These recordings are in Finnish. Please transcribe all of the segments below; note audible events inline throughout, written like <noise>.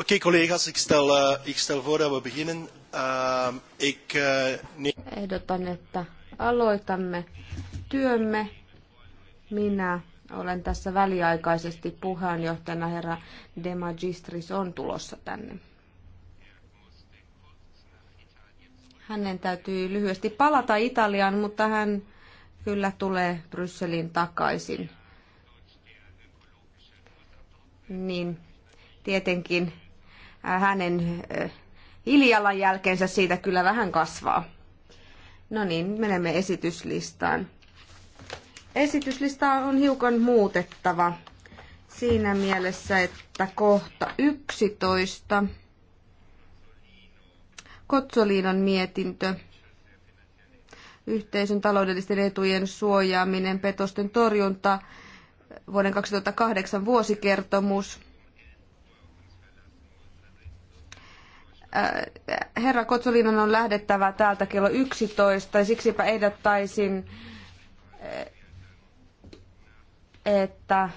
Oké okay, collega's, ik stel, uh, ik stel voor dat we beginnen. Uh, ik, uh, eh, ne- Ehdotan, että aloitamme työmme. Minä olen tässä väliaikaisesti puheenjohtajana. Herra De Magistris on tulossa tänne. Hänen täytyy lyhyesti palata Italiaan, mutta hän kyllä tulee Brysselin takaisin. Niin, tietenkin hänen hiilijalanjälkeensä siitä kyllä vähän kasvaa. No niin, menemme esityslistaan. Esityslista on hiukan muutettava siinä mielessä, että kohta 11 Kotsoliinon mietintö yhteisön taloudellisten etujen suojaaminen, petosten torjunta, vuoden 2008 vuosikertomus. Äh, herra Kotsolinan on lähdettävä täältä kello 11, ja siksipä ehdottaisin, äh, että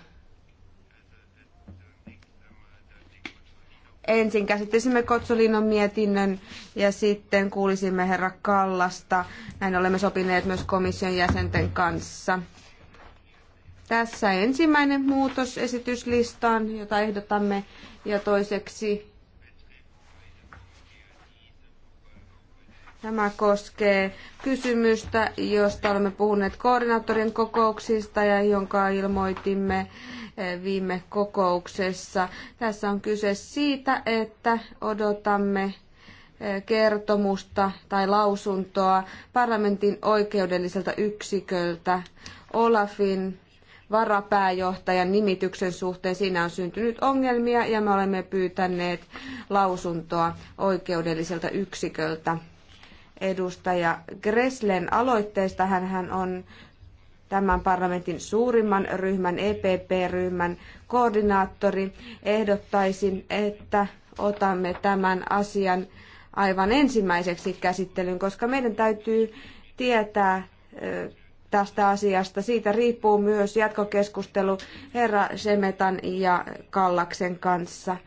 ensin käsittelisimme Kotsolinon mietinnön ja sitten kuulisimme herra Kallasta. Näin olemme sopineet myös komission jäsenten kanssa. Tässä ensimmäinen muutos esityslistaan, jota ehdotamme, ja toiseksi Tämä koskee kysymystä, josta olemme puhuneet koordinaattorien kokouksista ja jonka ilmoitimme eh, viime kokouksessa. Tässä on kyse siitä, että odotamme eh, kertomusta tai lausuntoa parlamentin oikeudelliselta yksiköltä Olafin varapääjohtajan nimityksen suhteen. Siinä on syntynyt ongelmia ja me olemme pyytäneet lausuntoa oikeudelliselta yksiköltä edustaja Greslen aloitteesta. hän on tämän parlamentin suurimman ryhmän, EPP-ryhmän koordinaattori. Ehdottaisin, että otamme tämän asian aivan ensimmäiseksi käsittelyyn, koska meidän täytyy tietää tästä asiasta. Siitä riippuu myös jatkokeskustelu herra Semetan ja Kallaksen kanssa.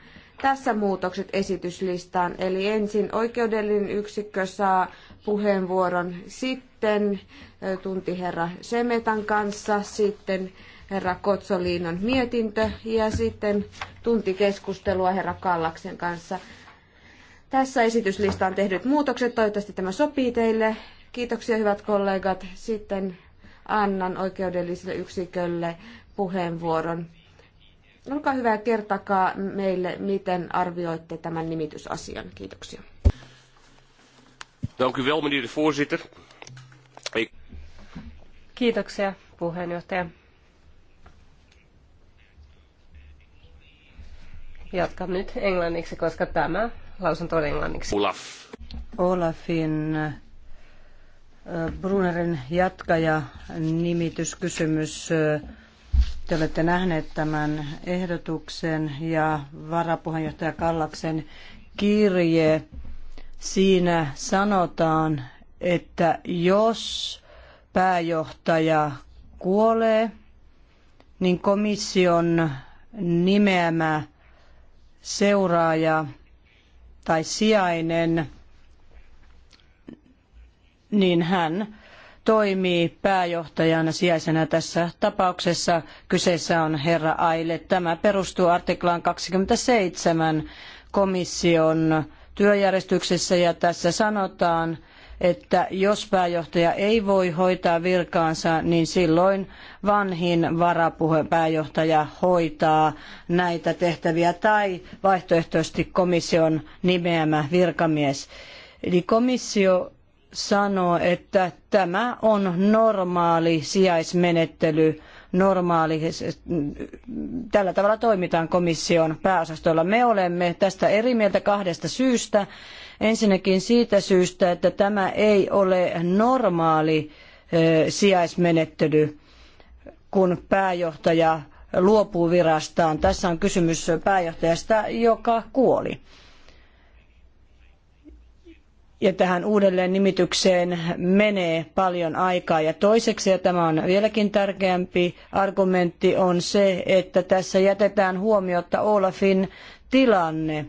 Tässä muutokset esityslistaan. Eli ensin oikeudellinen yksikkö saa puheenvuoron, sitten tunti herra Semetan kanssa, sitten herra Kotsoliinon mietintö ja sitten tunti keskustelua herra Kallaksen kanssa. Tässä esityslistaan tehdyt muutokset. Toivottavasti tämä sopii teille. Kiitoksia hyvät kollegat. Sitten annan oikeudelliselle yksikölle puheenvuoron. Olkaa hyvä ja kertakaa meille, miten arvioitte tämän nimitysasian. Kiitoksia. Dank u wel, meneer de voorzitter. Ik... Kiitoksia, puheenjohtaja. Jatkan nyt englanniksi, koska tämä lausunto on englanniksi. Olaf. Olafin eh, Brunerin jatkaja nimityskysymys. kysymys eh, te olette nähneet tämän ehdotuksen ja varapuheenjohtaja Kallaksen kirje. Siinä sanotaan, että jos pääjohtaja kuolee, niin komission nimeämä seuraaja tai sijainen, niin hän toimii pääjohtajana sijaisena tässä tapauksessa. Kyseessä on herra Aile. Tämä perustuu artiklaan 27 komission työjärjestyksessä ja tässä sanotaan, että jos pääjohtaja ei voi hoitaa virkaansa, niin silloin vanhin varapuhepääjohtaja hoitaa näitä tehtäviä tai vaihtoehtoisesti komission nimeämä virkamies. Eli komissio sanoo, että tämä on normaali sijaismenettely, normaali, tällä tavalla toimitaan komission pääosastolla. Me olemme tästä eri mieltä kahdesta syystä. Ensinnäkin siitä syystä, että tämä ei ole normaali sijaismenettely, kun pääjohtaja luopuu virastaan. Tässä on kysymys pääjohtajasta, joka kuoli ja tähän uudelleen nimitykseen menee paljon aikaa. Ja toiseksi, ja tämä on vieläkin tärkeämpi argumentti, on se, että tässä jätetään huomiotta Olafin tilanne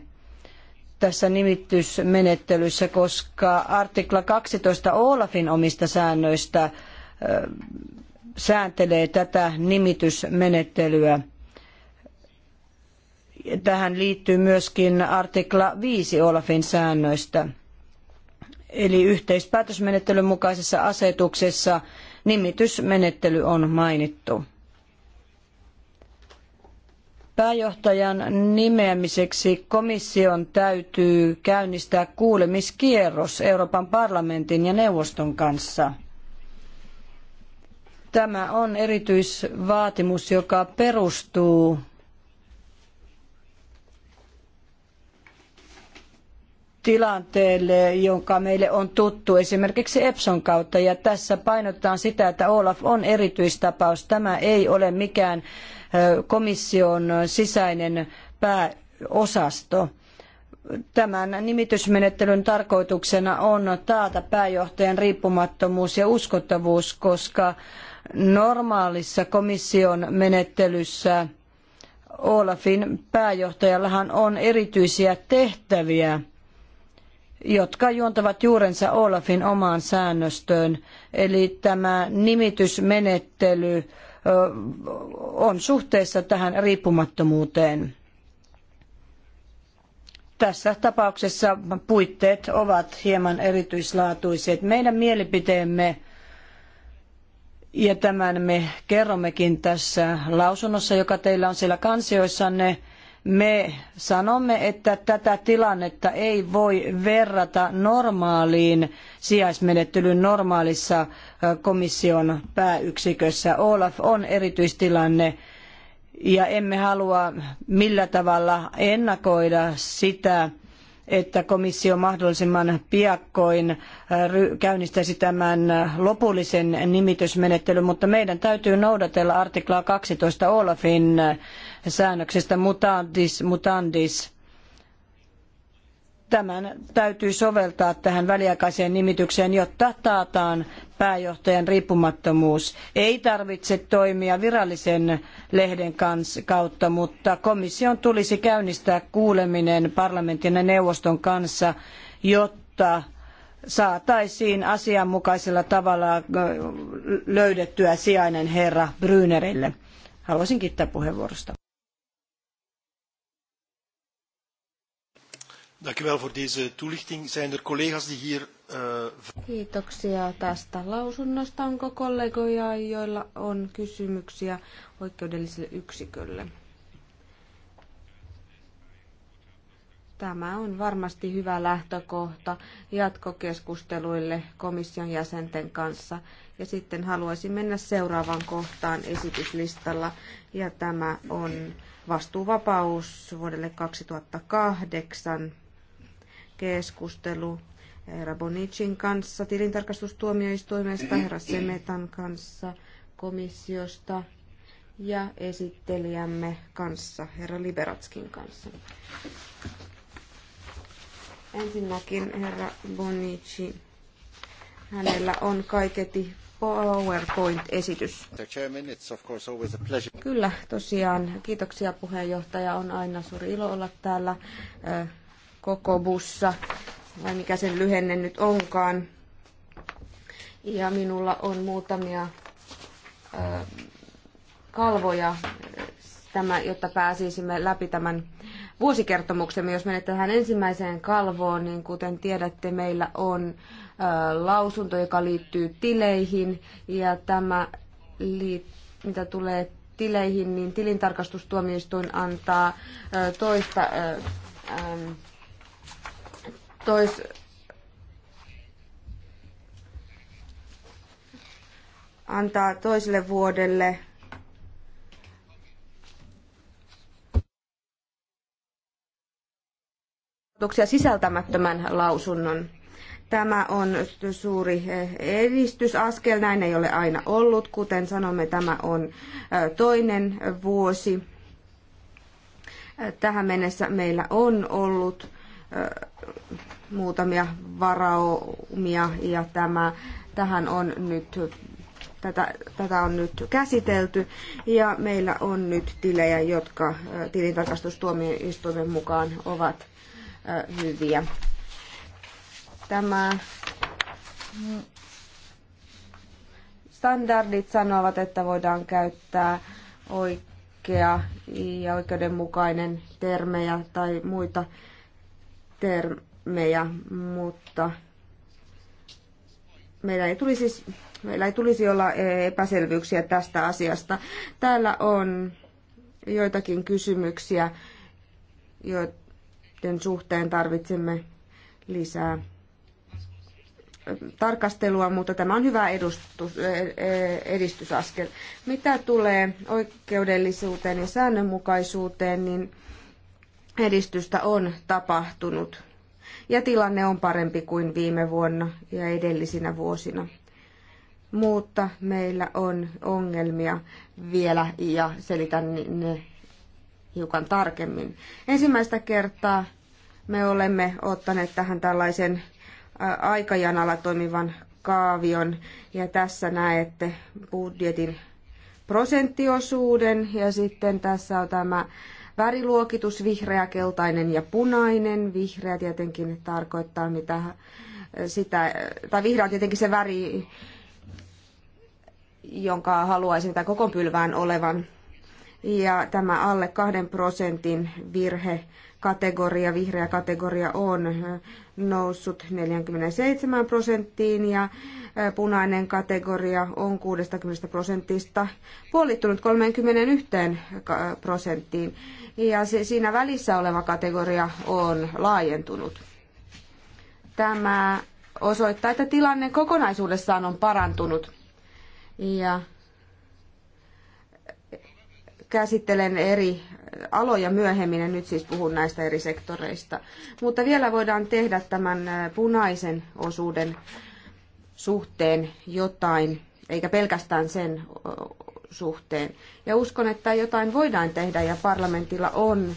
tässä nimitysmenettelyssä, koska artikla 12 Olafin omista säännöistä sääntelee tätä nimitysmenettelyä. Tähän liittyy myöskin artikla 5 Olafin säännöistä. Eli yhteispäätösmenettelyn mukaisessa asetuksessa nimitysmenettely on mainittu. Pääjohtajan nimeämiseksi komission täytyy käynnistää kuulemiskierros Euroopan parlamentin ja neuvoston kanssa. Tämä on erityisvaatimus, joka perustuu tilanteelle, jonka meille on tuttu esimerkiksi Epson kautta. Ja tässä painotetaan sitä, että Olaf on erityistapaus. Tämä ei ole mikään komission sisäinen pääosasto. Tämän nimitysmenettelyn tarkoituksena on taata pääjohtajan riippumattomuus ja uskottavuus, koska normaalissa komission menettelyssä Olafin pääjohtajallahan on erityisiä tehtäviä jotka juontavat juurensa Olafin omaan säännöstöön. Eli tämä nimitysmenettely on suhteessa tähän riippumattomuuteen. Tässä tapauksessa puitteet ovat hieman erityislaatuiset. Meidän mielipiteemme ja tämän me kerrommekin tässä lausunnossa, joka teillä on siellä kansioissanne, me sanomme, että tätä tilannetta ei voi verrata normaaliin sijaismenettelyyn normaalissa komission pääyksikössä. Olaf on erityistilanne ja emme halua millä tavalla ennakoida sitä, että komissio mahdollisimman piakkoin käynnistäisi tämän lopullisen nimitysmenettelyn, mutta meidän täytyy noudatella artiklaa 12 Olafin säännöksistä mutandis, mutandis. Tämän täytyy soveltaa tähän väliaikaiseen nimitykseen, jotta taataan pääjohtajan riippumattomuus. Ei tarvitse toimia virallisen lehden kautta, mutta komission tulisi käynnistää kuuleminen parlamentin ja neuvoston kanssa, jotta saataisiin asianmukaisella tavalla äh, löydettyä sijainen herra Brünerille. Haluaisin kiittää puheenvuorosta. Dank u wel voor deze toelichting. Zijn er collega's die hier... Uh... Kiitoksia tästä lausunnosta. Onko kollegoja, joilla on kysymyksiä oikeudelliselle yksikölle? Tämä on varmasti hyvä lähtökohta jatkokeskusteluille komission jäsenten kanssa. Ja sitten haluaisin mennä seuraavaan kohtaan esityslistalla. Ja tämä on vastuuvapaus vuodelle 2008 keskustelu herra Bonicin kanssa tilintarkastustuomioistuimesta, mm-hmm. herra Semetan kanssa komissiosta ja esittelijämme kanssa, herra Liberatskin kanssa. Ensinnäkin herra Bonici, hänellä on kaiketi PowerPoint-esitys. Kyllä, tosiaan. Kiitoksia puheenjohtaja. On aina suuri ilo olla täällä koko bussa, vai mikä sen lyhenne nyt onkaan. Ja minulla on muutamia ö, kalvoja, tämä, jotta pääsisimme läpi tämän vuosikertomuksemme. Jos menette tähän ensimmäiseen kalvoon, niin kuten tiedätte, meillä on ö, lausunto, joka liittyy tileihin, ja tämä, liit, mitä tulee tileihin, niin tilintarkastustuomioistuin antaa toista tois, antaa toiselle vuodelle sisältämättömän lausunnon. Tämä on suuri eh, edistysaskel, näin ei ole aina ollut. Kuten sanomme, tämä on eh, toinen vuosi. Eh, tähän mennessä meillä on ollut muutamia varaumia ja tämä, tähän on nyt, tätä, tätä on nyt käsitelty ja meillä on nyt tilejä, jotka äh, tilintarkastustuomioistuimen mukaan ovat äh, hyviä. Tämä mm, standardit sanovat, että voidaan käyttää oikea ja oikeudenmukainen termejä tai muita termejä meidän, mutta meillä ei tulisi, siis, meillä ei tulisi olla epäselvyyksiä tästä asiasta. Täällä on joitakin kysymyksiä, joiden suhteen tarvitsemme lisää tarkastelua, mutta tämä on hyvä edustus, e, e, edistysaskel. Mitä tulee oikeudellisuuteen ja säännönmukaisuuteen, niin edistystä on tapahtunut ja tilanne on parempi kuin viime vuonna ja edellisinä vuosina. Mutta meillä on ongelmia vielä ja selitän ne hiukan tarkemmin. Ensimmäistä kertaa me olemme ottaneet tähän tällaisen aikajanalla toimivan kaavion ja tässä näette budjetin prosenttiosuuden ja sitten tässä on tämä väriluokitus, vihreä, keltainen ja punainen. Vihreä tietenkin tarkoittaa mitä sitä, tai vihreä on tietenkin se väri, jonka haluaisin tämän koko pylvään olevan. Ja tämä alle kahden prosentin virhe kategoria, vihreä kategoria on noussut 47 prosenttiin ja punainen kategoria on 60 prosentista puolittunut 31 prosenttiin. Ja se, siinä välissä oleva kategoria on laajentunut. Tämä osoittaa, että tilanne kokonaisuudessaan on parantunut. Ja käsittelen eri aloja myöhemmin, ja nyt siis puhun näistä eri sektoreista. Mutta vielä voidaan tehdä tämän punaisen osuuden suhteen jotain, eikä pelkästään sen suhteen. Ja uskon, että jotain voidaan tehdä, ja parlamentilla on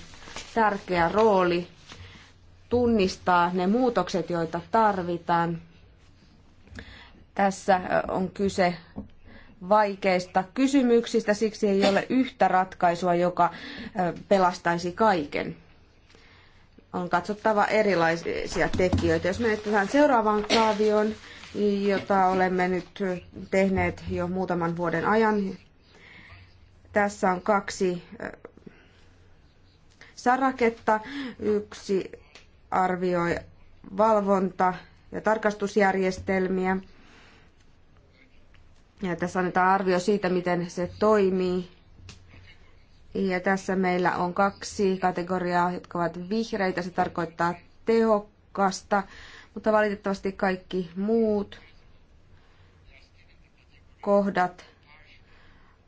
tärkeä rooli tunnistaa ne muutokset, joita tarvitaan. Tässä on kyse vaikeista kysymyksistä, siksi ei ole yhtä ratkaisua, joka pelastaisi kaiken. On katsottava erilaisia tekijöitä. Jos menet tähän seuraavaan kaavioon, jota olemme nyt tehneet jo muutaman vuoden ajan, tässä on kaksi saraketta. Yksi arvioi valvonta- ja tarkastusjärjestelmiä ja tässä annetaan arvio siitä, miten se toimii. Ja tässä meillä on kaksi kategoriaa, jotka ovat vihreitä. Se tarkoittaa tehokasta, mutta valitettavasti kaikki muut kohdat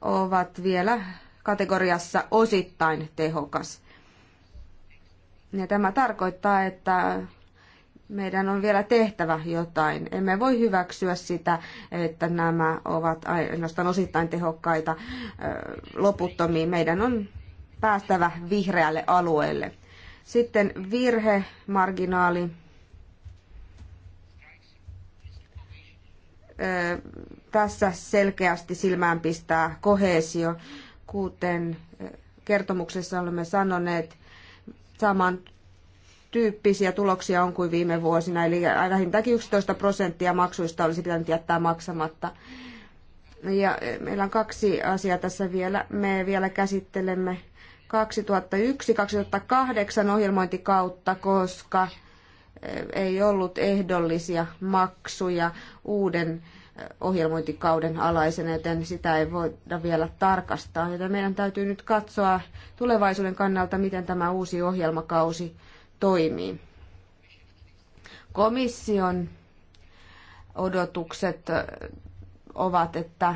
ovat vielä kategoriassa osittain tehokas. Ja tämä tarkoittaa, että meidän on vielä tehtävä jotain. Emme voi hyväksyä sitä, että nämä ovat ainoastaan osittain tehokkaita loputtomiin. Meidän on päästävä vihreälle alueelle. Sitten virhemarginaali. Tässä selkeästi silmään pistää kohesio, kuten kertomuksessa olemme sanoneet, saman tyyppisiä tuloksia on kuin viime vuosina, eli vähintäänkin 11 prosenttia maksuista olisi pitänyt jättää maksamatta. Ja e, meillä on kaksi asiaa tässä vielä. Me vielä käsittelemme 2001-2008 ohjelmointikautta, koska e, ei ollut ehdollisia maksuja uuden e, ohjelmointikauden alaisena, joten sitä ei voida vielä tarkastaa. Joten meidän täytyy nyt katsoa tulevaisuuden kannalta, miten tämä uusi ohjelmakausi toimii. Komission odotukset ovat, että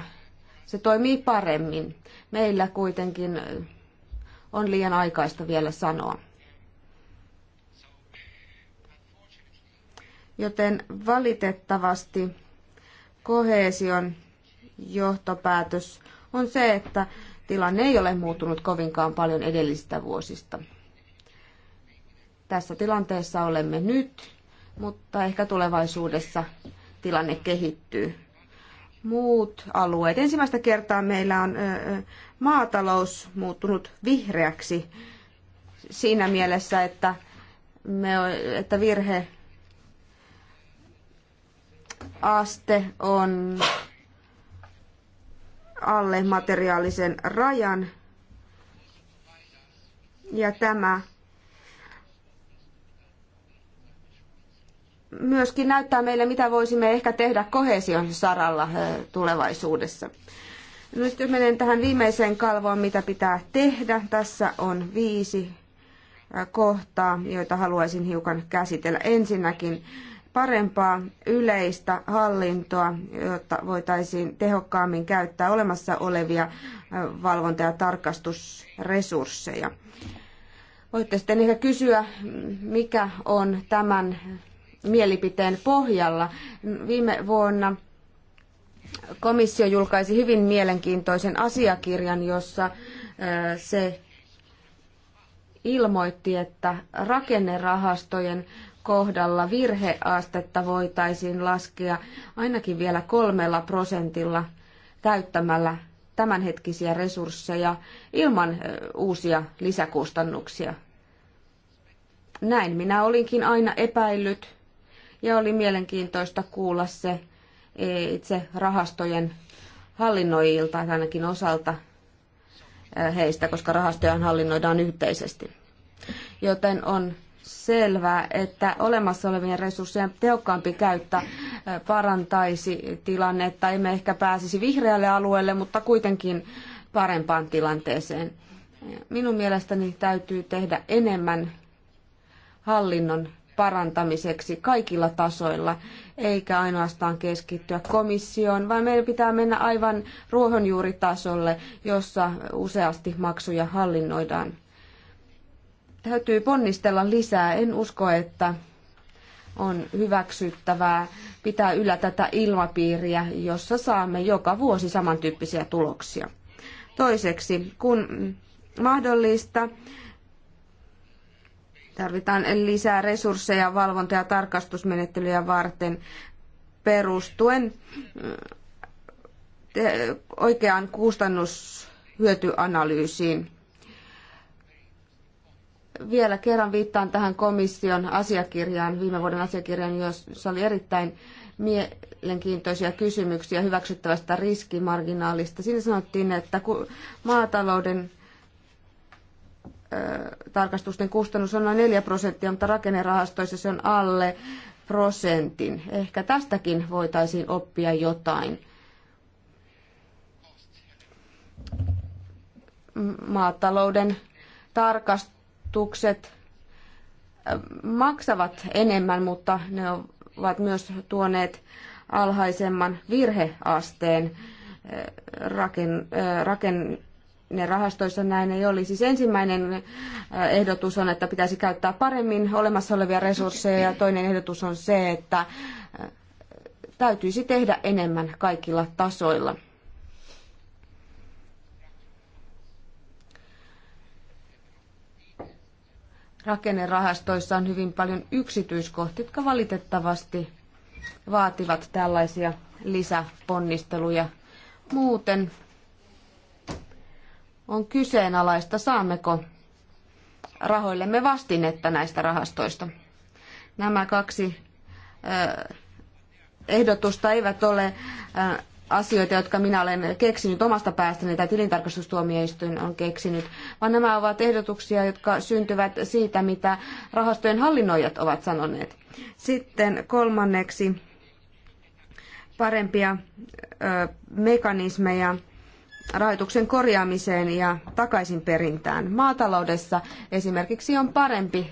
se toimii paremmin. Meillä kuitenkin on liian aikaista vielä sanoa. Joten valitettavasti kohesion johtopäätös on se, että tilanne ei ole muuttunut kovinkaan paljon edellisistä vuosista tässä tilanteessa olemme nyt, mutta ehkä tulevaisuudessa tilanne kehittyy. Muut alueet. Ensimmäistä kertaa meillä on maatalous muuttunut vihreäksi siinä mielessä, että, me, että virhe aste on alle materiaalisen rajan. Ja tämä myöskin näyttää meille, mitä voisimme ehkä tehdä kohesion saralla eh, tulevaisuudessa. Nyt menen tähän viimeiseen kalvoon, mitä pitää tehdä. Tässä on viisi eh, kohtaa, joita haluaisin hiukan käsitellä. Ensinnäkin parempaa yleistä hallintoa, jotta voitaisiin tehokkaammin käyttää olemassa olevia eh, valvonta- ja tarkastusresursseja. Voitte sitten ehkä kysyä, mikä on tämän mielipiteen pohjalla. Viime vuonna komissio julkaisi hyvin mielenkiintoisen asiakirjan, jossa äh, se ilmoitti, että rakennerahastojen kohdalla virheastetta voitaisiin laskea ainakin vielä kolmella prosentilla täyttämällä tämänhetkisiä resursseja ilman äh, uusia lisäkustannuksia. Näin minä olinkin aina epäillyt ja oli mielenkiintoista kuulla se e, itse rahastojen hallinnoijilta, ainakin osalta e, heistä, koska rahastoja hallinnoidaan yhteisesti. Joten on selvää, että olemassa olevien resurssien tehokkaampi käyttö e, parantaisi tilannetta. Emme ehkä pääsisi vihreälle alueelle, mutta kuitenkin parempaan tilanteeseen. Minun mielestäni täytyy tehdä enemmän hallinnon parantamiseksi kaikilla tasoilla, eikä ainoastaan keskittyä komissioon, vaan meidän pitää mennä aivan ruohonjuuritasolle, jossa useasti maksuja hallinnoidaan. Täytyy ponnistella lisää. En usko, että on hyväksyttävää pitää yllä tätä ilmapiiriä, jossa saamme joka vuosi samantyyppisiä tuloksia. Toiseksi, kun mahdollista, Tarvitaan lisää resursseja valvonta- ja tarkastusmenettelyjä varten perustuen eh, oikeaan kustannushyötyanalyysiin. Vielä kerran viittaan tähän komission asiakirjaan, viime vuoden asiakirjaan, jossa oli erittäin mielenkiintoisia kysymyksiä hyväksyttävästä riskimarginaalista. Siinä sanottiin, että maatalouden tarkastusten kustannus on noin 4 prosenttia, mutta rakennerahastoissa se on alle prosentin. Ehkä tästäkin voitaisiin oppia jotain. Maatalouden tarkastukset maksavat enemmän, mutta ne ovat myös tuoneet alhaisemman virheasteen raken, ne rahastoissa näin ei oli. Siis ensimmäinen äh, ehdotus on, että pitäisi käyttää paremmin olemassa olevia resursseja ja toinen ehdotus on se, että äh, täytyisi tehdä enemmän kaikilla tasoilla. Rakennerahastoissa on hyvin paljon yksityiskohtia, jotka valitettavasti vaativat tällaisia lisäponnisteluja. Muuten on kyseenalaista, saammeko rahoillemme vastinetta näistä rahastoista. Nämä kaksi ehdotusta eivät ole asioita, jotka minä olen keksinyt omasta päästäni tai tilintarkastustuomioistuin on keksinyt, vaan nämä ovat ehdotuksia, jotka syntyvät siitä, mitä rahastojen hallinnoijat ovat sanoneet. Sitten kolmanneksi parempia mekanismeja rahoituksen korjaamiseen ja takaisinperintään. Maataloudessa esimerkiksi on parempi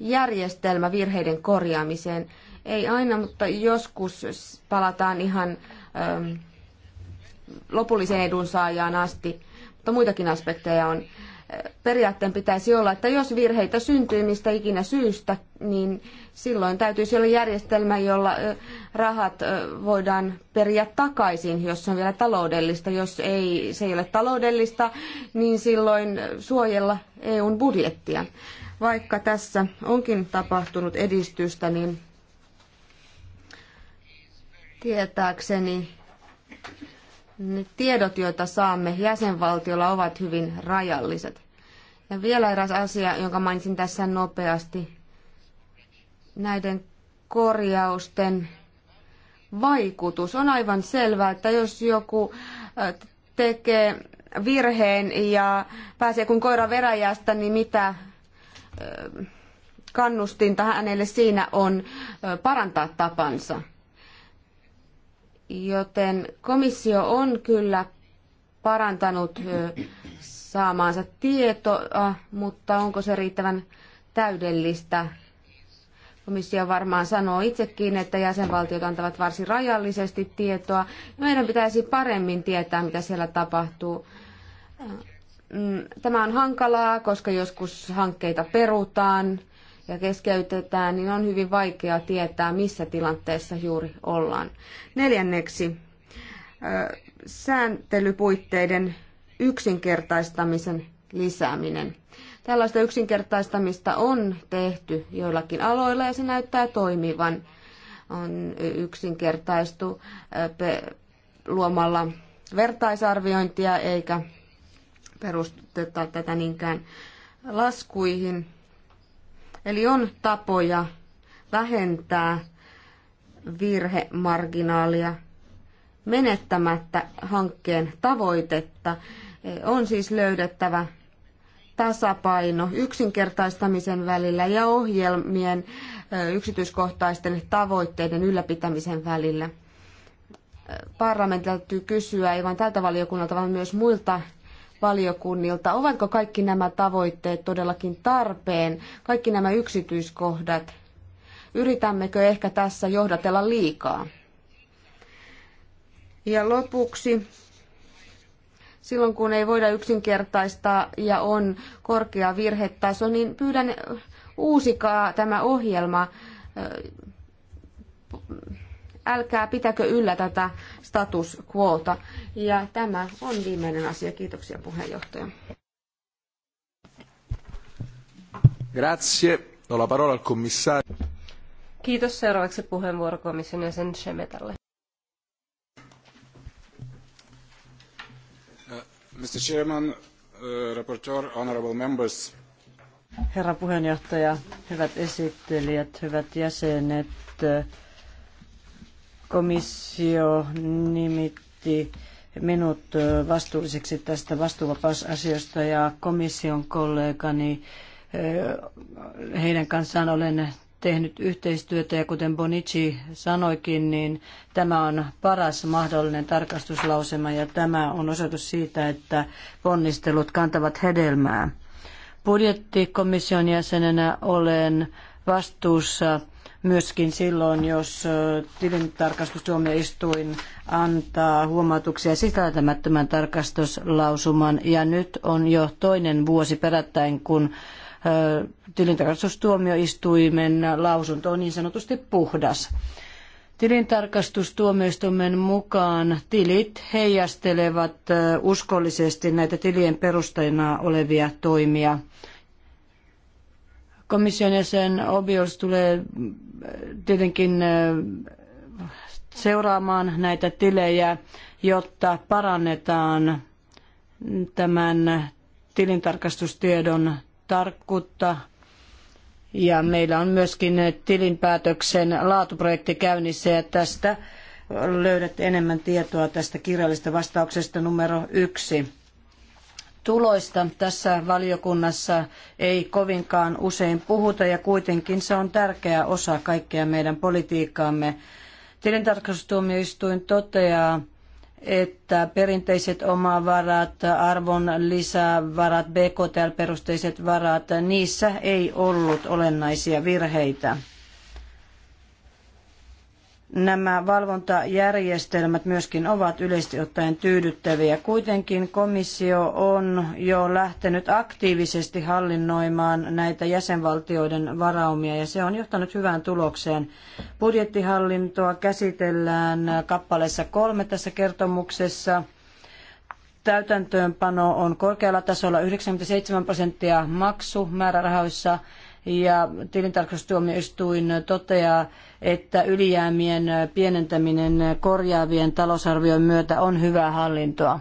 järjestelmä virheiden korjaamiseen. Ei aina, mutta joskus palataan ihan ähm, lopulliseen edunsaajaan asti, mutta muitakin aspekteja on. Periaatteen pitäisi olla, että jos virheitä syntyy mistä ikinä syystä, niin silloin täytyisi olla järjestelmä, jolla rahat voidaan periä takaisin, jos se on vielä taloudellista. Jos ei, se ei ole taloudellista, niin silloin suojella EUn budjettia. Vaikka tässä onkin tapahtunut edistystä, niin tietääkseni ne tiedot, joita saamme jäsenvaltiolla, ovat hyvin rajalliset. Ja vielä eräs asia, jonka mainitsin tässä nopeasti näiden korjausten vaikutus. On aivan selvää, että jos joku tekee virheen ja pääsee kuin koira veräjästä, niin mitä kannustinta hänelle siinä on parantaa tapansa. Joten komissio on kyllä parantanut saamaansa tietoa, mutta onko se riittävän täydellistä? Komissio varmaan sanoo itsekin, että jäsenvaltiot antavat varsin rajallisesti tietoa. Meidän pitäisi paremmin tietää, mitä siellä tapahtuu. Tämä on hankalaa, koska joskus hankkeita perutaan ja keskeytetään, niin on hyvin vaikea tietää, missä tilanteessa juuri ollaan. Neljänneksi, sääntelypuitteiden yksinkertaistamisen lisääminen. Tällaista yksinkertaistamista on tehty joillakin aloilla ja se näyttää toimivan. On yksinkertaistu luomalla vertaisarviointia eikä perusteta tätä niinkään laskuihin. Eli on tapoja vähentää virhemarginaalia menettämättä hankkeen tavoitetta. On siis löydettävä tasapaino yksinkertaistamisen välillä ja ohjelmien yksityiskohtaisten tavoitteiden ylläpitämisen välillä. Parlamentilta täytyy kysyä, ei vain tältä valiokunnalta, vaan myös muilta valiokunnilta, ovatko kaikki nämä tavoitteet todellakin tarpeen, kaikki nämä yksityiskohdat. Yritämmekö ehkä tässä johdatella liikaa? Ja lopuksi silloin kun ei voida yksinkertaistaa ja on korkea virhetaso, niin pyydän uusikaa tämä ohjelma. Älkää pitäkö yllä tätä status quota. Ja tämä on viimeinen asia. Kiitoksia puheenjohtaja. Grazie. No la parola al commissario. Kiitos. Seuraavaksi puheenvuoro komission jäsen Shemetalle. Mr. Chairman, uh, Rapporteur, Honorable Members. Herra puheenjohtaja, hyvät esittelijät, hyvät jäsenet, komissio nimitti minut vastuulliseksi tästä vastuuvapausasiasta ja komission kollegani, eh, heidän kanssaan olen tehnyt yhteistyötä ja kuten Bonici sanoikin, niin tämä on paras mahdollinen tarkastuslausema ja tämä on osoitus siitä, että ponnistelut kantavat hedelmää. Budjettikomission jäsenenä olen vastuussa myöskin silloin, jos tilintarkastustuomioistuin antaa huomautuksia sisältämättömän tarkastuslausuman. Ja nyt on jo toinen vuosi perättäin, kun tilintarkastustuomioistuimen lausunto on niin sanotusti puhdas. Tilintarkastustuomioistuimen mukaan tilit heijastelevat uskollisesti näitä tilien perustajina olevia toimia. Komission jäsen Obiols tulee tietenkin seuraamaan näitä tilejä, jotta parannetaan tämän tilintarkastustiedon tarkkuutta. Ja meillä on myöskin tilinpäätöksen laatuprojekti käynnissä ja tästä löydät enemmän tietoa tästä kirjallisesta vastauksesta numero yksi. Tuloista tässä valiokunnassa ei kovinkaan usein puhuta ja kuitenkin se on tärkeä osa kaikkea meidän politiikkaamme. Tilintarkastustuomioistuin toteaa, että perinteiset omavarat, arvon lisävarat, BKTL-perusteiset varat, niissä ei ollut olennaisia virheitä nämä valvontajärjestelmät myöskin ovat yleisesti ottaen tyydyttäviä. Kuitenkin komissio on jo lähtenyt aktiivisesti hallinnoimaan näitä jäsenvaltioiden varaumia ja se on johtanut hyvään tulokseen. Budjettihallintoa käsitellään kappaleessa kolme tässä kertomuksessa. Täytäntöönpano on korkealla tasolla 97 prosenttia maksumäärärahoissa määrärahoissa ja tilintarkastustuomioistuin toteaa, että ylijäämien pienentäminen korjaavien talousarvion myötä on hyvää hallintoa.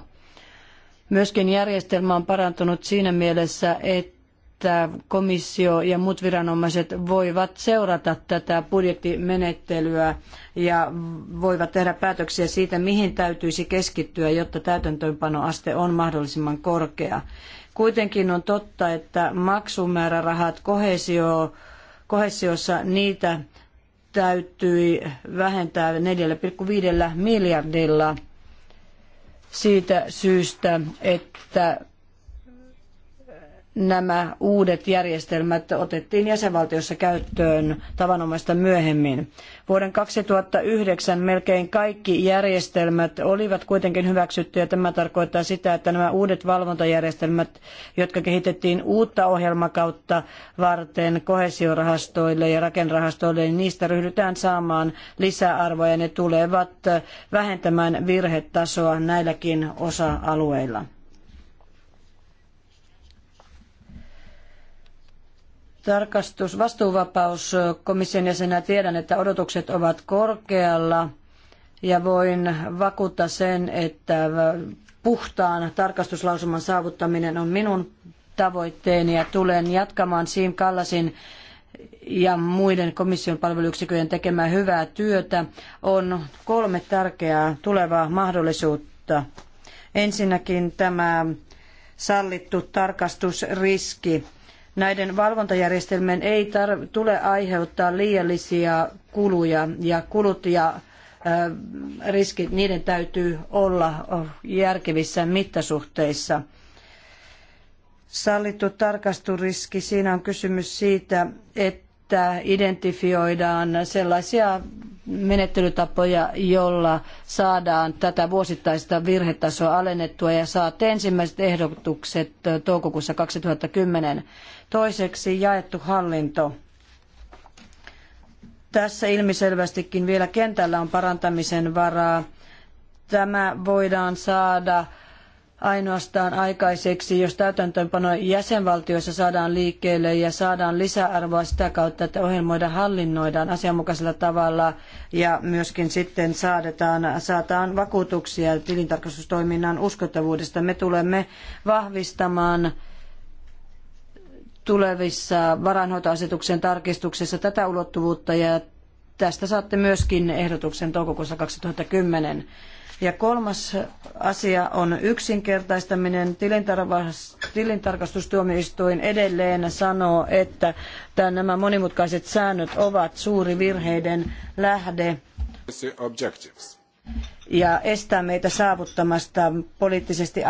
Myöskin järjestelmä on parantunut siinä mielessä, että komissio ja muut viranomaiset voivat seurata tätä budjettimenettelyä ja voivat tehdä päätöksiä siitä, mihin täytyisi keskittyä, jotta täytäntöönpanoaste on mahdollisimman korkea. Kuitenkin on totta, että maksumäärärahat kohesio, kohesiossa niitä täytyi vähentää 4,5 miljardilla siitä syystä, että nämä uudet järjestelmät otettiin jäsenvaltiossa käyttöön tavanomaista myöhemmin. Vuoden 2009 melkein kaikki järjestelmät olivat kuitenkin hyväksyttyjä. Tämä tarkoittaa sitä, että nämä uudet valvontajärjestelmät, jotka kehitettiin uutta ohjelmakautta varten kohesiorahastoille ja rakenrahastoille, niin niistä ryhdytään saamaan lisäarvoa ja ne tulevat vähentämään virhetasoa näilläkin osa-alueilla. tarkastus, vastuuvapaus komission jäsenä tiedän, että odotukset ovat korkealla ja voin vakuuttaa sen, että puhtaan tarkastuslausuman saavuttaminen on minun tavoitteeni ja tulen jatkamaan Siim Kallasin ja muiden komission palveluyksiköjen tekemää hyvää työtä. On kolme tärkeää tulevaa mahdollisuutta. Ensinnäkin tämä sallittu tarkastusriski näiden valvontajärjestelmien ei tar- tule aiheuttaa liiallisia kuluja ja kulut ja riskit, niiden täytyy olla järkevissä mittasuhteissa. Sallittu tarkasturiski, siinä on kysymys siitä, että identifioidaan sellaisia menettelytapoja, jolla saadaan tätä vuosittaista virhetasoa alennettua ja saatte ensimmäiset ehdotukset toukokuussa 2010. Toiseksi jaettu hallinto. Tässä ilmiselvästikin vielä kentällä on parantamisen varaa. Tämä voidaan saada ainoastaan aikaiseksi, jos täytäntöönpano jäsenvaltioissa saadaan liikkeelle ja saadaan lisäarvoa sitä kautta, että ohjelmoida hallinnoidaan asianmukaisella tavalla ja myöskin sitten saadaan, saadaan vakuutuksia tilintarkastustoiminnan uskottavuudesta. Me tulemme vahvistamaan tulevissa varainhoitoasetuksen tarkistuksissa tätä ulottuvuutta ja tästä saatte myöskin ehdotuksen toukokuussa 2010. Ja kolmas asia on yksinkertaistaminen. Tilintarkastustuomioistuin edelleen sanoo, että nämä monimutkaiset säännöt ovat suuri virheiden lähde ja estää meitä saavuttamasta poliittisesti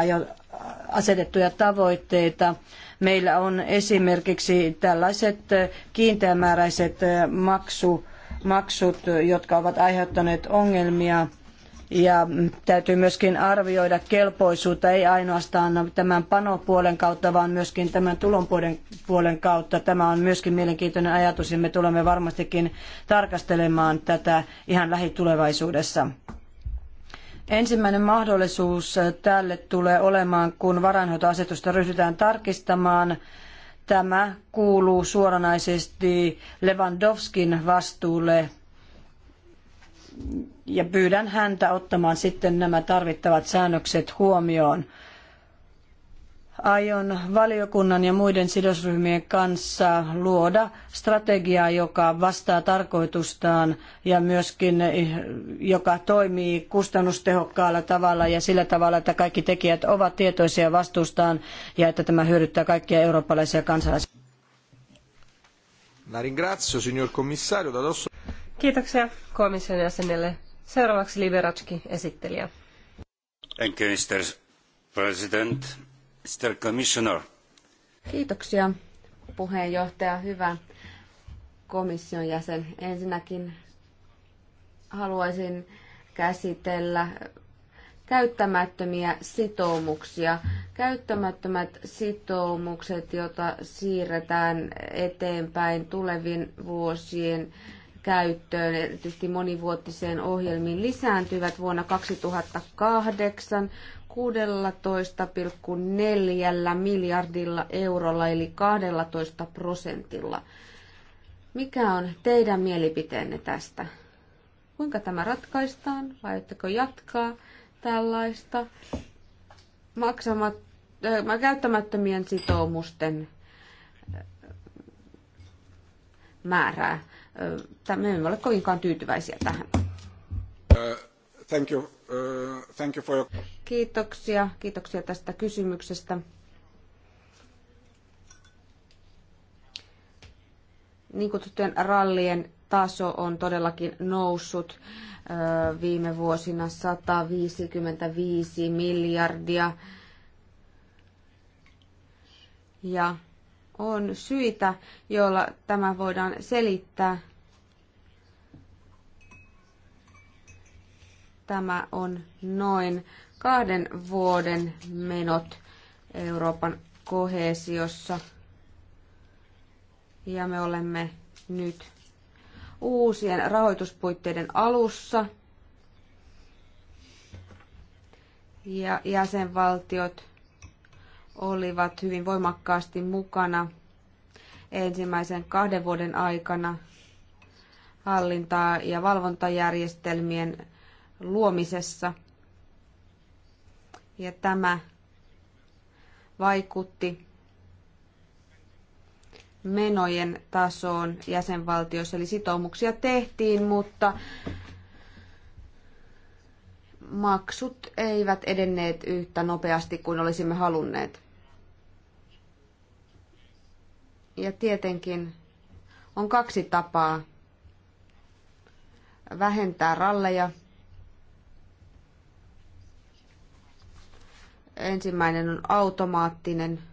asetettuja tavoitteita Meillä on esimerkiksi tällaiset kiinteämääräiset maksu, maksut, jotka ovat aiheuttaneet ongelmia ja täytyy myöskin arvioida kelpoisuutta ei ainoastaan tämän panopuolen kautta, vaan myöskin tämän tulonpuolen kautta. Tämä on myöskin mielenkiintoinen ajatus ja me tulemme varmastikin tarkastelemaan tätä ihan lähitulevaisuudessa. Ensimmäinen mahdollisuus tälle tulee olemaan, kun varainhoitoasetusta ryhdytään tarkistamaan. Tämä kuuluu suoranaisesti Lewandowskin vastuulle ja pyydän häntä ottamaan sitten nämä tarvittavat säännökset huomioon aion valiokunnan ja muiden sidosryhmien kanssa luoda strategiaa, joka vastaa tarkoitustaan ja myöskin eh, joka toimii kustannustehokkaalla tavalla ja sillä tavalla, että kaikki tekijät ovat tietoisia vastuustaan ja että tämä hyödyttää kaikkia eurooppalaisia kansalaisia. Kiitoksia komission jäsenelle. Seuraavaksi Liberatski esittelijä. Thank you, Mr. President. Mr. Commissioner. Kiitoksia puheenjohtaja. Hyvä komission jäsen. Ensinnäkin haluaisin käsitellä käyttämättömiä sitoumuksia. Käyttämättömät sitoumukset, joita siirretään eteenpäin tulevien vuosien käyttöön, erityisesti monivuotiseen ohjelmiin, lisääntyvät vuonna 2008 16,4 miljardilla eurolla eli 12 prosentilla. Mikä on teidän mielipiteenne tästä? Kuinka tämä ratkaistaan? Vai jatkaa tällaista maksamat, äh, käyttämättömien sitoumusten äh, määrää? Äh, me emme ole kovinkaan tyytyväisiä tähän. Äh, Thank you. Uh, thank you for your... Kiitoksia. Kiitoksia tästä kysymyksestä. Niin kutsuttujen rallien taso on todellakin noussut uh, viime vuosina 155 miljardia. Ja on syitä, joilla tämä voidaan selittää. Tämä on noin kahden vuoden menot Euroopan kohesiossa. Ja me olemme nyt uusien rahoituspuitteiden alussa. Ja jäsenvaltiot olivat hyvin voimakkaasti mukana ensimmäisen kahden vuoden aikana hallintaa ja valvontajärjestelmien luomisessa. Ja tämä vaikutti menojen tasoon jäsenvaltioissa, eli sitoumuksia tehtiin, mutta maksut eivät edenneet yhtä nopeasti kuin olisimme halunneet. Ja tietenkin on kaksi tapaa vähentää ralleja. Ensimmäinen on automaattinen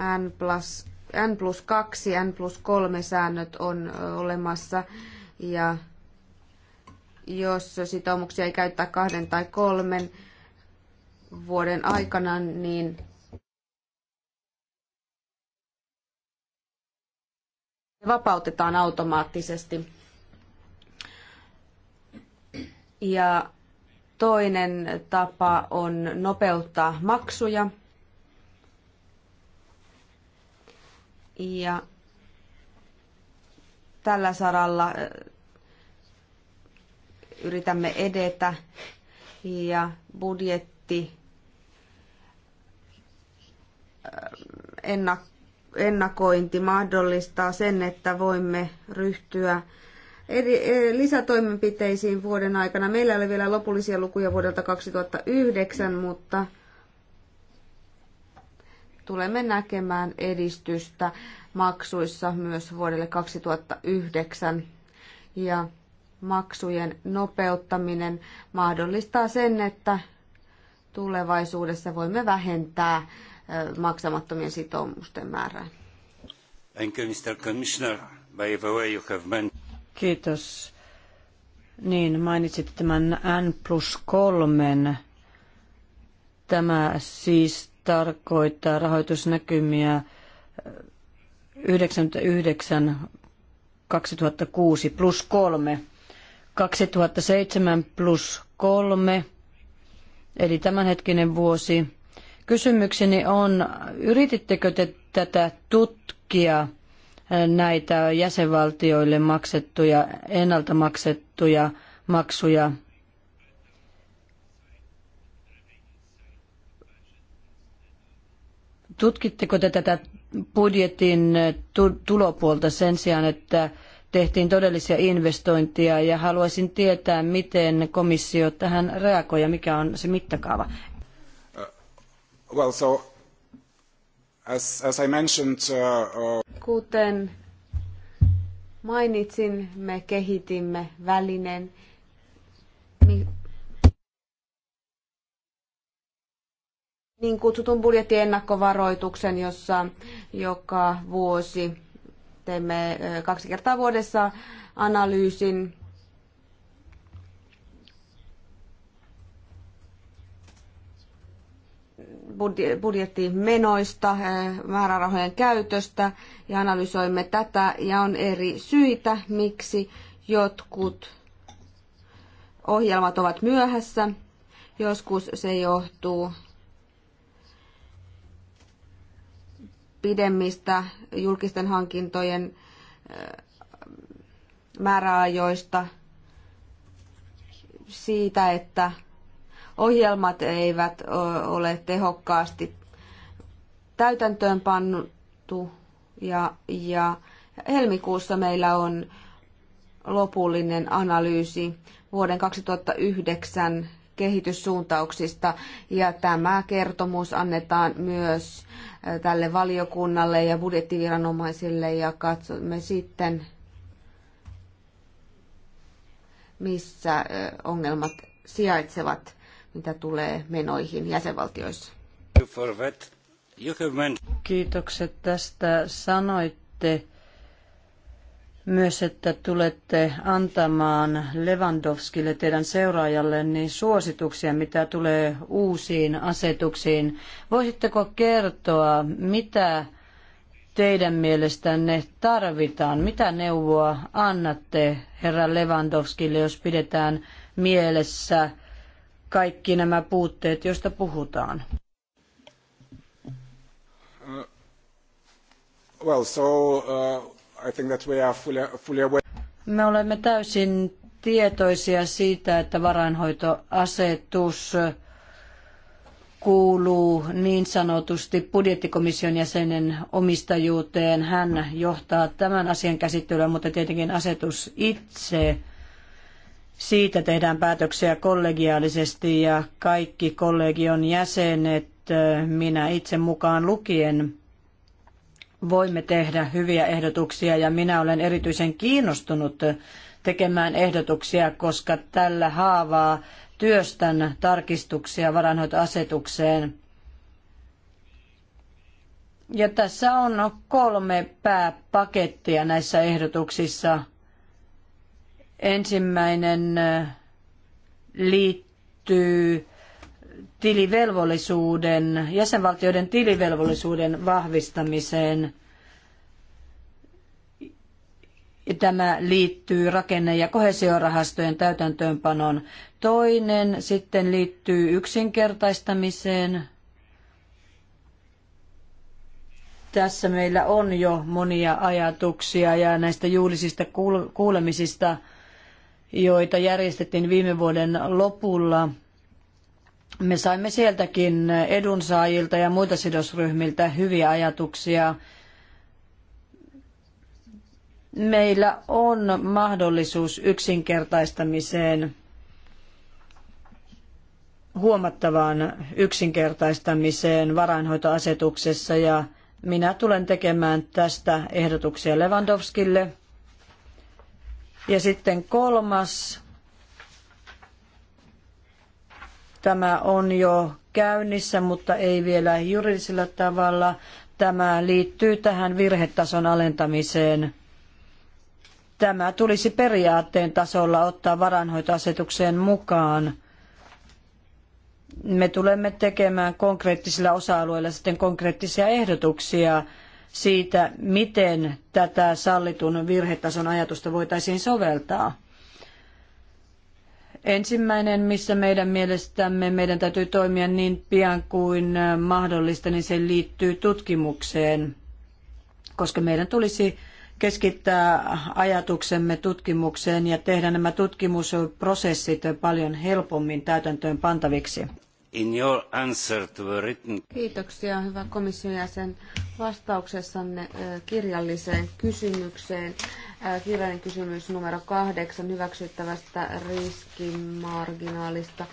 N plus, N plus 2, N plus 3 säännöt on olemassa ja jos sitoumuksia ei käyttää kahden tai kolmen vuoden aikana, niin vapautetaan automaattisesti. Ja Toinen tapa on nopeuttaa maksuja. Ja tällä saralla yritämme edetä ja budjetti ennakointi mahdollistaa sen, että voimme ryhtyä eri, e, lisätoimenpiteisiin vuoden aikana. Meillä oli vielä lopullisia lukuja vuodelta 2009, mutta tulemme näkemään edistystä maksuissa myös vuodelle 2009. Ja maksujen nopeuttaminen mahdollistaa sen, että tulevaisuudessa voimme vähentää e, maksamattomien sitoumusten määrää. Thank you, Mr. Commissioner. By the way, you have mentioned... Kiitos. Niin, mainitsit tämän N plus kolmen. Tämä siis tarkoittaa rahoitusnäkymiä 99 äh, 2006 plus 3, 2007 plus 3, eli tämänhetkinen vuosi. Kysymykseni on, yritittekö te tätä tutkia? näitä jäsenvaltioille maksettuja, ennalta maksettuja maksuja tutkitteko te tätä budjetin tulopuolta sen sijaan, että tehtiin todellisia investointeja ja haluaisin tietää, miten komissio tähän reagoi ja mikä on se mittakaava? Uh, well, so As, as I mentioned, uh, uh... Kuten mainitsin, me kehitimme välinen, niin kutsutun budjettiennakkovaroituksen, jossa joka vuosi teemme kaksi kertaa vuodessa analyysin budjettimenoista, eh, määrärahojen käytöstä ja analysoimme tätä ja on eri syitä, miksi jotkut ohjelmat ovat myöhässä. Joskus se johtuu pidemmistä julkisten hankintojen eh, määräajoista, siitä, että ohjelmat eivät ole tehokkaasti täytäntöön pannuttu ja, ja helmikuussa meillä on lopullinen analyysi vuoden 2009 kehityssuuntauksista ja tämä kertomus annetaan myös tälle valiokunnalle ja budjettiviranomaisille ja katsomme sitten, missä ongelmat sijaitsevat mitä tulee menoihin jäsenvaltioissa. Kiitokset tästä. Sanoitte myös, että tulette antamaan Lewandowskille teidän seuraajalle niin suosituksia, mitä tulee uusiin asetuksiin. Voisitteko kertoa, mitä teidän mielestänne tarvitaan? Mitä neuvoa annatte herra Lewandowskille, jos pidetään mielessä – kaikki nämä puutteet, joista puhutaan? Uh, well, so, uh, I think that we are fully, fully aware. Me olemme täysin tietoisia siitä, että varainhoitoasetus kuuluu niin sanotusti budjettikomission jäsenen omistajuuteen. Hän johtaa tämän asian käsittelyä, mutta tietenkin asetus itse siitä tehdään päätöksiä kollegiaalisesti ja kaikki kollegion jäsenet, minä itse mukaan lukien, voimme tehdä hyviä ehdotuksia ja minä olen erityisen kiinnostunut tekemään ehdotuksia, koska tällä haavaa työstän tarkistuksia varanhoitoasetukseen. Ja tässä on kolme pääpakettia näissä ehdotuksissa. Ensimmäinen liittyy tilivelvollisuuden, jäsenvaltioiden tilivelvollisuuden vahvistamiseen. Tämä liittyy rakenne- ja kohesiorahastojen täytäntöönpanoon. Toinen sitten liittyy yksinkertaistamiseen. Tässä meillä on jo monia ajatuksia ja näistä juulisista kuulemisista – joita järjestettiin viime vuoden lopulla. Me saimme sieltäkin edunsaajilta ja muilta sidosryhmiltä hyviä ajatuksia. Meillä on mahdollisuus yksinkertaistamiseen, huomattavaan yksinkertaistamiseen varainhoitoasetuksessa ja minä tulen tekemään tästä ehdotuksia Lewandowskille – ja sitten kolmas, tämä on jo käynnissä, mutta ei vielä juridisella tavalla. Tämä liittyy tähän virhetason alentamiseen. Tämä tulisi periaatteen tasolla ottaa varanhoitoasetukseen mukaan. Me tulemme tekemään konkreettisilla osa-alueilla sitten konkreettisia ehdotuksia siitä, miten tätä sallitun virhetason ajatusta voitaisiin soveltaa. Ensimmäinen, missä meidän mielestämme meidän täytyy toimia niin pian kuin mahdollista, niin se liittyy tutkimukseen, koska meidän tulisi keskittää ajatuksemme tutkimukseen ja tehdä nämä tutkimusprosessit paljon helpommin täytäntöön pantaviksi. Kiitoksia, hyvä komission jäsen vastauksessanne kirjalliseen kysymykseen, kirjallinen kysymys numero kahdeksan hyväksyttävästä riskimarginaalista.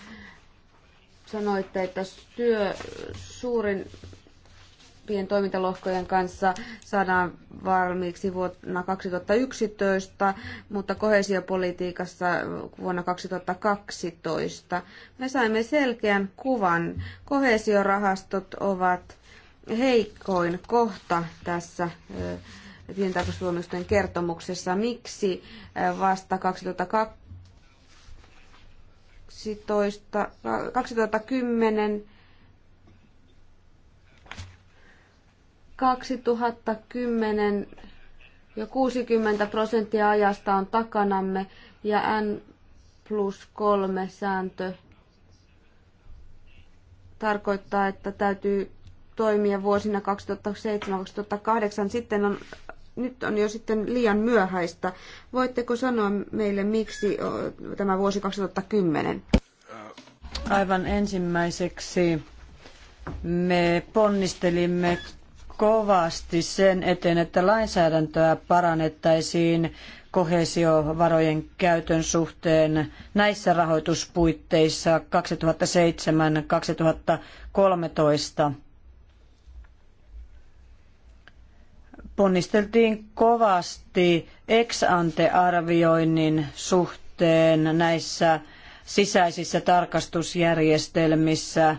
Sanoitte, että työ suurin pien toimintalohkojen kanssa saadaan valmiiksi vuonna 2011, mutta kohesiopolitiikassa vuonna 2012. Me saimme selkeän kuvan. Kohesiorahastot ovat Heikoin kohta tässä tilintarkastustuomioistuimen kertomuksessa. Miksi vasta 2012, 2010 2010 jo 60 prosenttia ajasta on takanamme ja N plus 3 sääntö tarkoittaa, että täytyy toimia vuosina 2007-2008. Sitten on, nyt on jo sitten liian myöhäistä. Voitteko sanoa meille, miksi tämä vuosi 2010? Aivan ensimmäiseksi me ponnistelimme kovasti sen eteen, että lainsäädäntöä parannettaisiin koheesiovarojen käytön suhteen näissä rahoituspuitteissa 2007-2013. ponnisteltiin kovasti ex-ante-arvioinnin suhteen näissä sisäisissä tarkastusjärjestelmissä,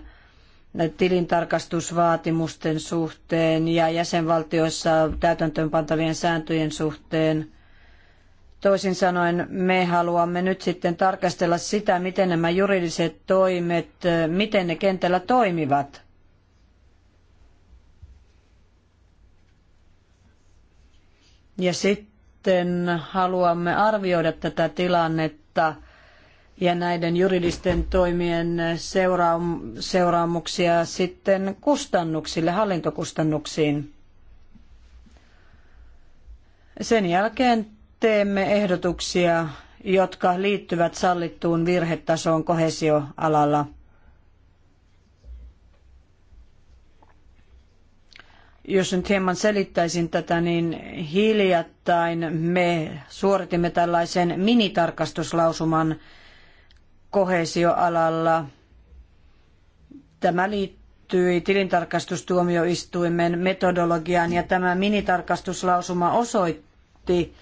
tilintarkastusvaatimusten suhteen ja jäsenvaltioissa täytäntöönpantavien sääntöjen suhteen. Toisin sanoen me haluamme nyt sitten tarkastella sitä, miten nämä juridiset toimet, miten ne kentällä toimivat – Ja sitten haluamme arvioida tätä tilannetta ja näiden juridisten toimien seuraam- seuraamuksia sitten kustannuksille, hallintokustannuksiin. Sen jälkeen teemme ehdotuksia, jotka liittyvät sallittuun virhetasoon kohesioalalla – jos nyt hieman selittäisin tätä, niin hiljattain me suoritimme tällaisen minitarkastuslausuman kohesioalalla. Tämä liittyi tilintarkastustuomioistuimen metodologiaan ja tämä minitarkastuslausuma osoitti,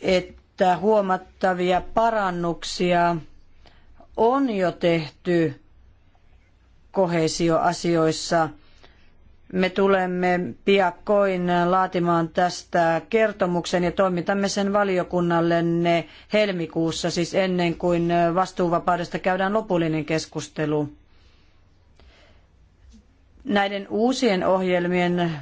että huomattavia parannuksia on jo tehty kohesioasioissa – me tulemme piakkoin laatimaan tästä kertomuksen ja toimitamme sen valiokunnallenne helmikuussa, siis ennen kuin vastuuvapaudesta käydään lopullinen keskustelu. Näiden uusien ohjelmien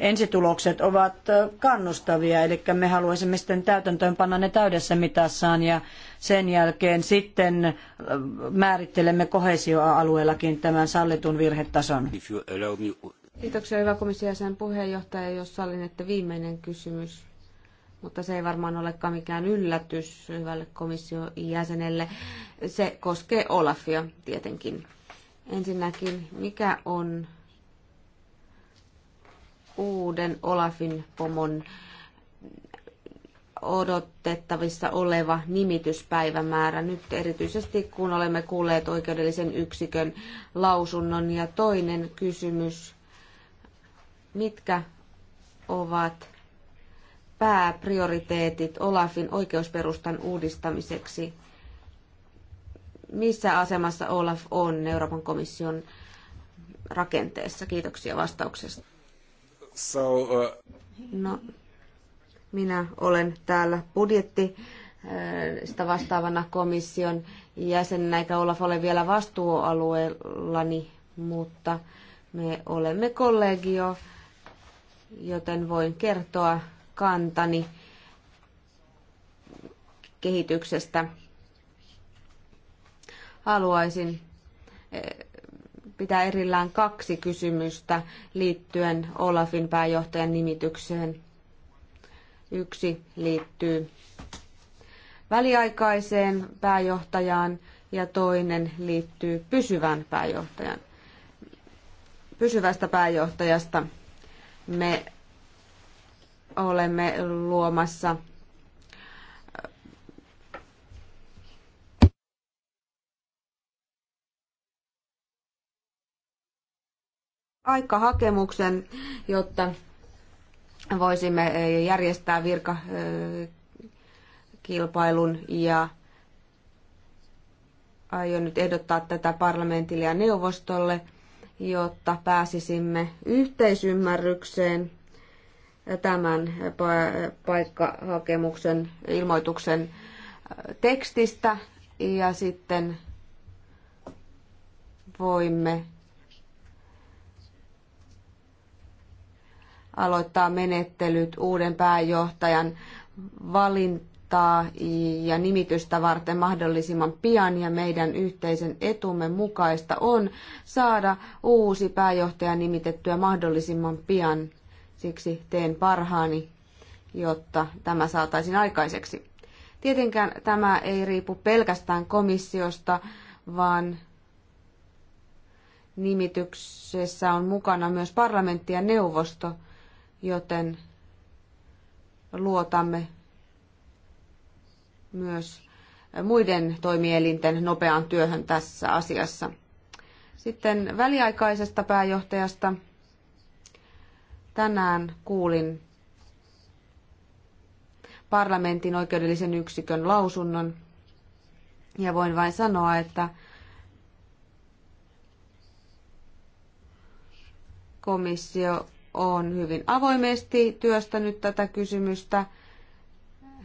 ensitulokset ovat kannustavia, eli me haluaisimme sitten täytäntöönpanna ne täydessä mitassaan ja sen jälkeen sitten määrittelemme kohesioalueellakin tämän sallitun virhetason. Kiitoksia hyvä komissio sen puheenjohtaja, jos sallin, että viimeinen kysymys, mutta se ei varmaan olekaan mikään yllätys hyvälle komission jäsenelle. Se koskee Olafia tietenkin. Ensinnäkin, mikä on uuden Olafin pomon odotettavissa oleva nimityspäivämäärä nyt erityisesti, kun olemme kuulleet oikeudellisen yksikön lausunnon. Ja toinen kysymys mitkä ovat pääprioriteetit Olafin oikeusperustan uudistamiseksi? Missä asemassa Olaf on Euroopan komission rakenteessa? Kiitoksia vastauksesta. So, uh... No, minä olen täällä budjetti äh, sitä vastaavana komission jäsenenä, eikä Olaf ole vielä vastuualueellani, mutta me olemme kollegio joten voin kertoa kantani kehityksestä. Haluaisin eh, pitää erillään kaksi kysymystä liittyen Olafin pääjohtajan nimitykseen. Yksi liittyy väliaikaiseen pääjohtajaan ja toinen liittyy pysyvään pääjohtajan. Pysyvästä pääjohtajasta me olemme luomassa äh, aikahakemuksen, jotta voisimme äh, järjestää virkakilpailun äh, ja aion nyt ehdottaa tätä parlamentille ja neuvostolle – jotta pääsisimme yhteisymmärrykseen tämän paikkahakemuksen ilmoituksen äh, tekstistä ja sitten voimme aloittaa menettelyt uuden pääjohtajan valinta valvontaa ja nimitystä varten mahdollisimman pian ja meidän yhteisen etumme mukaista on saada uusi pääjohtaja nimitettyä mahdollisimman pian. Siksi teen parhaani, jotta tämä saataisiin aikaiseksi. Tietenkään tämä ei riipu pelkästään komissiosta, vaan nimityksessä on mukana myös parlamentti ja neuvosto, joten luotamme myös muiden toimielinten nopeaan työhön tässä asiassa. Sitten väliaikaisesta pääjohtajasta tänään kuulin parlamentin oikeudellisen yksikön lausunnon ja voin vain sanoa, että komissio on hyvin avoimesti työstänyt tätä kysymystä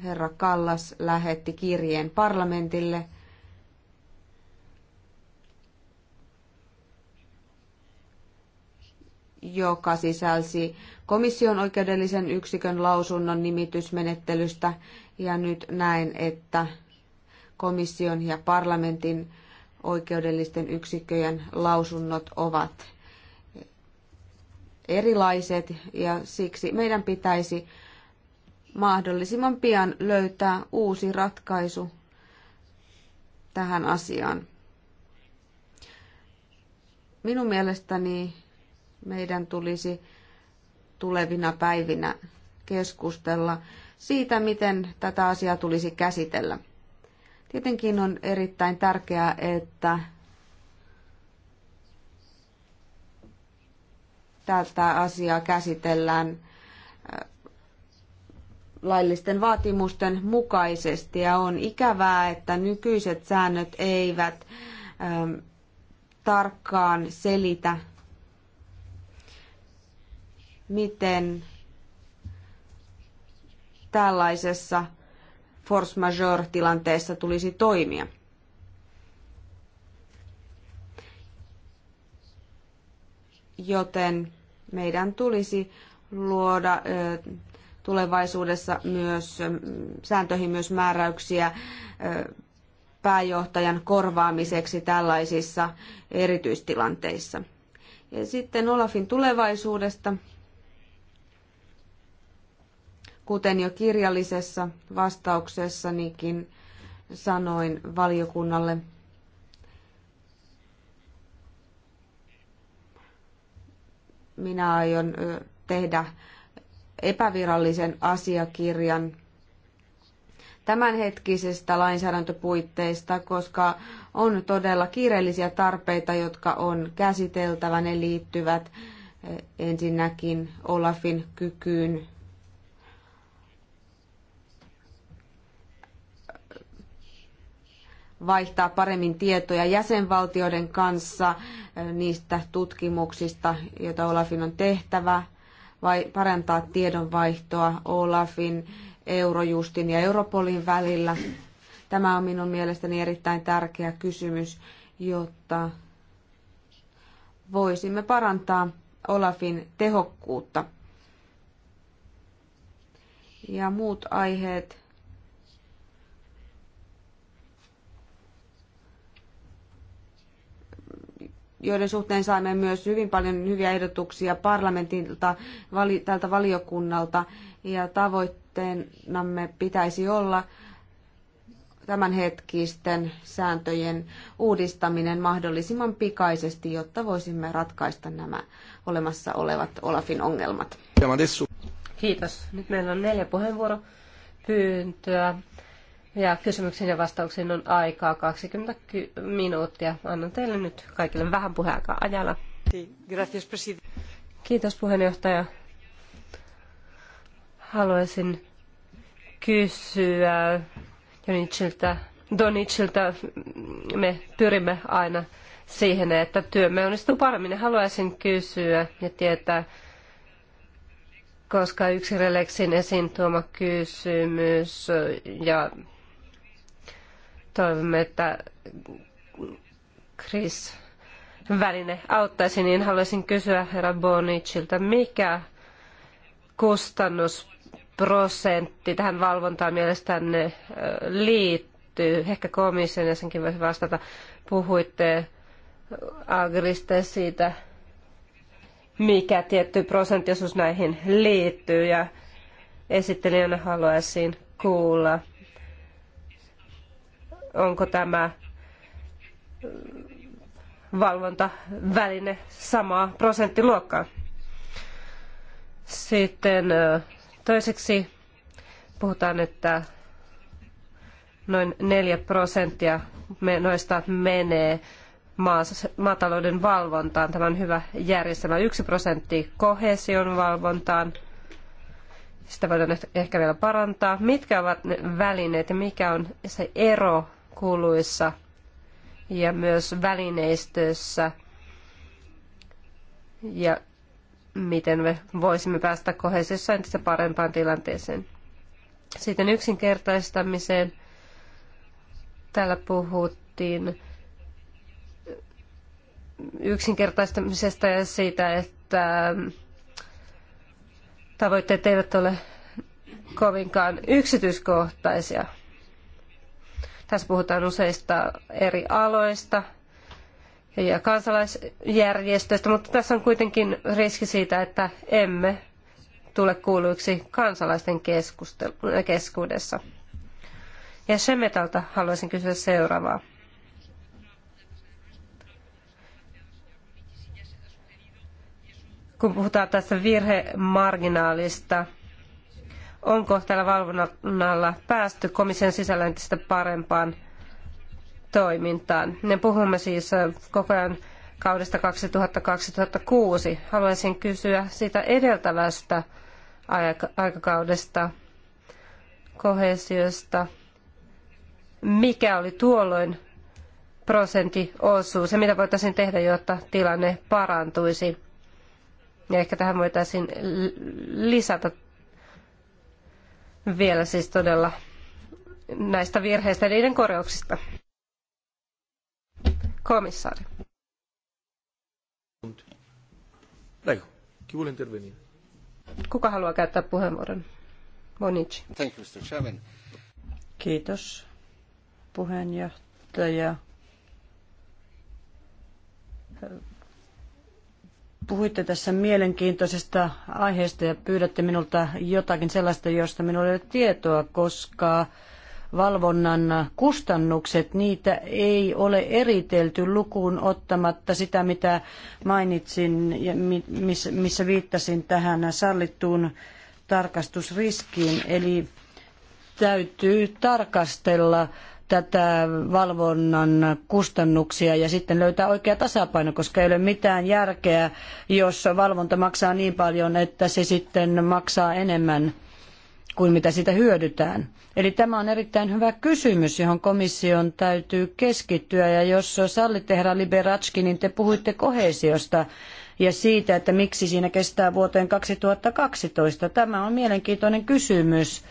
herra Kallas lähetti kirjeen parlamentille joka sisälsi komission oikeudellisen yksikön lausunnon nimitysmenettelystä. Ja nyt näen, että komission ja parlamentin oikeudellisten yksikköjen lausunnot ovat erilaiset ja siksi meidän pitäisi mahdollisimman pian löytää uusi ratkaisu tähän asiaan. Minun mielestäni meidän tulisi tulevina päivinä keskustella siitä, miten tätä asiaa tulisi käsitellä. Tietenkin on erittäin tärkeää, että tätä asiaa käsitellään laillisten vaatimusten mukaisesti. Ja on ikävää, että nykyiset säännöt eivät ähm, tarkkaan selitä, miten tällaisessa force majeure-tilanteessa tulisi toimia. Joten meidän tulisi luoda tulevaisuudessa myös mm, sääntöihin myös määräyksiä pääjohtajan korvaamiseksi tällaisissa erityistilanteissa. Ja sitten Olafin tulevaisuudesta. Kuten jo kirjallisessa vastauksessanikin sanoin valiokunnalle, minä aion tehdä epävirallisen asiakirjan tämänhetkisestä lainsäädäntöpuitteista, koska on todella kiireellisiä tarpeita, jotka on käsiteltävä. Ne liittyvät eh, ensinnäkin Olafin kykyyn eh, vaihtaa paremmin tietoja jäsenvaltioiden kanssa eh, niistä tutkimuksista, joita Olafin on tehtävä – vai parantaa tiedonvaihtoa Olafin, Eurojustin ja Europolin välillä? Tämä on minun mielestäni erittäin tärkeä kysymys, jotta voisimme parantaa Olafin tehokkuutta. Ja muut aiheet joiden suhteen saimme myös hyvin paljon hyviä ehdotuksia parlamentilta, vali, tältä valiokunnalta, ja tavoitteenamme pitäisi olla tämänhetkisten sääntöjen uudistaminen mahdollisimman pikaisesti, jotta voisimme ratkaista nämä olemassa olevat Olafin ongelmat. Kiitos. Nyt meillä on neljä puheenvuoropyyntöä. Ja kysymyksiin ja vastauksiin on aikaa 20 minuuttia. Annan teille nyt kaikille vähän puheaikaa ajalla. Kiitos puheenjohtaja. Haluaisin kysyä Donicilta. Donicilta me pyrimme aina siihen, että työmme onnistuu paremmin. Haluaisin kysyä ja tietää, koska yksi Relexin esiin tuoma kysymys ja toivomme, että Chris väline auttaisi, niin haluaisin kysyä herra Bonicilta, mikä kustannusprosentti tähän valvontaan mielestänne liittyy? Ehkä komission jäsenkin voisi vastata. Puhuitte Agriste siitä, mikä tietty prosenttiosuus näihin liittyy ja esittelijänä haluaisin kuulla – onko tämä valvontaväline samaa prosenttiluokkaa. Sitten toiseksi puhutaan, että noin neljä prosenttia noista menee maatalouden valvontaan. Tämä on hyvä järjestelmä. yksi prosentti kohesion valvontaan. Sitä voidaan ehkä vielä parantaa. Mitkä ovat ne välineet ja mikä on se ero kuluissa ja myös välineistössä ja miten me voisimme päästä kohesiossa entistä parempaan tilanteeseen. Sitten yksinkertaistamiseen. Täällä puhuttiin yksinkertaistamisesta ja siitä, että tavoitteet eivät ole kovinkaan yksityiskohtaisia. Tässä puhutaan useista eri aloista ja kansalaisjärjestöistä, mutta tässä on kuitenkin riski siitä, että emme tule kuuluiksi kansalaisten keskuudessa. Ja Shemetalta haluaisin kysyä seuraavaa. Kun puhutaan tästä virhemarginaalista, onko tällä valvonnalla päästy komission sisällä entistä parempaan toimintaan. Me puhumme siis koko ajan kaudesta 2000-2006. Haluaisin kysyä siitä edeltävästä aikakaudesta, kohesiosta. Mikä oli tuolloin prosenttiosuus ja mitä voitaisiin tehdä, jotta tilanne parantuisi? Ja ehkä tähän voitaisiin lisätä vielä siis todella näistä virheistä ja niiden korjauksista. Komissaari. Prego. Chi vuole intervenire? Kuka haluaa käyttää puheenvuoron? Bonici. Thank you, Mr. Chairman. Kiitos, puheenjohtaja. Puhuitte tässä mielenkiintoisesta aiheesta ja pyydätte minulta jotakin sellaista, josta minulla ei ole tietoa, koska valvonnan kustannukset, niitä ei ole eritelty lukuun ottamatta sitä, mitä mainitsin ja missä viittasin tähän sallittuun tarkastusriskiin. Eli täytyy tarkastella tätä valvonnan kustannuksia ja sitten löytää oikea tasapaino, koska ei ole mitään järkeä, jos valvonta maksaa niin paljon, että se sitten maksaa enemmän kuin mitä siitä hyödytään. Eli tämä on erittäin hyvä kysymys, johon komission täytyy keskittyä. Ja jos sallitte, herra Liberatski, niin te puhuitte kohesiosta ja siitä, että miksi siinä kestää vuoteen 2012. Tämä on mielenkiintoinen kysymys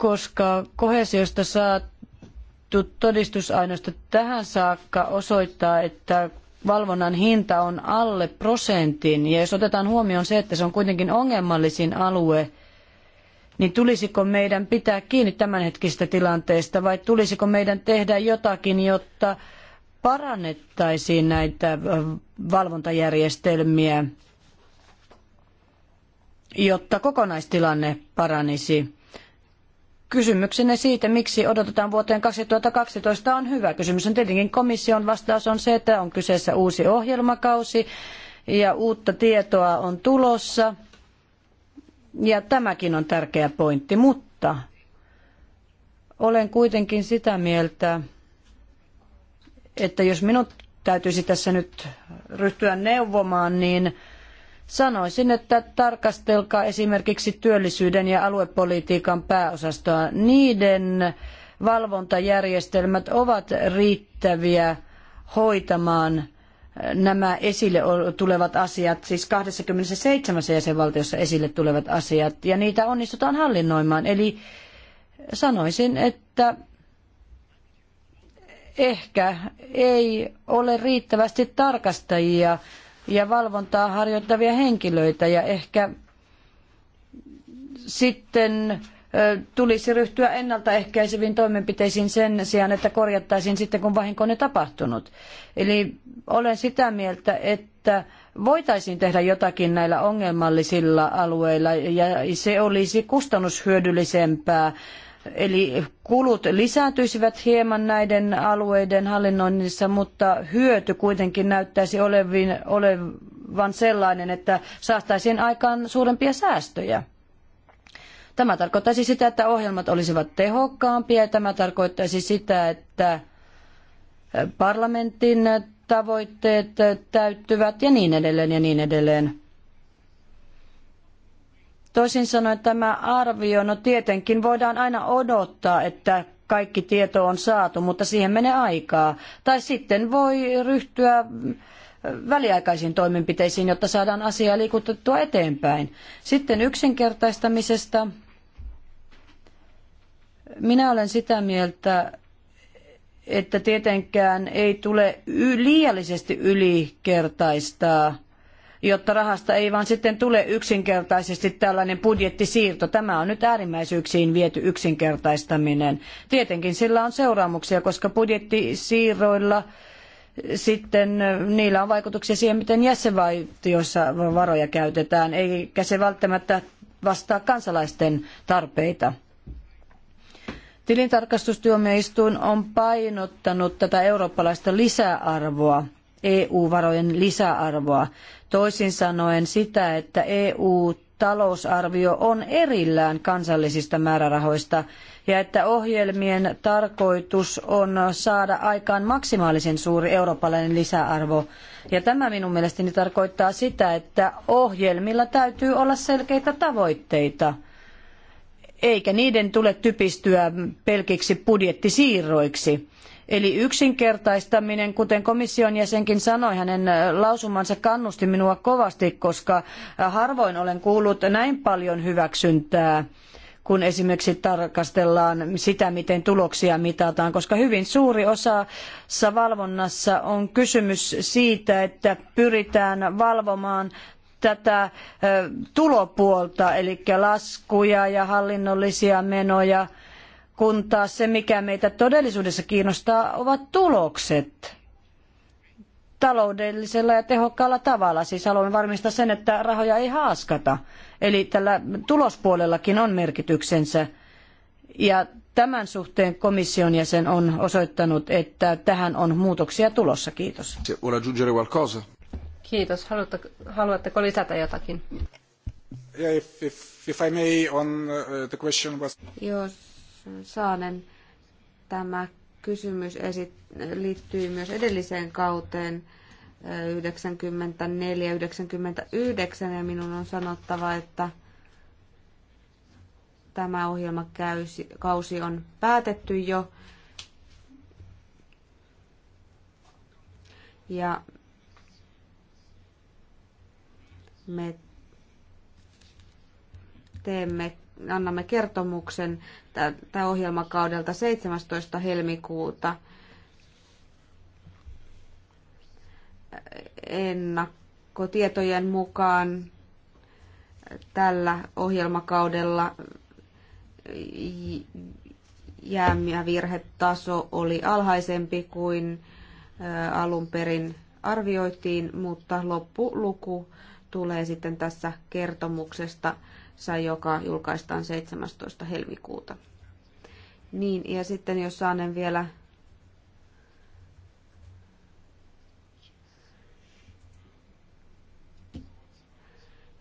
koska kohesiosta saatu todistusaineisto tähän saakka osoittaa, että valvonnan hinta on alle prosentin, ja jos otetaan huomioon se, että se on kuitenkin ongelmallisin alue, niin tulisiko meidän pitää kiinni tämänhetkistä tilanteesta vai tulisiko meidän tehdä jotakin, jotta parannettaisiin näitä äh, valvontajärjestelmiä, jotta kokonaistilanne paranisi? Kysymyksenne siitä, miksi odotetaan vuoteen 2012, on hyvä kysymys. On tietenkin komission vastaus on se, että on kyseessä uusi ohjelmakausi ja uutta tietoa on tulossa. Ja tämäkin on tärkeä pointti, mutta olen kuitenkin sitä mieltä, että jos minut täytyisi tässä nyt ryhtyä neuvomaan, niin Sanoisin, että tarkastelkaa esimerkiksi työllisyyden ja aluepolitiikan pääosastoa. Niiden valvontajärjestelmät ovat riittäviä hoitamaan nämä esille tulevat asiat, siis 27 jäsenvaltiossa esille tulevat asiat, ja niitä onnistutaan hallinnoimaan. Eli sanoisin, että ehkä ei ole riittävästi tarkastajia ja valvontaa harjoittavia henkilöitä ja ehkä sitten tulisi ryhtyä ennaltaehkäiseviin toimenpiteisiin sen sijaan, että korjattaisiin sitten, kun vahinko on tapahtunut. Eli olen sitä mieltä, että voitaisiin tehdä jotakin näillä ongelmallisilla alueilla ja se olisi kustannushyödyllisempää Eli kulut lisääntyisivät hieman näiden alueiden hallinnoinnissa, mutta hyöty kuitenkin näyttäisi olevin, olevan sellainen, että saataisiin aikaan suurempia säästöjä. Tämä tarkoittaisi sitä, että ohjelmat olisivat tehokkaampia ja tämä tarkoittaisi sitä, että parlamentin tavoitteet täyttyvät ja niin edelleen ja niin edelleen. Toisin sanoen tämä arvio, no tietenkin voidaan aina odottaa, että kaikki tieto on saatu, mutta siihen menee aikaa. Tai sitten voi ryhtyä väliaikaisiin toimenpiteisiin, jotta saadaan asiaa liikutettua eteenpäin. Sitten yksinkertaistamisesta. Minä olen sitä mieltä, että tietenkään ei tule liiallisesti ylikertaistaa – jotta rahasta ei vaan sitten tule yksinkertaisesti tällainen budjettisiirto. Tämä on nyt äärimmäisyyksiin viety yksinkertaistaminen. Tietenkin sillä on seuraamuksia, koska budjettisiirroilla sitten niillä on vaikutuksia siihen, miten jäsenvaltioissa varoja käytetään, eikä se välttämättä vastaa kansalaisten tarpeita. Tilintarkastustuomioistuin on painottanut tätä eurooppalaista lisäarvoa, EU-varojen lisäarvoa. Toisin sanoen sitä, että EU-talousarvio on erillään kansallisista määrärahoista ja että ohjelmien tarkoitus on saada aikaan maksimaalisen suuri eurooppalainen lisäarvo. Ja tämä minun mielestäni tarkoittaa sitä, että ohjelmilla täytyy olla selkeitä tavoitteita eikä niiden tule typistyä pelkiksi budjettisiirroiksi. Eli yksinkertaistaminen, kuten komission jäsenkin sanoi, hänen lausumansa kannusti minua kovasti, koska harvoin olen kuullut näin paljon hyväksyntää kun esimerkiksi tarkastellaan sitä, miten tuloksia mitataan, koska hyvin suuri osa valvonnassa on kysymys siitä, että pyritään valvomaan tätä tulopuolta, eli laskuja ja hallinnollisia menoja – kun taas se, mikä meitä todellisuudessa kiinnostaa, ovat tulokset taloudellisella ja tehokkaalla tavalla. Siis haluamme varmistaa sen, että rahoja ei haaskata. Eli tällä tulospuolellakin on merkityksensä. Ja tämän suhteen komission jäsen on osoittanut, että tähän on muutoksia tulossa. Kiitos. Kiitos. Haluatteko, haluatteko lisätä jotakin? Yeah, if, if, if uh, was... Jos Saanen. Tämä kysymys esit- liittyy myös edelliseen kauteen 94-99 ja minun on sanottava, että tämä ohjelmakausi on päätetty jo. Ja me teemme annamme kertomuksen tältä ohjelmakaudelta 17. helmikuuta ennakkotietojen mukaan tällä ohjelmakaudella virhetaso oli alhaisempi kuin alun perin arvioitiin, mutta loppuluku tulee sitten tässä kertomuksesta joka julkaistaan 17. helmikuuta. Niin, ja sitten jos saanen vielä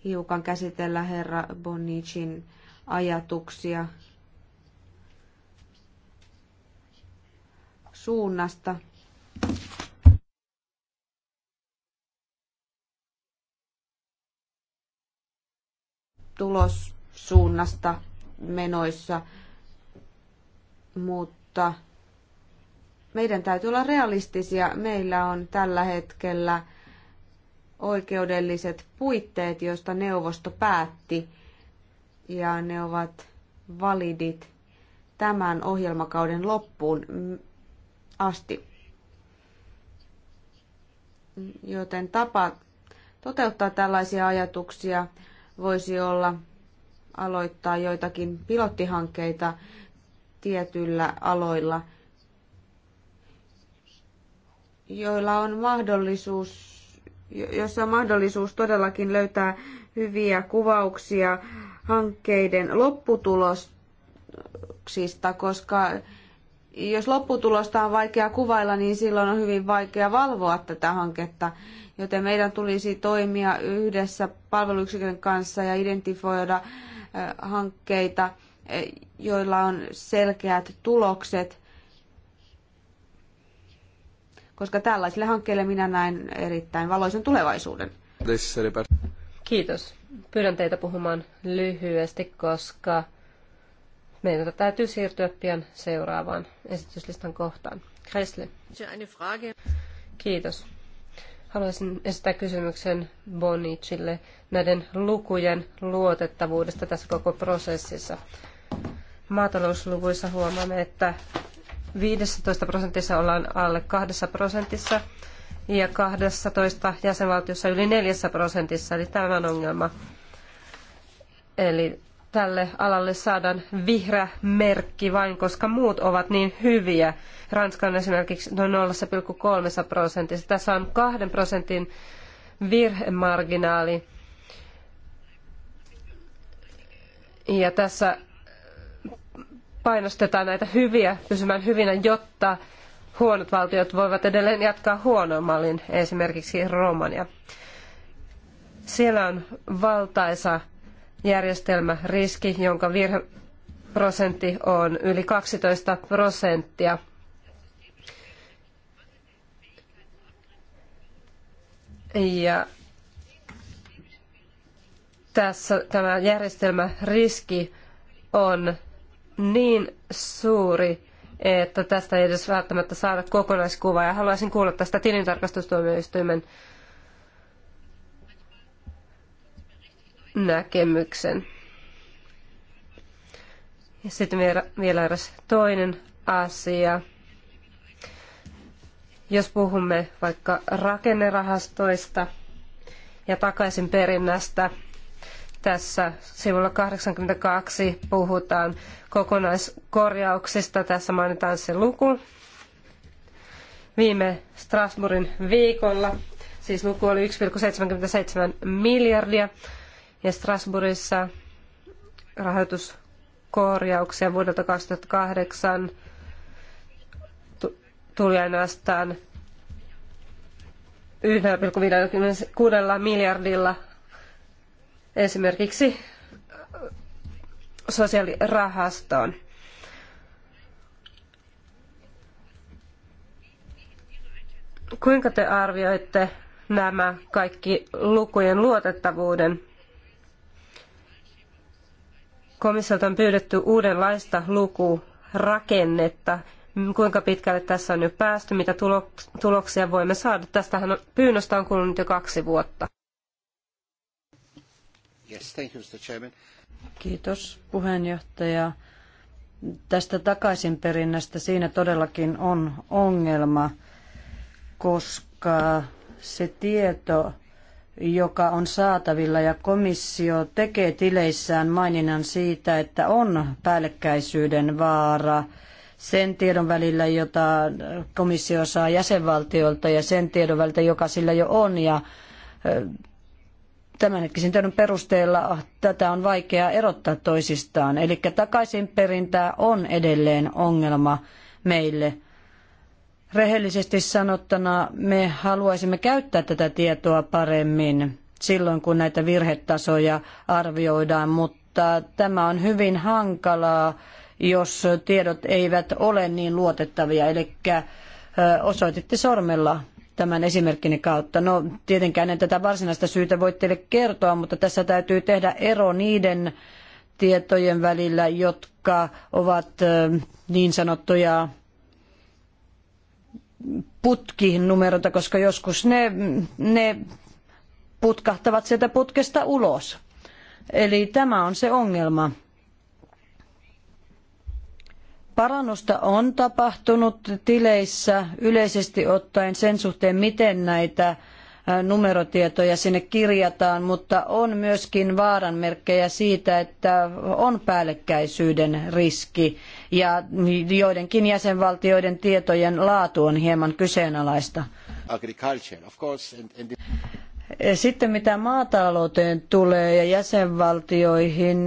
hiukan käsitellä herra Bonnicin ajatuksia suunnasta, tulossuunnasta menoissa, mutta meidän täytyy olla realistisia. Meillä on tällä hetkellä oikeudelliset puitteet, joista neuvosto päätti, ja ne ovat validit tämän ohjelmakauden loppuun asti. Joten tapa toteuttaa tällaisia ajatuksia voisi olla aloittaa joitakin pilottihankkeita tietyillä aloilla, joilla on mahdollisuus, jossa on mahdollisuus todellakin löytää hyviä kuvauksia hankkeiden lopputuloksista, koska jos lopputulosta on vaikea kuvailla, niin silloin on hyvin vaikea valvoa tätä hanketta joten meidän tulisi toimia yhdessä palveluyksikön kanssa ja identifioida hankkeita, joilla on selkeät tulokset, koska tällaisille hankkeille minä näen erittäin valoisen tulevaisuuden. Kiitos. Pyydän teitä puhumaan lyhyesti, koska meidän täytyy siirtyä pian seuraavaan esityslistan kohtaan. Kresle. Kiitos. Haluaisin esittää kysymyksen Bonicille näiden lukujen luotettavuudesta tässä koko prosessissa. Maatalousluvuissa huomaamme, että 15 prosentissa ollaan alle 2 prosentissa ja 12 jäsenvaltiossa yli 4 prosentissa, eli tämä on ongelma. Eli tälle alalle saadaan vihreä merkki vain, koska muut ovat niin hyviä. Ranskan esimerkiksi noin 0,3 prosentissa. Tässä on kahden prosentin virhemarginaali. Ja tässä painostetaan näitä hyviä pysymään hyvinä, jotta huonot valtiot voivat edelleen jatkaa huonoon esimerkiksi Romania. Siellä on valtaisa järjestelmäriski, jonka virheprosentti on yli 12 prosenttia. Ja tässä tämä järjestelmäriski on niin suuri, että tästä ei edes välttämättä saada kokonaiskuvaa. Ja haluaisin kuulla tästä tilintarkastustuomioistuimen näkemyksen. Ja sitten vielä eräs toinen asia. Jos puhumme vaikka rakennerahastoista ja takaisinperinnästä, tässä sivulla 82 puhutaan kokonaiskorjauksista. Tässä mainitaan se luku. Viime Strasbourgin viikolla, siis luku oli 1,77 miljardia ja Strasbourgissa rahoituskorjauksia vuodelta 2008 tuli ainoastaan 1,56 miljardilla esimerkiksi sosiaalirahastoon. Kuinka te arvioitte nämä kaikki lukujen luotettavuuden? Komissiolta on pyydetty uudenlaista lukurakennetta, kuinka pitkälle tässä on jo päästy, mitä tuloksia voimme saada. Tästähän pyynnöstä on kulunut jo kaksi vuotta. Yes, thank you, Mr. Chairman. Kiitos puheenjohtaja. Tästä takaisinperinnästä siinä todellakin on ongelma, koska se tieto, joka on saatavilla ja komissio tekee tileissään maininnan siitä, että on päällekkäisyyden vaara sen tiedon välillä, jota komissio saa jäsenvaltioilta ja sen tiedon välillä, joka sillä jo on. Ja tämänhetkisen tiedon perusteella tätä on vaikea erottaa toisistaan. Eli takaisinperintää on edelleen ongelma meille – Rehellisesti sanottuna me haluaisimme käyttää tätä tietoa paremmin silloin, kun näitä virhetasoja arvioidaan, mutta tämä on hyvin hankalaa, jos tiedot eivät ole niin luotettavia. Eli osoititte sormella tämän esimerkkini kautta. No tietenkään en tätä varsinaista syytä voi teille kertoa, mutta tässä täytyy tehdä ero niiden tietojen välillä, jotka ovat niin sanottuja putkiin numeroita, koska joskus ne, ne putkahtavat sieltä putkesta ulos. Eli tämä on se ongelma. Parannusta on tapahtunut tileissä yleisesti ottaen sen suhteen, miten näitä numerotietoja sinne kirjataan, mutta on myöskin vaaranmerkkejä siitä, että on päällekkäisyyden riski ja joidenkin jäsenvaltioiden tietojen laatu on hieman kyseenalaista. Sitten mitä maatalouteen tulee ja jäsenvaltioihin,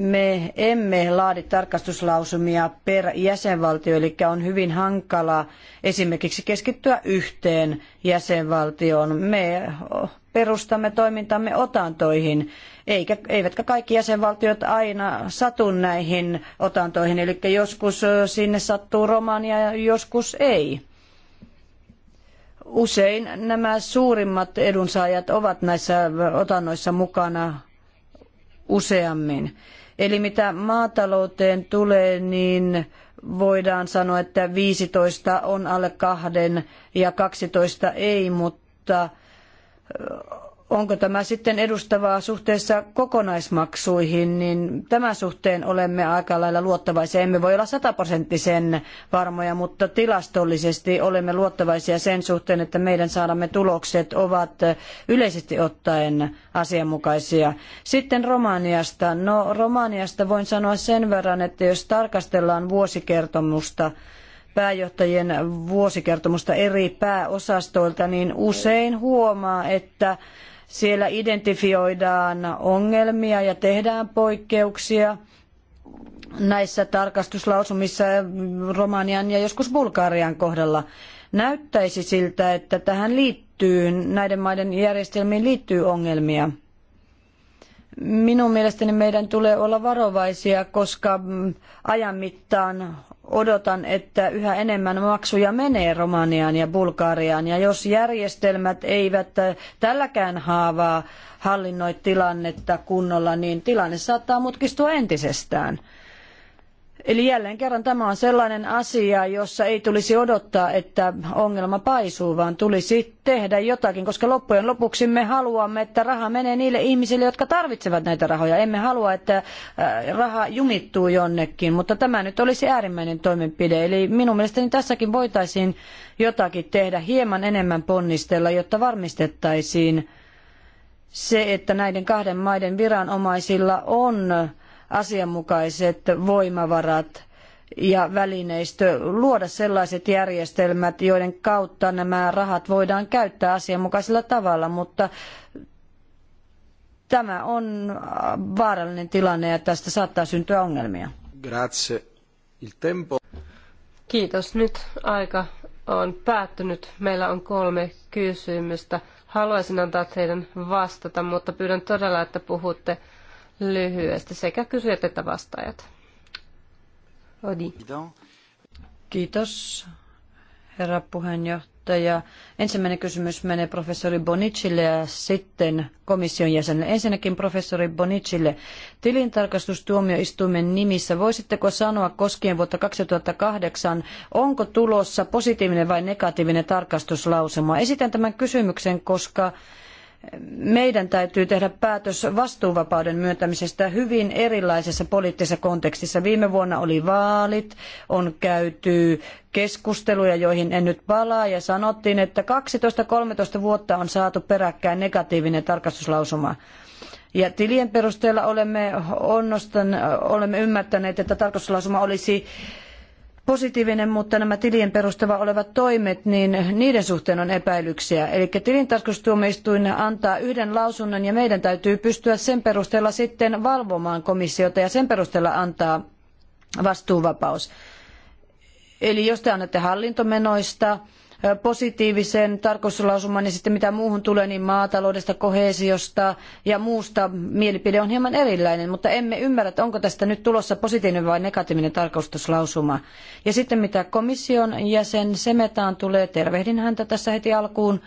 me emme laadi tarkastuslausumia per jäsenvaltio, eli on hyvin hankala esimerkiksi keskittyä yhteen jäsenvaltioon. Me perustamme toimintamme otantoihin, eikä, eivätkä kaikki jäsenvaltiot aina satu näihin otantoihin, eli joskus sinne sattuu Romania ja joskus ei. Usein nämä suurimmat edunsaajat ovat näissä otannoissa mukana useammin. Eli mitä maatalouteen tulee, niin voidaan sanoa, että 15 on alle kahden ja 12 ei, mutta onko tämä sitten edustavaa suhteessa kokonaismaksuihin, niin tämän suhteen olemme aika lailla luottavaisia. Emme voi olla sataprosenttisen varmoja, mutta tilastollisesti olemme luottavaisia sen suhteen, että meidän saadamme tulokset ovat yleisesti ottaen asianmukaisia. Sitten Romaniasta. No Romaniasta voin sanoa sen verran, että jos tarkastellaan vuosikertomusta, pääjohtajien vuosikertomusta eri pääosastoilta, niin usein huomaa, että siellä identifioidaan ongelmia ja tehdään poikkeuksia näissä tarkastuslausumissa Romanian ja joskus Bulgarian kohdalla. Näyttäisi siltä, että tähän liittyy, näiden maiden järjestelmiin liittyy ongelmia. Minun mielestäni meidän tulee olla varovaisia, koska ajan mittaan odotan, että yhä enemmän maksuja menee Romaniaan ja Bulgariaan. Ja jos järjestelmät eivät tälläkään haavaa hallinnoi tilannetta kunnolla, niin tilanne saattaa mutkistua entisestään. Eli jälleen kerran tämä on sellainen asia, jossa ei tulisi odottaa, että ongelma paisuu, vaan tulisi tehdä jotakin, koska loppujen lopuksi me haluamme, että raha menee niille ihmisille, jotka tarvitsevat näitä rahoja. Emme halua, että äh, raha jumittuu jonnekin, mutta tämä nyt olisi äärimmäinen toimenpide. Eli minun mielestäni tässäkin voitaisiin jotakin tehdä, hieman enemmän ponnistella, jotta varmistettaisiin se, että näiden kahden maiden viranomaisilla on asianmukaiset voimavarat ja välineistö luoda sellaiset järjestelmät, joiden kautta nämä rahat voidaan käyttää asianmukaisella tavalla, mutta tämä on vaarallinen tilanne ja tästä saattaa syntyä ongelmia. Grazie. Il tempo. Kiitos. Nyt aika on päättynyt. Meillä on kolme kysymystä. Haluaisin antaa teidän vastata, mutta pyydän todella, että puhutte lyhyesti sekä kysyjät että vastaajat. Odi. Kiitos, herra puheenjohtaja. Ensimmäinen kysymys menee professori Bonicille ja sitten komission jäsenelle. Ensinnäkin professori Bonicille. Tilintarkastustuomioistuimen nimissä voisitteko sanoa koskien vuotta 2008, onko tulossa positiivinen vai negatiivinen tarkastuslausuma? Esitän tämän kysymyksen, koska meidän täytyy tehdä päätös vastuuvapauden myöntämisestä hyvin erilaisessa poliittisessa kontekstissa. Viime vuonna oli vaalit, on käyty keskusteluja, joihin en nyt palaa, ja sanottiin, että 12-13 vuotta on saatu peräkkäin negatiivinen tarkastuslausuma. Ja tilien perusteella olemme, onnostan, olemme ymmärtäneet, että tarkastuslausuma olisi positiivinen, mutta nämä tilien perustava olevat toimet, niin niiden suhteen on epäilyksiä. Eli tilintarkastustuomioistuin antaa yhden lausunnon ja meidän täytyy pystyä sen perusteella sitten valvomaan komissiota ja sen perusteella antaa vastuuvapaus. Eli jos te annatte hallintomenoista positiivisen tarkoituslausuman, ja sitten mitä muuhun tulee, niin maataloudesta, koheesiosta ja muusta mielipide on hieman erilainen, mutta emme ymmärrä, onko tästä nyt tulossa positiivinen vai negatiivinen tarkoituslausuma. Ja sitten mitä komission jäsen Semetaan tulee, tervehdin häntä tässä heti alkuun.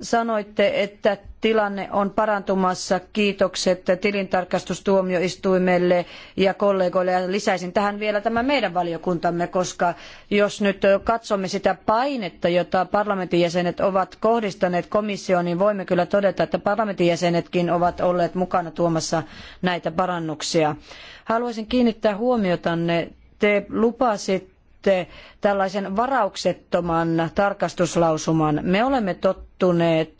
Sanoitte, että tilanne on parantumassa. Kiitokset tilintarkastustuomioistuimelle ja kollegoille. Ja lisäisin tähän vielä tämän meidän valiokuntamme, koska jos nyt katsomme sitä painetta, jota parlamentin jäsenet ovat kohdistaneet komissioon, niin voimme kyllä todeta, että parlamentin jäsenetkin ovat olleet mukana tuomassa näitä parannuksia. Haluaisin kiinnittää huomiotanne. Te lupasitte tällaisen varauksettoman tarkastuslausuman. Me olemme tottuneet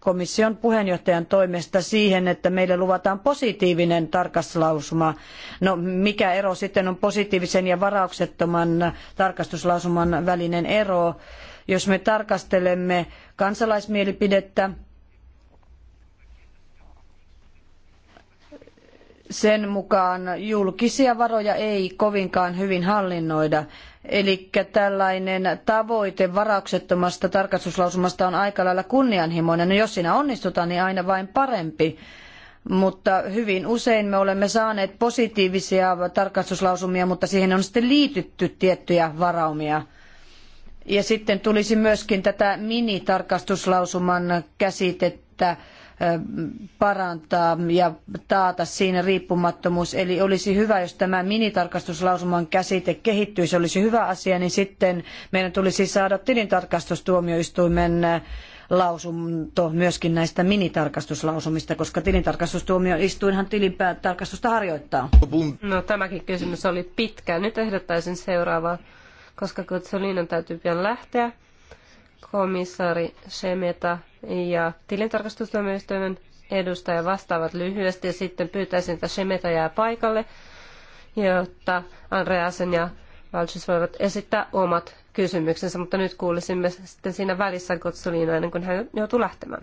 komission puheenjohtajan toimesta siihen, että meille luvataan positiivinen tarkastuslausuma. No mikä ero sitten on positiivisen ja varauksettoman tarkastuslausuman välinen ero? Jos me tarkastelemme kansalaismielipidettä, sen mukaan julkisia varoja ei kovinkaan hyvin hallinnoida. Eli tällainen tavoite varauksettomasta tarkastuslausumasta on aika lailla kunnianhimoinen. No jos siinä onnistutaan, niin aina vain parempi. Mutta hyvin usein me olemme saaneet positiivisia tarkastuslausumia, mutta siihen on sitten liitytty tiettyjä varaumia. Ja sitten tulisi myöskin tätä minitarkastuslausuman käsitettä parantaa ja taata siinä riippumattomuus. Eli olisi hyvä, jos tämä minitarkastuslausuman käsite kehittyisi, se olisi hyvä asia, niin sitten meidän tulisi saada tilintarkastustuomioistuimen lausunto myöskin näistä minitarkastuslausumista, koska tilintarkastustuomioistuinhan tilintarkastusta harjoittaa. No tämäkin kysymys oli pitkä. Nyt ehdottaisin seuraavaa, koska Kotsolinan niin, täytyy pian lähteä komissaari Semeta ja tilintarkastustuomioistuimen edustaja vastaavat lyhyesti ja sitten pyytäisin, että Semeta jää paikalle, jotta Andreasen ja Valchis voivat esittää omat kysymyksensä, mutta nyt kuulisimme sitten siinä välissä Kotsuliina ennen kuin hän joutuu lähtemään.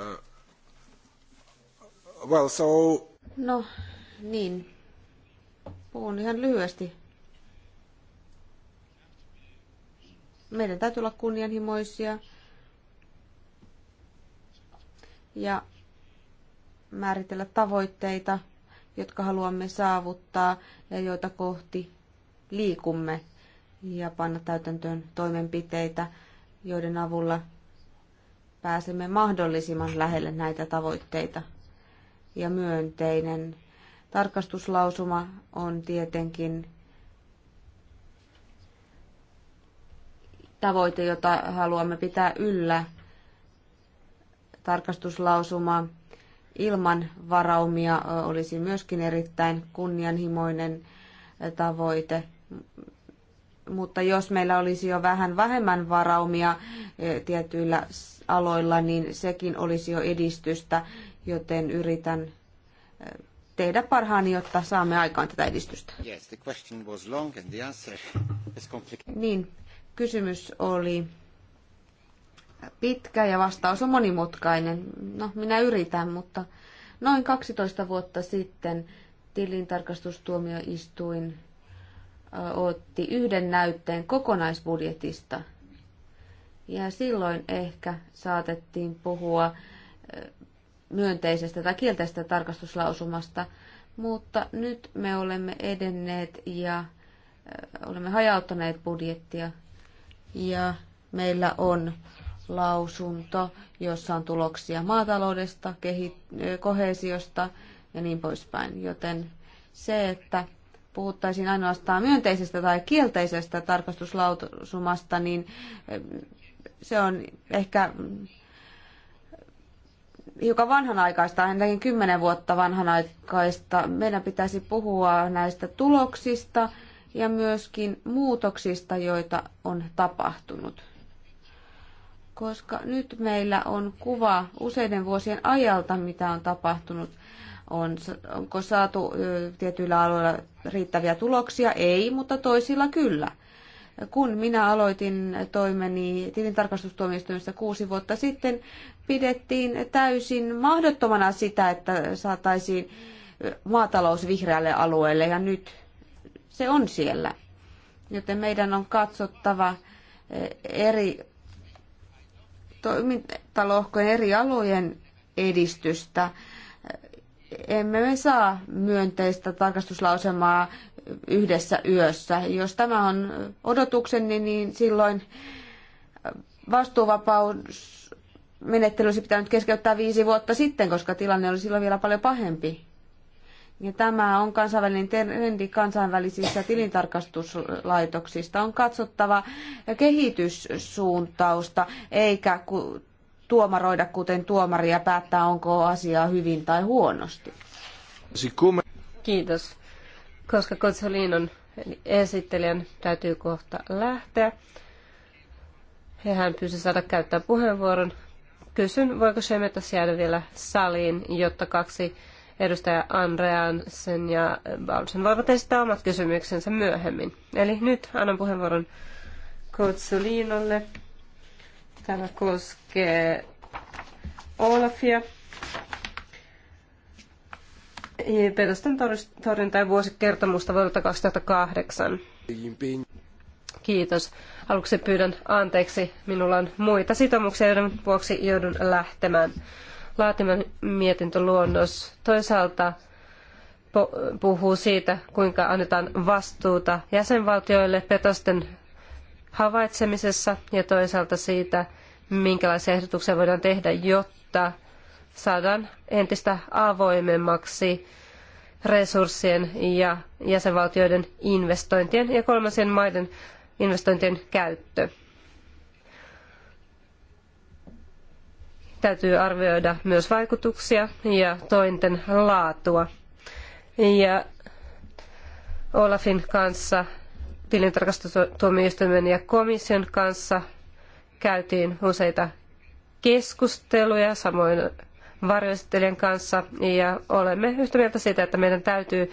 Uh, well, so... No niin, puhun ihan lyhyesti meidän täytyy olla kunnianhimoisia ja määritellä tavoitteita, jotka haluamme saavuttaa ja joita kohti liikumme ja panna täytäntöön toimenpiteitä, joiden avulla pääsemme mahdollisimman lähelle näitä tavoitteita. Ja myönteinen tarkastuslausuma on tietenkin tavoite, jota haluamme pitää yllä, tarkastuslausuma ilman varaumia olisi myöskin erittäin kunnianhimoinen tavoite. Mutta jos meillä olisi jo vähän vähemmän varaumia tietyillä aloilla, niin sekin olisi jo edistystä, joten yritän tehdä parhaani, jotta saamme aikaan tätä edistystä. Yes, niin, Kysymys oli pitkä ja vastaus on monimutkainen. No, minä yritän, mutta noin 12 vuotta sitten tilintarkastustuomioistuin otti yhden näytteen kokonaisbudjetista. Ja silloin ehkä saatettiin puhua myönteisestä tai kielteisestä tarkastuslausumasta, mutta nyt me olemme edenneet ja olemme hajauttaneet budjettia ja meillä on lausunto, jossa on tuloksia maataloudesta, kohesiosta ja niin poispäin. Joten se, että puhuttaisiin ainoastaan myönteisestä tai kielteisestä tarkastuslausumasta, niin eh, se on ehkä hiukan vanhanaikaista, ainakin kymmenen vuotta vanhanaikaista. Meidän pitäisi puhua näistä tuloksista, ja myöskin muutoksista, joita on tapahtunut. Koska nyt meillä on kuva useiden vuosien ajalta, mitä on tapahtunut. On, onko saatu tietyillä alueilla riittäviä tuloksia? Ei, mutta toisilla kyllä. Kun minä aloitin toimeni tilintarkastustuomioistuimessa kuusi vuotta sitten, pidettiin täysin mahdottomana sitä, että saataisiin maatalous vihreälle alueelle ja nyt se on siellä. Joten meidän on katsottava eh, eri toimintalohkojen eri alojen edistystä. Eh, emme me saa myönteistä tarkastuslausemaa yhdessä yössä. Jos tämä on odotukseni, niin silloin vastuuvapaus olisi pitänyt keskeyttää viisi vuotta sitten, koska tilanne oli silloin vielä paljon pahempi. Ja tämä on kansainvälinen trendi kansainvälisissä tilintarkastuslaitoksista. On katsottava kehityssuuntausta, eikä tuomaroida kuten tuomari ja päättää, onko asiaa hyvin tai huonosti. Kiitos. Koska Kotsoliinon eli esittelijän täytyy kohta lähteä, ja hän pyysi saada käyttää puheenvuoron. Kysyn, voiko Shemetas jäädä vielä saliin, jotta kaksi edustaja Andrean ja Balsen voivat esittää omat kysymyksensä myöhemmin. Eli nyt annan puheenvuoron Kotsolinolle. Tämä koskee Olafia. Petosten torjunta- ja vuosikertomusta vuodelta 2008. Kiitos. Aluksi pyydän anteeksi. Minulla on muita sitoumuksia, joiden vuoksi joudun lähtemään laatiman mietintöluonnos toisaalta puhuu siitä, kuinka annetaan vastuuta jäsenvaltioille petosten havaitsemisessa ja toisaalta siitä, minkälaisia ehdotuksia voidaan tehdä, jotta saadaan entistä avoimemmaksi resurssien ja jäsenvaltioiden investointien ja kolmansien maiden investointien käyttö. Täytyy arvioida myös vaikutuksia ja tointen laatua. Ja Olafin kanssa, tilintarkastustuomioistuimen ja komission kanssa käytiin useita keskusteluja, samoin varjoesittelijän kanssa, ja olemme yhtä mieltä siitä, että meidän täytyy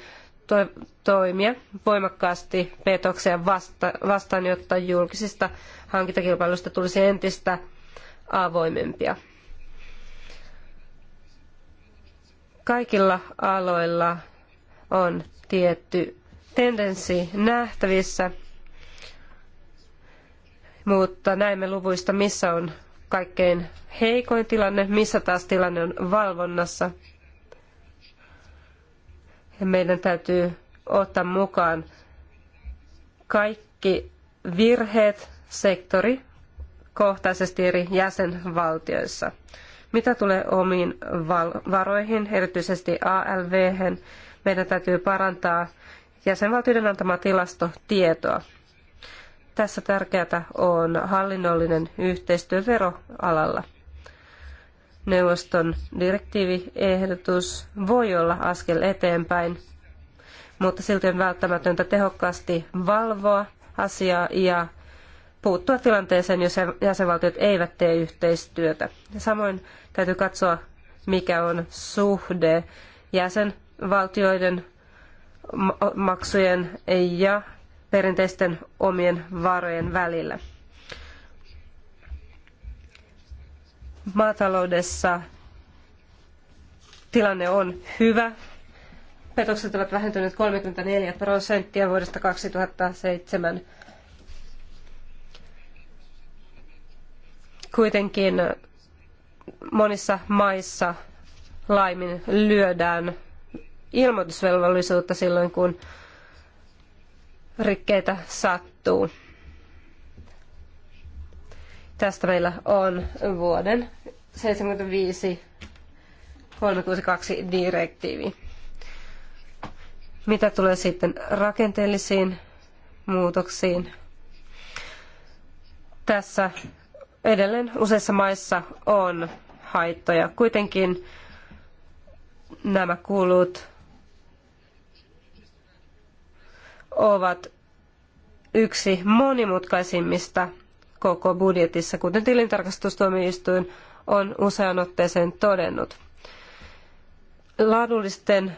toimia voimakkaasti petoksia vasta- vastaan, jotta julkisista hankintakilpailuista tulisi entistä avoimempia. kaikilla aloilla on tietty tendenssi nähtävissä, mutta näemme luvuista, missä on kaikkein heikoin tilanne, missä taas tilanne on valvonnassa. Ja meidän täytyy ottaa mukaan kaikki virheet sektori kohtaisesti eri jäsenvaltioissa. Mitä tulee omiin varoihin, erityisesti alv, meidän täytyy parantaa jäsenvaltioiden antamaa tilastotietoa. Tässä tärkeää on hallinnollinen yhteistyö veroalalla. Neuvoston direktiiviehdotus voi olla askel eteenpäin, mutta silti on välttämätöntä tehokkaasti valvoa asiaa ja puuttua tilanteeseen, jos jäsenvaltiot eivät tee yhteistyötä. Samoin täytyy katsoa, mikä on suhde jäsenvaltioiden maksujen ja perinteisten omien varojen välillä. Maataloudessa tilanne on hyvä. Petokset ovat vähentyneet 34 prosenttia vuodesta 2007 Kuitenkin monissa maissa laimin lyödään ilmoitusvelvollisuutta silloin, kun rikkeitä sattuu. Tästä meillä on vuoden 75 362 direktiivi. Mitä tulee sitten rakenteellisiin muutoksiin? Tässä Edelleen useissa maissa on haittoja. Kuitenkin nämä kulut ovat yksi monimutkaisimmista koko budjetissa, kuten tilintarkastustuomioistuin on usean otteeseen todennut. Laadullisten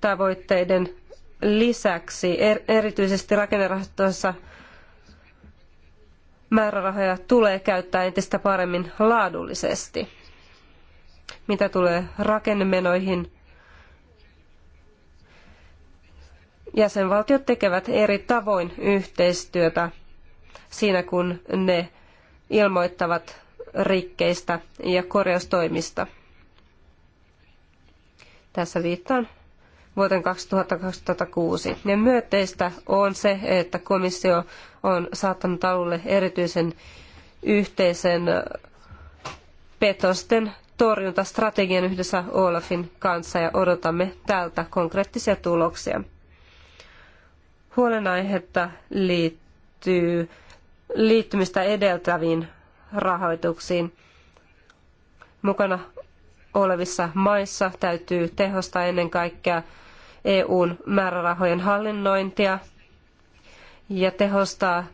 tavoitteiden lisäksi er- erityisesti rakennerahastoissa määrärahoja tulee käyttää entistä paremmin laadullisesti. Mitä tulee rakennemenoihin, jäsenvaltiot tekevät eri tavoin yhteistyötä siinä, kun ne ilmoittavat rikkeistä ja korjaustoimista. Tässä viittaan vuoteen 2026. Ja myönteistä on se, että komissio on saattanut alulle erityisen yhteisen petosten torjuntastrategian yhdessä Olafin kanssa ja odotamme tältä konkreettisia tuloksia. Huolenaihetta liittyy liittymistä edeltäviin rahoituksiin. Mukana olevissa maissa täytyy tehostaa ennen kaikkea EUn määrärahojen hallinnointia ja tehostaa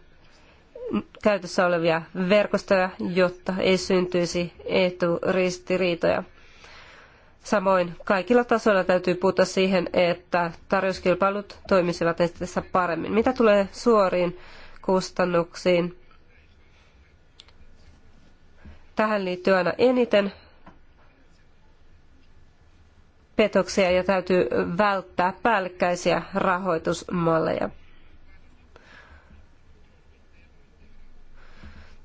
käytössä olevia verkostoja, jotta ei syntyisi eturistiriitoja. Samoin kaikilla tasoilla täytyy puuttua siihen, että tarjouskilpailut toimisivat entistä paremmin. Mitä tulee suoriin kustannuksiin? Tähän liittyy aina eniten petoksia ja täytyy välttää päällekkäisiä rahoitusmalleja.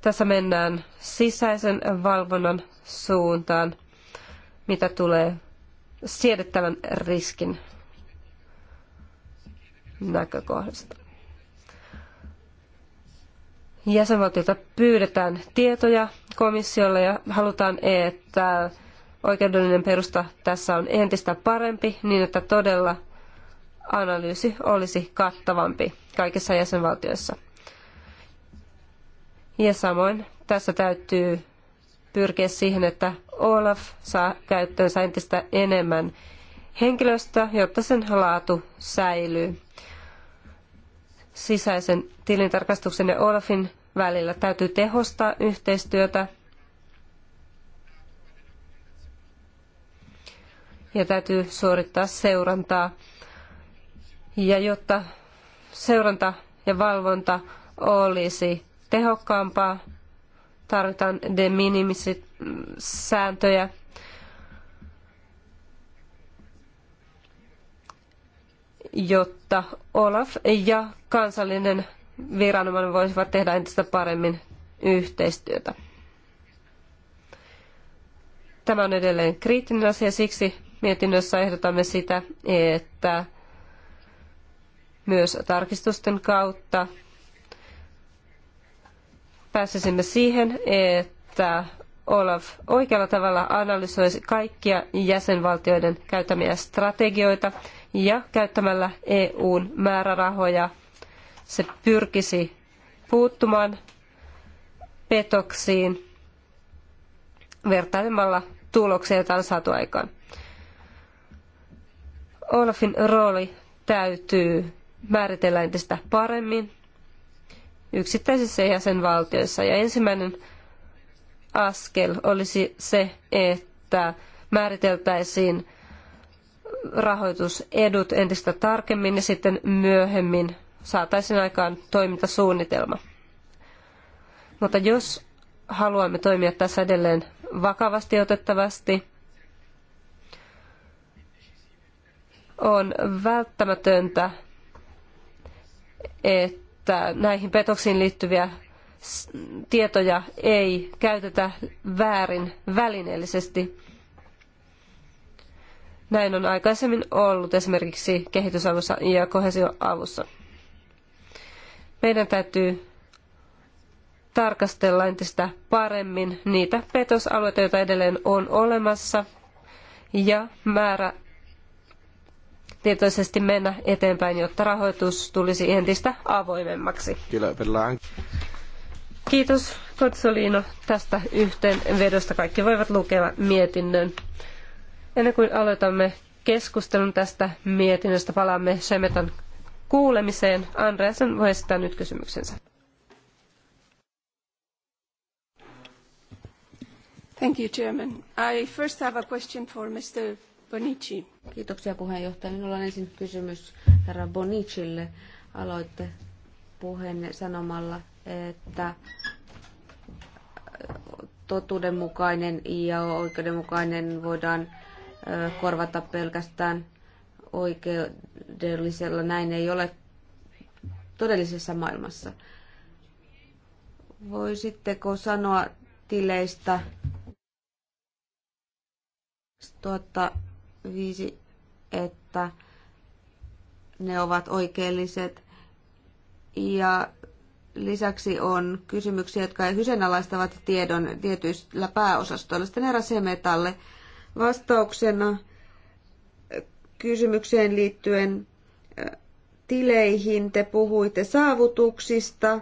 Tässä mennään sisäisen valvonnan suuntaan, mitä tulee siedettävän riskin näkökohdasta. Jäsenvaltiota pyydetään tietoja komissiolle ja halutaan, että oikeudellinen perusta tässä on entistä parempi niin, että todella analyysi olisi kattavampi kaikissa jäsenvaltioissa. Ja samoin tässä täytyy pyrkiä siihen, että Olaf saa käyttöönsä entistä enemmän henkilöstöä, jotta sen laatu säilyy. Sisäisen tilintarkastuksen ja Olafin välillä täytyy tehostaa yhteistyötä ja täytyy suorittaa seurantaa. Ja jotta seuranta ja valvonta olisi tehokkaampaa, tarvitaan de minimis sääntöjä. jotta Olaf ja kansallinen viranomainen voisivat tehdä entistä paremmin yhteistyötä. Tämä on edelleen kriittinen asia, siksi Mietinnössä ehdotamme sitä, että myös tarkistusten kautta pääsisimme siihen, että Olaf oikealla tavalla analysoisi kaikkia jäsenvaltioiden käyttämiä strategioita ja käyttämällä EUn määrärahoja se pyrkisi puuttumaan petoksiin vertailemalla tuloksia, joita on saatu aikaan. Olafin rooli täytyy määritellä entistä paremmin yksittäisissä jäsenvaltioissa. Ja ensimmäinen askel olisi se, että määriteltäisiin rahoitusedut entistä tarkemmin ja sitten myöhemmin saataisiin aikaan toimintasuunnitelma. Mutta jos haluamme toimia tässä edelleen vakavasti otettavasti, on välttämätöntä, että näihin petoksiin liittyviä tietoja ei käytetä väärin välineellisesti. Näin on aikaisemmin ollut esimerkiksi kehitysavussa ja kohesioavussa. Meidän täytyy tarkastella entistä paremmin niitä petosalueita, joita edelleen on olemassa, ja määrä tietoisesti mennä eteenpäin, jotta rahoitus tulisi entistä avoimemmaksi. Kiitos Kotsolino tästä yhteenvedosta. Kaikki voivat lukea mietinnön. Ennen kuin aloitamme keskustelun tästä mietinnöstä, palaamme Semetan kuulemiseen. Andreasen voi esittää nyt kysymyksensä. Thank you, Chairman. I first have a question for Mr. Bonici. Kiitoksia puheenjohtaja. Minulla on ensin kysymys herra Bonicille. Aloitte puheenne sanomalla, että äh, totuudenmukainen ja oikeudenmukainen voidaan äh, korvata pelkästään oikeudellisella. Näin ei ole todellisessa maailmassa. Voisitteko sanoa tileistä tuota, viisi, että ne ovat oikeelliset. Ja lisäksi on kysymyksiä, jotka kyseenalaistavat tiedon tietyillä pääosastoilla. Sitten eräs metalle vastauksena kysymykseen liittyen tileihin te puhuitte saavutuksista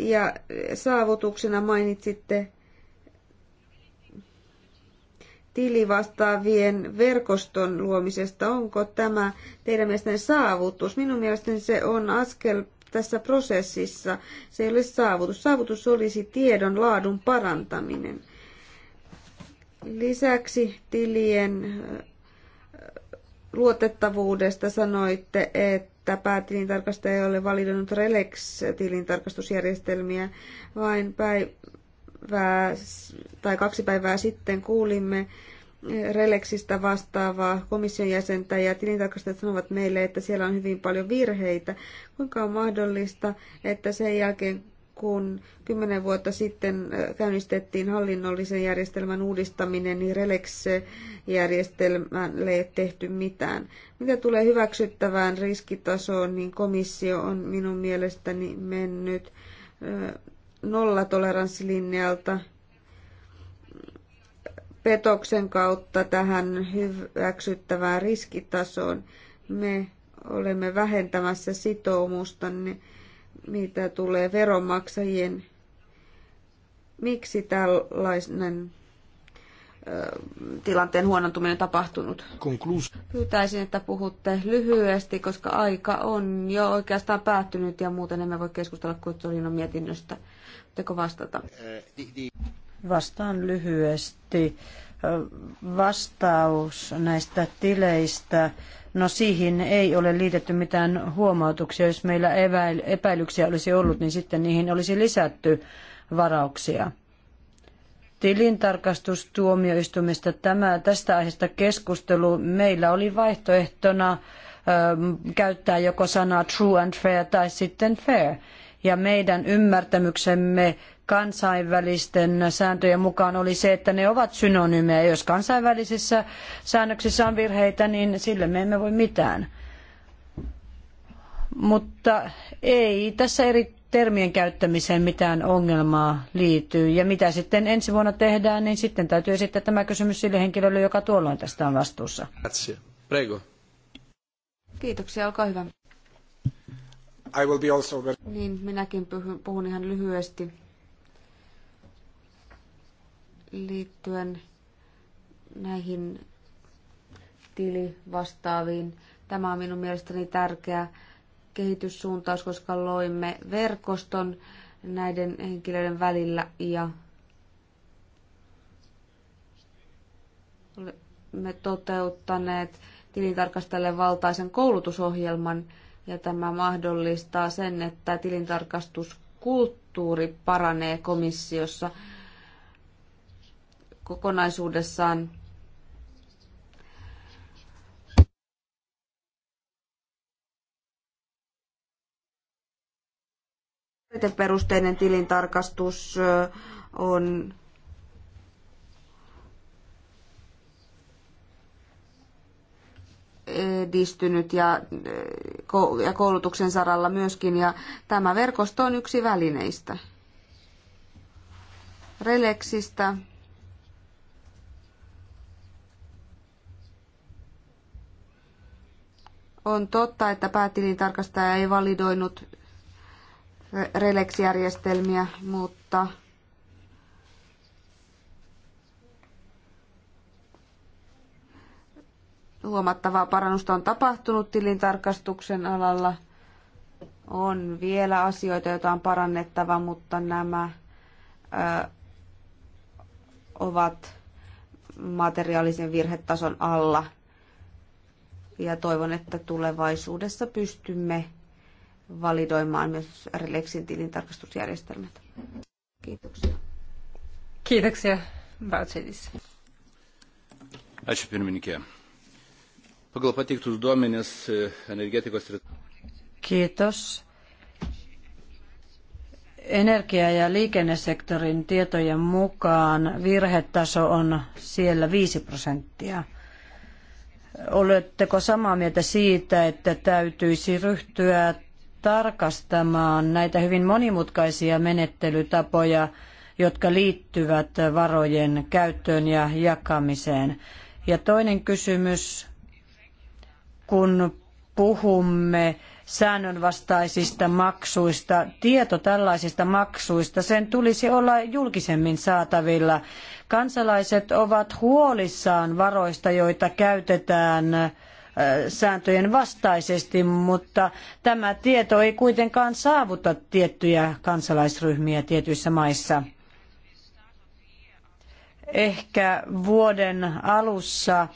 ja saavutuksena mainitsitte tilivastaavien verkoston luomisesta. Onko tämä teidän mielestänne saavutus? Minun mielestäni se on askel tässä prosessissa. Se ei ole saavutus. Saavutus olisi tiedon laadun parantaminen. Lisäksi tilien luotettavuudesta sanoitte, että päätilintarkastaja ei ole validoinut Relex-tilintarkastusjärjestelmiä, vain päin päivää tai kaksi päivää sitten kuulimme eh, Relexistä vastaavaa komission jäsentä ja tilintarkastajat sanovat meille, että siellä on hyvin paljon virheitä. Kuinka on mahdollista, että sen jälkeen kun kymmenen vuotta sitten eh, käynnistettiin hallinnollisen järjestelmän uudistaminen, niin Relex-järjestelmälle ei tehty mitään. Mitä tulee hyväksyttävään riskitasoon, niin komissio on minun mielestäni mennyt eh, nollatoleranssilinjalta petoksen kautta tähän hyväksyttävään riskitasoon. Me olemme vähentämässä sitoumusta, mitä tulee veronmaksajien. Miksi tällainen tilanteen huonontuminen tapahtunut. Conclus. Pyytäisin, että puhutte lyhyesti, koska aika on jo oikeastaan päättynyt ja muuten emme voi keskustella kuin mietinnöstä. Voitteko vastata? Vastaan lyhyesti. Vastaus näistä tileistä. No siihen ei ole liitetty mitään huomautuksia. Jos meillä epäilyksiä olisi ollut, niin sitten niihin olisi lisätty varauksia Tilintarkastustuomioistumista tämä, tästä aiheesta keskustelu. Meillä oli vaihtoehtona ö, käyttää joko sanaa true and fair tai sitten fair ja meidän ymmärtämyksemme kansainvälisten sääntöjen mukaan oli se, että ne ovat synonyymejä. Jos kansainvälisissä säännöksissä on virheitä, niin sille me emme voi mitään. Mutta ei tässä eri termien käyttämiseen mitään ongelmaa liittyy. Ja mitä sitten ensi vuonna tehdään, niin sitten täytyy esittää tämä kysymys sille henkilölle, joka tuolloin tästä on vastuussa. Kiitoksia, olkaa hyvä. I will be also very... Niin, minäkin puhun ihan lyhyesti liittyen näihin tilivastaaviin. Tämä on minun mielestäni tärkeä kehityssuuntaus, koska loimme verkoston näiden henkilöiden välillä ja olemme toteuttaneet tilintarkastajalle valtaisen koulutusohjelman, ja tämä mahdollistaa sen, että tilintarkastuskulttuuri paranee komissiossa kokonaisuudessaan. perusteinen tilintarkastus on edistynyt ja, ja koulutuksen saralla myöskin, ja tämä verkosto on yksi välineistä. Relexistä. On totta, että päätilintarkastaja ei validoinut Relex-järjestelmiä, mutta huomattavaa parannusta on tapahtunut tilintarkastuksen alalla. On vielä asioita, joita on parannettava, mutta nämä ö, ovat materiaalisen virhetason alla. Ja toivon, että tulevaisuudessa pystymme validoimaan myös Relexin tilintarkastusjärjestelmät. Kiitoksia. Kiitoksia, Bautselis. Ačiū pirmininkė. Pagal pateiktus duomenis e, energetikos... Kiitos. Energia- ja liikennesektorin tietojen mukaan virhetaso on siellä 5 prosenttia. Oletteko samaa mieltä siitä, että täytyisi ryhtyä tarkastamaan näitä hyvin monimutkaisia menettelytapoja, jotka liittyvät varojen käyttöön ja jakamiseen? Ja toinen kysymys, kun puhumme säännönvastaisista maksuista, tieto tällaisista maksuista, sen tulisi olla julkisemmin saatavilla. Kansalaiset ovat huolissaan varoista, joita käytetään sääntöjen vastaisesti, mutta tämä tieto ei kuitenkaan saavuta tiettyjä kansalaisryhmiä tietyissä maissa. Ehkä vuoden alussa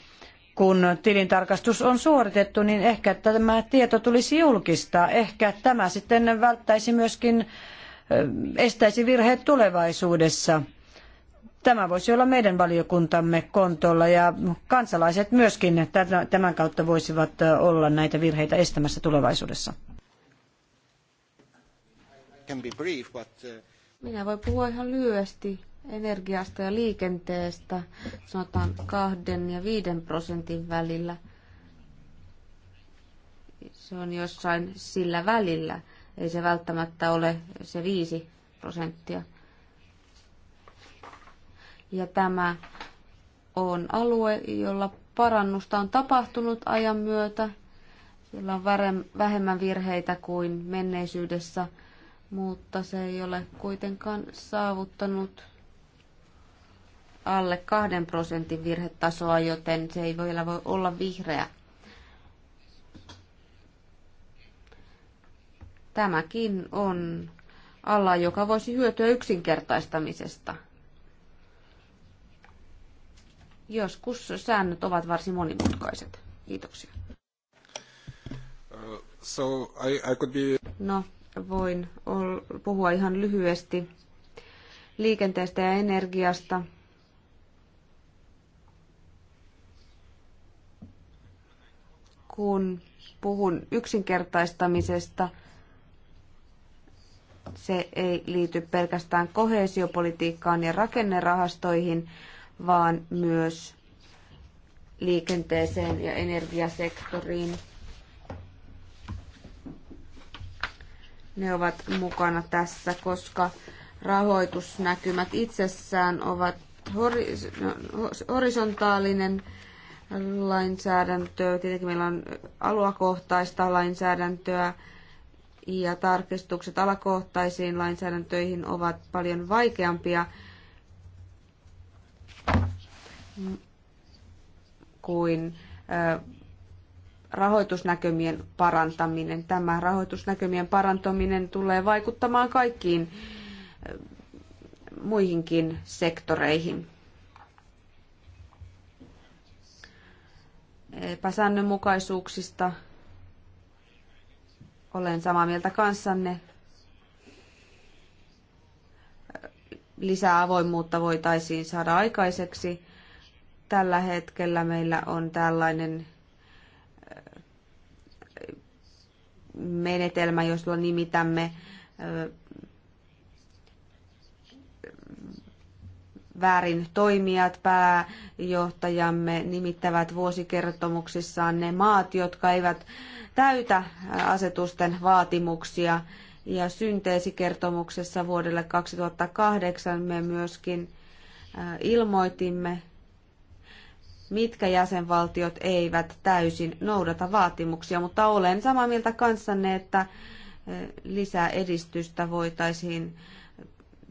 kun tilintarkastus on suoritettu, niin ehkä tämä tieto tulisi julkistaa. Ehkä tämä sitten välttäisi myöskin, estäisi virheet tulevaisuudessa. Tämä voisi olla meidän valiokuntamme kontolla ja kansalaiset myöskin tämän kautta voisivat olla näitä virheitä estämässä tulevaisuudessa. Minä voin puhua ihan lyhyesti energiasta ja liikenteestä, sanotaan kahden ja viiden prosentin välillä. Se on jossain sillä välillä. Ei se välttämättä ole se viisi prosenttia. Ja tämä on alue, jolla parannusta on tapahtunut ajan myötä, sillä on vähemmän virheitä kuin menneisyydessä, mutta se ei ole kuitenkaan saavuttanut alle kahden prosentin virhetasoa, joten se ei vielä voi olla vihreä. Tämäkin on alla, joka voisi hyötyä yksinkertaistamisesta. Joskus säännöt ovat varsin monimutkaiset. Kiitoksia. Uh, so I, I could be... No, voin ol, puhua ihan lyhyesti liikenteestä ja energiasta. kun puhun yksinkertaistamisesta, se ei liity pelkästään kohesiopolitiikkaan ja rakennerahastoihin, vaan myös liikenteeseen ja energiasektoriin. Ne ovat mukana tässä, koska rahoitusnäkymät itsessään ovat horisontaalinen lainsäädäntöä. Tietenkin meillä on aluakohtaista lainsäädäntöä ja tarkistukset alakohtaisiin lainsäädäntöihin ovat paljon vaikeampia kuin rahoitusnäkymien parantaminen. Tämä rahoitusnäkymien parantaminen tulee vaikuttamaan kaikkiin muihinkin sektoreihin. epäsäännönmukaisuuksista. Olen samaa mieltä kanssanne. Lisää avoimuutta voitaisiin saada aikaiseksi. Tällä hetkellä meillä on tällainen menetelmä, jos nimitämme väärin toimijat, pääjohtajamme nimittävät vuosikertomuksissaan ne maat, jotka eivät täytä asetusten vaatimuksia. Ja synteesikertomuksessa vuodelle 2008 me myöskin äh, ilmoitimme, mitkä jäsenvaltiot eivät täysin noudata vaatimuksia, mutta olen samaa mieltä kanssanne, että äh, lisää edistystä voitaisiin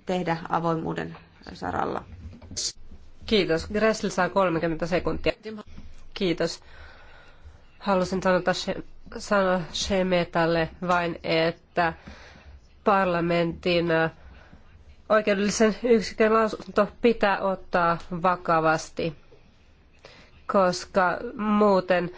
tehdä avoimuuden saralla. Kiitos. Gressel saa 30 sekuntia. Kiitos. Halusin sanota, sanoa Shemetalle vain, että parlamentin oikeudellisen yksikön lausunto pitää ottaa vakavasti, koska muuten,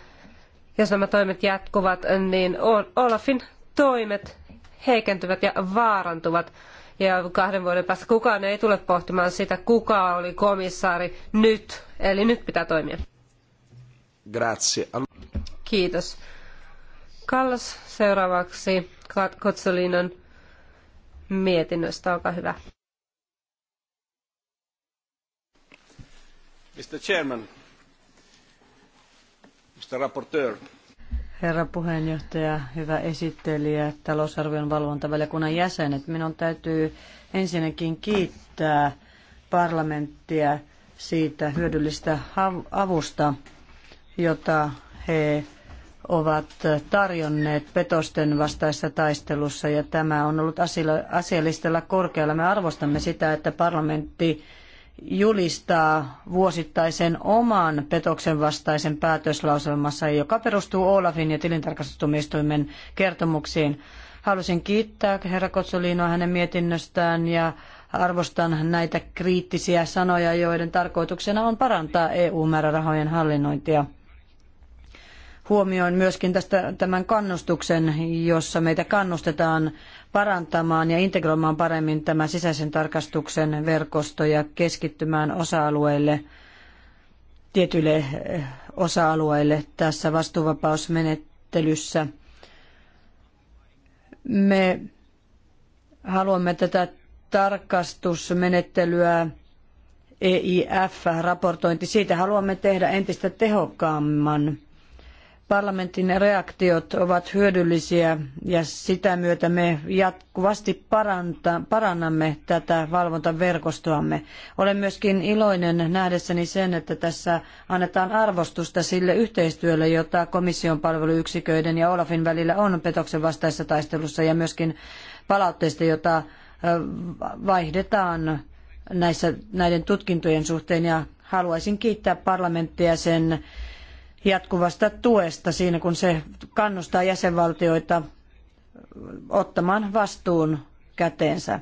jos nämä toimet jatkuvat, niin Olafin toimet heikentyvät ja vaarantuvat ja kahden vuoden päästä kukaan ei tule pohtimaan sitä, kuka oli komissaari nyt. Eli nyt pitää toimia. Grazie. Kiitos. Kallas seuraavaksi Kotsolinon mietinnöstä. Olkaa hyvä. Mr. Chairman, Mr. Rapporteur, Herra puheenjohtaja, hyvä esittelijä, talousarvion valvontavaliokunnan jäsenet. Minun täytyy ensinnäkin kiittää parlamenttia siitä hyödyllistä avusta, jota he ovat tarjonneet petosten vastaisessa taistelussa ja tämä on ollut asialistalla korkealla. Me arvostamme sitä, että parlamentti julistaa vuosittaisen oman petoksen vastaisen päätöslauselmassa, joka perustuu Olafin ja tilintarkastustuomioistuimen kertomuksiin. Haluaisin kiittää herra Kotsolinoa hänen mietinnöstään ja arvostan näitä kriittisiä sanoja, joiden tarkoituksena on parantaa EU-määrärahojen hallinnointia. Huomioin myöskin tästä, tämän kannustuksen, jossa meitä kannustetaan parantamaan ja integroimaan paremmin tämä sisäisen tarkastuksen verkosto ja keskittymään osa-alueille, tietyille eh, osa-alueille tässä vastuuvapausmenettelyssä. Me haluamme tätä tarkastusmenettelyä EIF-raportointi, siitä haluamme tehdä entistä tehokkaamman parlamentin reaktiot ovat hyödyllisiä ja sitä myötä me jatkuvasti parannamme tätä valvontaverkostoamme. Olen myöskin iloinen nähdessäni sen, että tässä annetaan arvostusta sille yhteistyölle, jota komission palveluyksiköiden ja Olafin välillä on petoksen vastaisessa taistelussa ja myöskin palautteista, jota vaihdetaan näissä, näiden tutkintojen suhteen ja haluaisin kiittää parlamenttia sen jatkuvasta tuesta siinä, kun se kannustaa jäsenvaltioita ottamaan vastuun käteensä.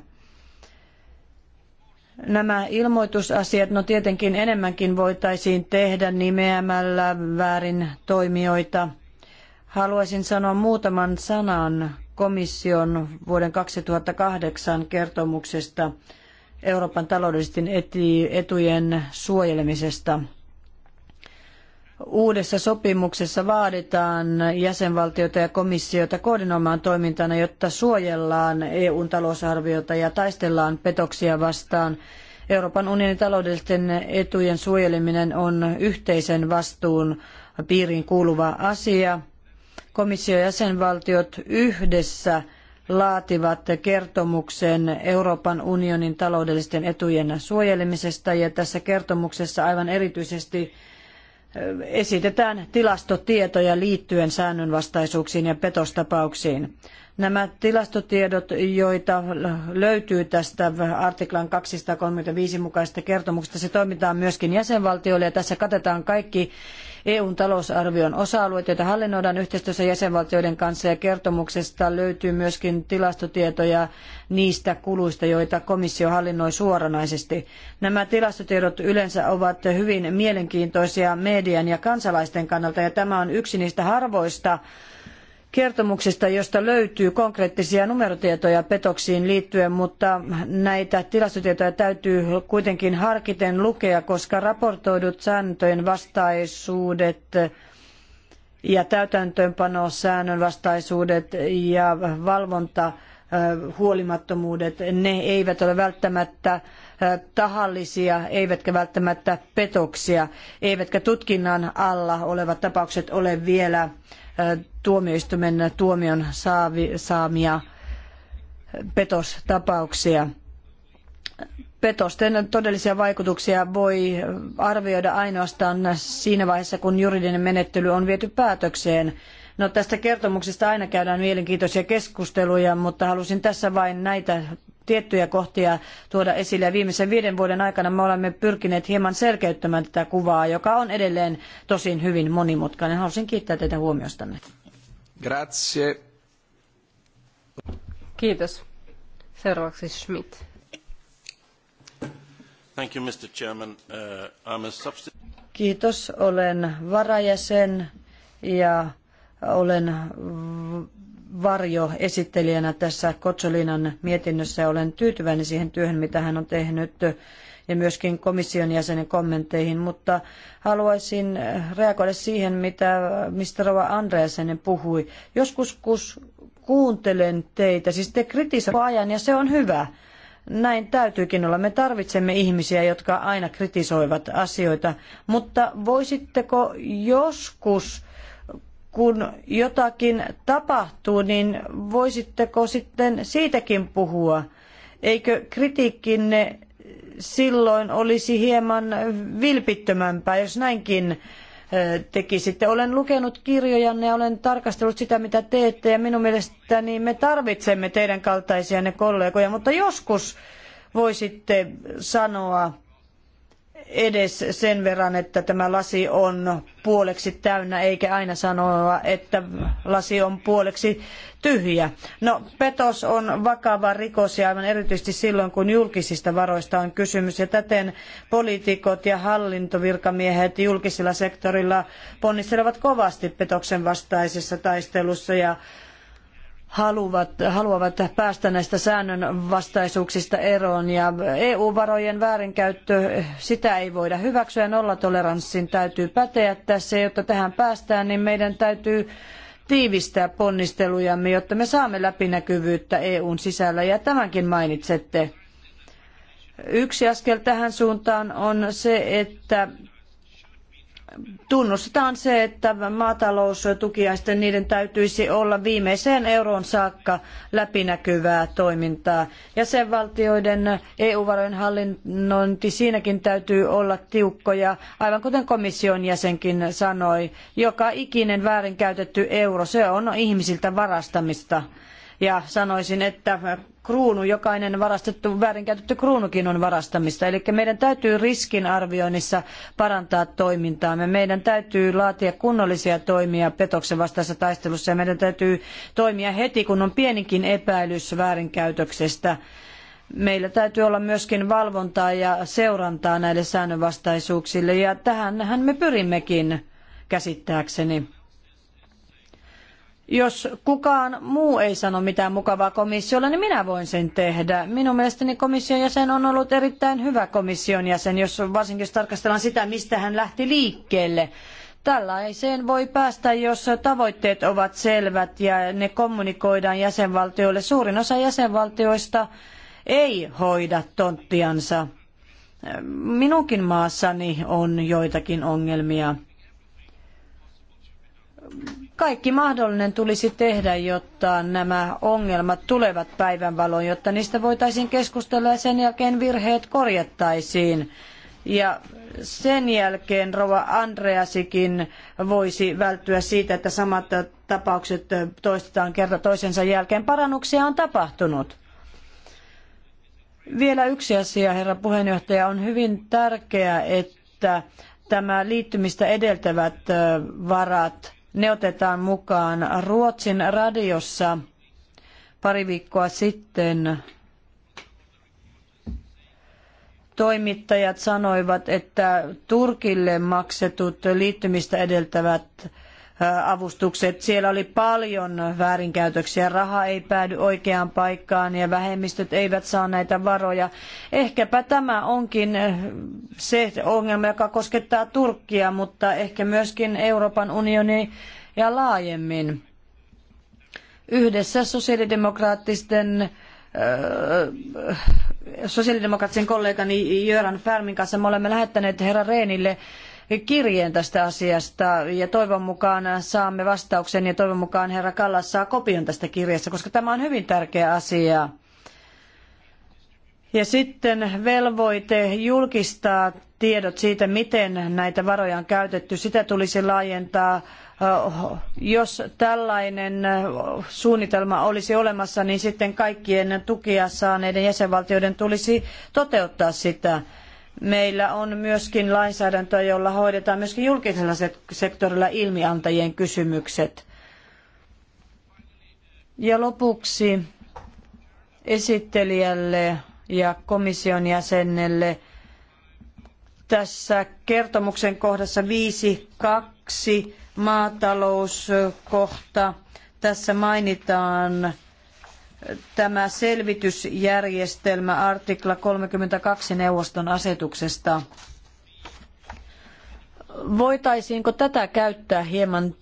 Nämä ilmoitusasiat, no tietenkin enemmänkin voitaisiin tehdä nimeämällä väärin toimijoita. Haluaisin sanoa muutaman sanan komission vuoden 2008 kertomuksesta Euroopan taloudellisten etujen suojelemisesta – uudessa sopimuksessa vaaditaan jäsenvaltioita ja komissiota koordinoimaan toimintana, jotta suojellaan EUn talousarviota ja taistellaan petoksia vastaan. Euroopan unionin taloudellisten etujen suojeleminen on yhteisen vastuun piiriin kuuluva asia. Komissio ja jäsenvaltiot yhdessä laativat kertomuksen Euroopan unionin taloudellisten etujen suojelemisesta ja tässä kertomuksessa aivan erityisesti esitetään tilastotietoja liittyen säännönvastaisuuksiin ja petostapauksiin. Nämä tilastotiedot, joita löytyy tästä artiklan 235 mukaisesta kertomuksesta, se toimitaan myöskin jäsenvaltioille ja tässä katetaan kaikki EUn talousarvion osa-alueet, joita hallinnoidaan yhteistyössä jäsenvaltioiden kanssa ja kertomuksesta löytyy myöskin tilastotietoja niistä kuluista, joita komissio hallinnoi suoranaisesti. Nämä tilastotiedot yleensä ovat hyvin mielenkiintoisia median ja kansalaisten kannalta ja tämä on yksi niistä harvoista Kertomuksista, josta löytyy konkreettisia numerotietoja petoksiin liittyen, mutta näitä tilastotietoja täytyy kuitenkin harkiten lukea, koska raportoidut sääntöjen vastaisuudet ja täytäntöönpanosäännön vastaisuudet ja valvonta äh, huolimattomuudet, ne eivät ole välttämättä äh, tahallisia, eivätkä välttämättä petoksia, eivätkä tutkinnan alla olevat tapaukset ole vielä tuomioistuimen tuomion saamia petostapauksia. Petosten todellisia vaikutuksia voi arvioida ainoastaan siinä vaiheessa, kun juridinen menettely on viety päätökseen. No, tästä kertomuksesta aina käydään mielenkiintoisia keskusteluja, mutta halusin tässä vain näitä tiettyjä kohtia tuoda esille. Ja viimeisen viiden vuoden aikana me olemme pyrkineet hieman selkeyttämään tätä kuvaa, joka on edelleen tosin hyvin monimutkainen. Haluaisin kiittää teitä huomiostanne. Grazie. Kiitos. Seuraavaksi Schmidt. Thank you, Mr. Chairman. Uh, I'm a substitute. Kiitos. Olen varajäsen ja olen varjoesittelijänä tässä Kotsolinan mietinnössä olen tyytyväinen siihen työhön, mitä hän on tehnyt ja myöskin komission jäsenen kommentteihin, mutta haluaisin reagoida siihen, mitä mistä Rova Andreasen puhui. Joskus kun kuuntelen teitä, siis te kritisoitte ajan ja se on hyvä. Näin täytyykin olla. Me tarvitsemme ihmisiä, jotka aina kritisoivat asioita, mutta voisitteko joskus kun jotakin tapahtuu, niin voisitteko sitten siitäkin puhua? Eikö kritiikkinne silloin olisi hieman vilpittömämpää, jos näinkin tekisitte. Olen lukenut kirjojanne ja olen tarkastellut sitä, mitä teette ja minun mielestäni me tarvitsemme teidän kaltaisianne kollegoja, mutta joskus voisitte sanoa edes sen verran, että tämä lasi on puoleksi täynnä, eikä aina sanoa, että lasi on puoleksi tyhjä. No, petos on vakava rikos ja aivan erityisesti silloin, kun julkisista varoista on kysymys. Ja täten poliitikot ja hallintovirkamiehet julkisella sektorilla ponnistelevat kovasti petoksen vastaisessa taistelussa ja haluavat, haluavat päästä näistä säännönvastaisuuksista eroon ja EU-varojen väärinkäyttö, sitä ei voida hyväksyä. Nollatoleranssin täytyy päteä tässä, jotta tähän päästään, niin meidän täytyy tiivistää ponnistelujamme, jotta me saamme läpinäkyvyyttä EUn sisällä ja tämänkin mainitsette. Yksi askel tähän suuntaan on se, että tunnustetaan se, että maataloustukiaisten niiden täytyisi olla viimeiseen euroon saakka läpinäkyvää toimintaa. Jäsenvaltioiden EU-varojen hallinnointi siinäkin täytyy olla tiukkoja, aivan kuten komission jäsenkin sanoi. Joka ikinen väärinkäytetty euro, se on ihmisiltä varastamista. Ja sanoisin, että kruunu, jokainen varastettu, väärinkäytetty kruunukin on varastamista. Eli meidän täytyy riskinarvioinnissa parantaa toimintaamme. Meidän täytyy laatia kunnollisia toimia petoksen vastaisessa taistelussa ja meidän täytyy toimia heti, kun on pieninkin epäilys väärinkäytöksestä. Meillä täytyy olla myöskin valvontaa ja seurantaa näille säännönvastaisuuksille ja tähänhän me pyrimmekin käsittääkseni. Jos kukaan muu ei sano mitään mukavaa komissiolle, niin minä voin sen tehdä. Minun mielestäni komission jäsen on ollut erittäin hyvä komission jäsen, jos varsinkin jos tarkastellaan sitä, mistä hän lähti liikkeelle. Tällaiseen voi päästä, jos tavoitteet ovat selvät ja ne kommunikoidaan jäsenvaltioille. Suurin osa jäsenvaltioista ei hoida tonttiansa. Minunkin maassani on joitakin ongelmia kaikki mahdollinen tulisi tehdä, jotta nämä ongelmat tulevat päivänvaloon, jotta niistä voitaisiin keskustella ja sen jälkeen virheet korjattaisiin. Ja sen jälkeen Rova Andreasikin voisi välttyä siitä, että samat tapaukset toistetaan kerta toisensa jälkeen. Parannuksia on tapahtunut. Vielä yksi asia, herra puheenjohtaja. On hyvin tärkeää, että tämä liittymistä edeltävät varat ne otetaan mukaan Ruotsin radiossa pari viikkoa sitten toimittajat sanoivat, että Turkille maksetut liittymistä edeltävät avustukset. Siellä oli paljon väärinkäytöksiä. Raha ei päädy oikeaan paikkaan ja vähemmistöt eivät saa näitä varoja. Ehkäpä tämä onkin se ongelma, joka koskettaa Turkkia, mutta ehkä myöskin Euroopan unioni ja laajemmin. Yhdessä sosiaalidemokraattisten äh, sosiaalidemokraattisen kollegani Jöran Färmin kanssa me olemme lähettäneet herra Reenille kirjeen tästä asiasta ja toivon mukaan saamme vastauksen ja toivon mukaan herra Kallas saa kopion tästä kirjeestä, koska tämä on hyvin tärkeä asia. Ja sitten velvoite julkistaa tiedot siitä, miten näitä varoja on käytetty, sitä tulisi laajentaa. Jos tällainen suunnitelma olisi olemassa, niin sitten kaikkien tukia saaneiden jäsenvaltioiden tulisi toteuttaa sitä. Meillä on myöskin lainsäädäntöä, jolla hoidetaan myöskin julkisella sektorilla ilmiantajien kysymykset. Ja lopuksi esittelijälle ja komission jäsenelle tässä kertomuksen kohdassa 5.2 maatalouskohta. Tässä mainitaan tämä selvitysjärjestelmä artikla 32 neuvoston asetuksesta. Voitaisiinko tätä käyttää hieman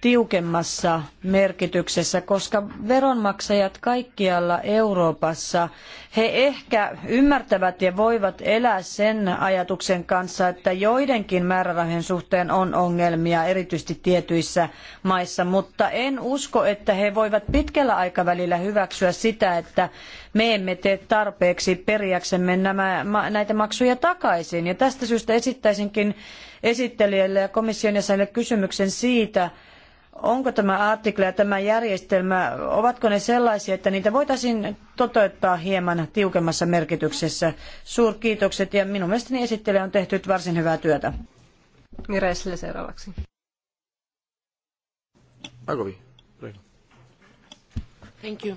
tiukemmassa merkityksessä, koska veronmaksajat kaikkialla Euroopassa, he ehkä ymmärtävät ja voivat elää sen ajatuksen kanssa, että joidenkin määrärahojen suhteen on ongelmia, erityisesti tietyissä maissa, mutta en usko, että he voivat pitkällä aikavälillä hyväksyä sitä, että me emme tee tarpeeksi periäksemme nämä, näitä maksuja takaisin. Ja tästä syystä esittäisinkin esittelijälle ja komission jäsenelle kysymyksen siitä, onko tämä artikla ja tämä järjestelmä, ovatko ne sellaisia, että niitä voitaisiin toteuttaa hieman tiukemmassa merkityksessä. Suurkiitokset ja minun mielestäni esittelijä on tehty varsin hyvää työtä. Mireille seuraavaksi. Agovi, Thank you.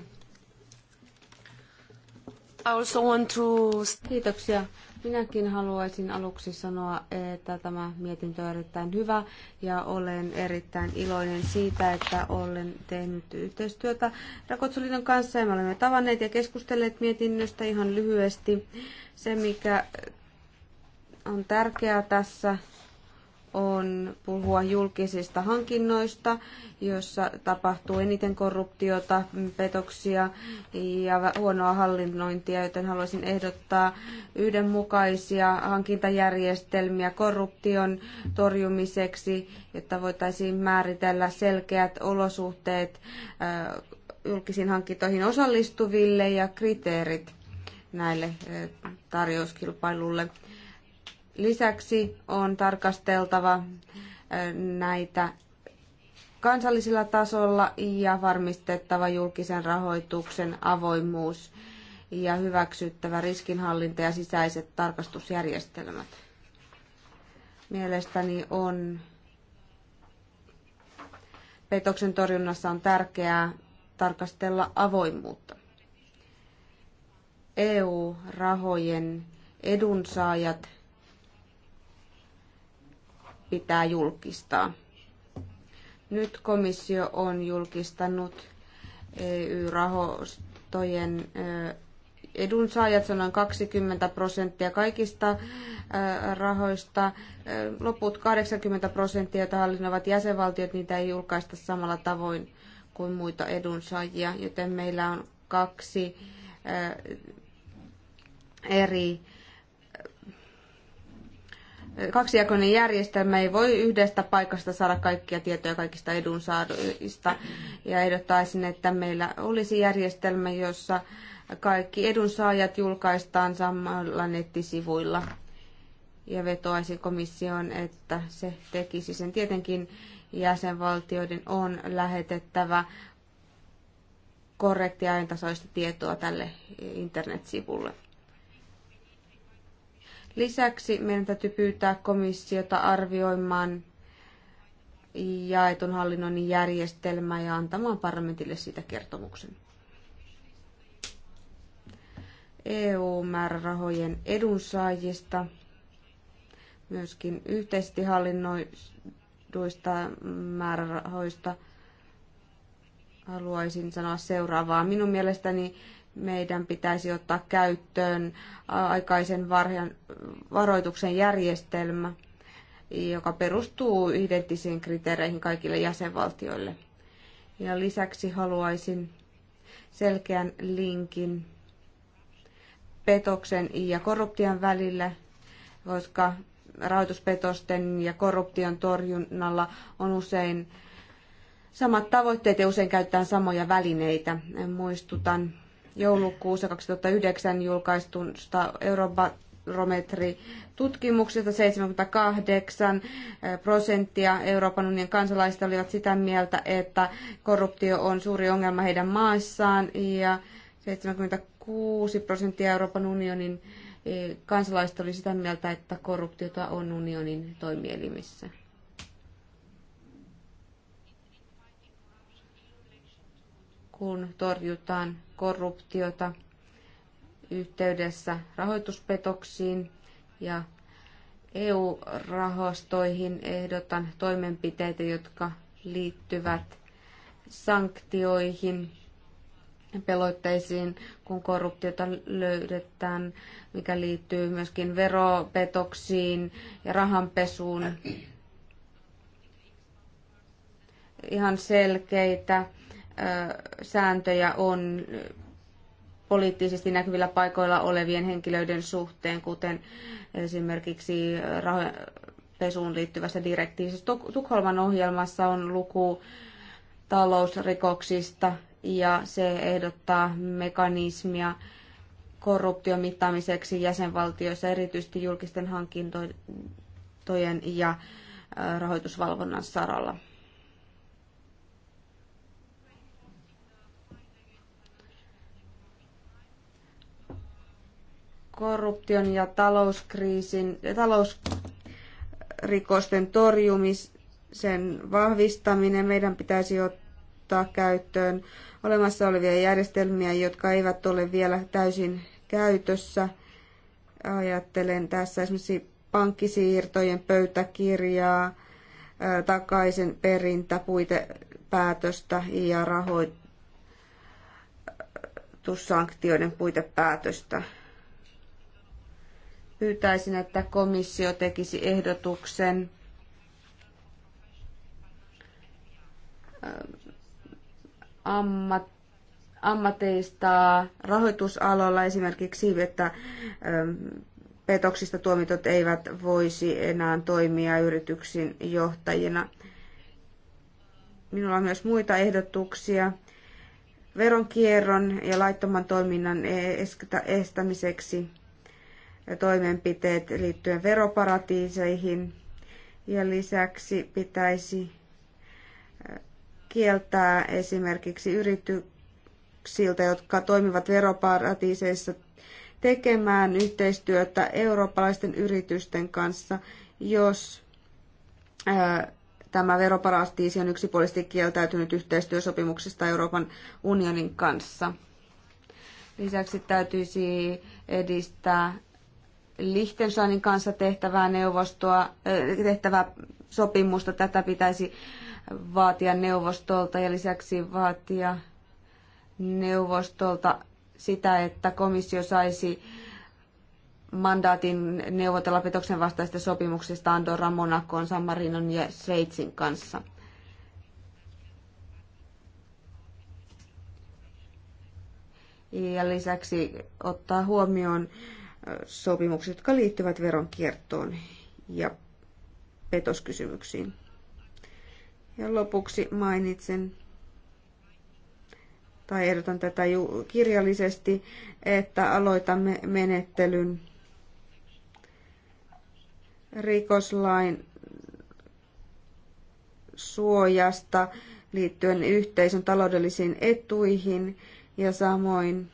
I also want to... Kiitoksia. Minäkin haluaisin aluksi sanoa, että tämä mietintö on erittäin hyvä ja olen erittäin iloinen siitä, että olen tehnyt yhteistyötä Rakotsoliiton kanssa ja me olemme tavanneet ja keskustelleet mietinnöstä ihan lyhyesti. Se, mikä on tärkeää tässä on puhua julkisista hankinnoista, jossa tapahtuu eniten korruptiota, petoksia ja huonoa hallinnointia, joten haluaisin ehdottaa yhdenmukaisia hankintajärjestelmiä korruption torjumiseksi, jotta voitaisiin määritellä selkeät olosuhteet äh, julkisiin hankintoihin osallistuville ja kriteerit näille äh, tarjouskilpailulle. Lisäksi on tarkasteltava näitä kansallisella tasolla ja varmistettava julkisen rahoituksen avoimuus ja hyväksyttävä riskinhallinta ja sisäiset tarkastusjärjestelmät. Mielestäni on petoksen torjunnassa on tärkeää tarkastella avoimuutta. EU-rahojen edunsaajat pitää julkistaa. Nyt komissio on julkistanut EU-rahoistojen edunsaajat, se on 20 prosenttia kaikista rahoista. Loput 80 prosenttia, joita hallinnoivat jäsenvaltiot, niitä ei julkaista samalla tavoin kuin muita edunsaajia, joten meillä on kaksi eri kaksijakoinen järjestelmä ei voi yhdestä paikasta saada kaikkia tietoja kaikista edunsaajista Ja ehdottaisin, että meillä olisi järjestelmä, jossa kaikki edunsaajat julkaistaan samalla nettisivuilla. Ja vetoaisin komission, että se tekisi sen. Tietenkin jäsenvaltioiden on lähetettävä korrektia ajantasoista tietoa tälle internetsivulle. Lisäksi meidän täytyy pyytää komissiota arvioimaan jaetun hallinnoinnin järjestelmää ja antamaan parlamentille siitä kertomuksen. EU-määrärahojen edunsaajista, myöskin yhteisesti hallinnoiduista määrärahoista haluaisin sanoa seuraavaa. Minun mielestäni meidän pitäisi ottaa käyttöön aikaisen varoituksen järjestelmä, joka perustuu identtisiin kriteereihin kaikille jäsenvaltioille. Ja lisäksi haluaisin selkeän linkin petoksen ja korruption välille, koska rahoituspetosten ja korruption torjunnalla on usein samat tavoitteet ja usein käytetään samoja välineitä. Muistutan joulukuussa 2009 julkaistusta Eurobarometri-tutkimuksesta 78 eh, prosenttia Euroopan unionin kansalaisista olivat sitä mieltä, että korruptio on suuri ongelma heidän maassaan ja 76 prosenttia Euroopan unionin eh, kansalaisista oli sitä mieltä, että korruptiota on unionin toimielimissä. Kun torjutaan korruptiota yhteydessä rahoituspetoksiin ja EU-rahastoihin ehdotan toimenpiteitä, jotka liittyvät sanktioihin pelotteisiin, kun korruptiota löydetään, mikä liittyy myöskin veropetoksiin ja rahanpesuun. Ihan selkeitä sääntöjä on poliittisesti näkyvillä paikoilla olevien henkilöiden suhteen, kuten esimerkiksi rahapesuun liittyvässä direktiivissä. Tukholman ohjelmassa on luku talousrikoksista ja se ehdottaa mekanismia korruption mittaamiseksi jäsenvaltioissa, erityisesti julkisten hankintojen ja rahoitusvalvonnan saralla. korruption ja talouskriisin, talousrikosten torjumisen vahvistaminen. Meidän pitäisi ottaa käyttöön olemassa olevia järjestelmiä, jotka eivät ole vielä täysin käytössä. Ajattelen tässä esimerkiksi pankkisiirtojen pöytäkirjaa, takaisin puitepäätöstä ja rahoitussanktioiden puitepäätöstä. Pyytäisin, että komissio tekisi ehdotuksen äh, ammat, ammateista rahoitusalalla esimerkiksi, että äh, petoksista tuomitut eivät voisi enää toimia yrityksin johtajina. Minulla on myös muita ehdotuksia veronkierron ja laittoman toiminnan e-, estämiseksi toimenpiteet liittyen veroparatiiseihin. Ja lisäksi pitäisi kieltää esimerkiksi yrityksiltä, jotka toimivat veroparatiiseissa, tekemään yhteistyötä eurooppalaisten yritysten kanssa, jos tämä veroparatiisi on yksipuolisesti kieltäytynyt yhteistyösopimuksesta Euroopan unionin kanssa. Lisäksi täytyisi edistää Liechtensteinin kanssa tehtävää neuvostoa, äh, tehtävää sopimusta. Tätä pitäisi vaatia neuvostolta ja lisäksi vaatia neuvostolta sitä, että komissio saisi mandaatin neuvotella petoksen vastaista sopimuksista Andorra, Monakoon, San Marinon ja Sveitsin kanssa. Ja lisäksi ottaa huomioon sopimukset, jotka liittyvät veronkiertoon ja petoskysymyksiin. Ja lopuksi mainitsen tai ehdotan tätä kirjallisesti, että aloitamme menettelyn rikoslain suojasta liittyen yhteisön taloudellisiin etuihin ja samoin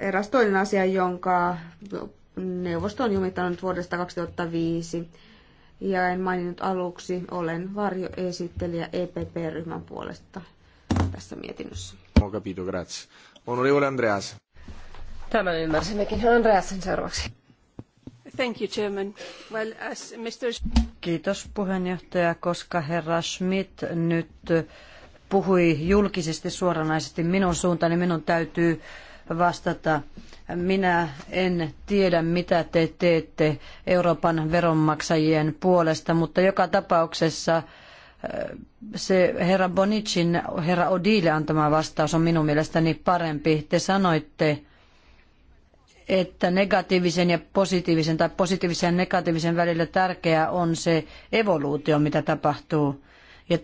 eräs toinen asia, jonka neuvosto on jumittanut vuodesta 2005. Ja en maininnut aluksi, olen varjoesittelijä EPP-ryhmän puolesta tässä mietinnössä. Ho capito, grazie. Onorevole Andreas. Tämän ymmärsimmekin. Andreasin seuraavaksi. Thank you, Chairman. Well, as Mr. Kiitos puheenjohtaja, koska herra Schmidt nyt puhui julkisesti suoranaisesti minun suuntaani, niin minun täytyy vastata. Minä en tiedä, mitä te teette Euroopan veronmaksajien puolesta, mutta joka tapauksessa äh, se herra Bonicin, herra Odile antama vastaus on minun mielestäni parempi. Te sanoitte, että negatiivisen ja positiivisen tai positiivisen ja negatiivisen välillä tärkeää on se evoluutio, mitä tapahtuu. Ja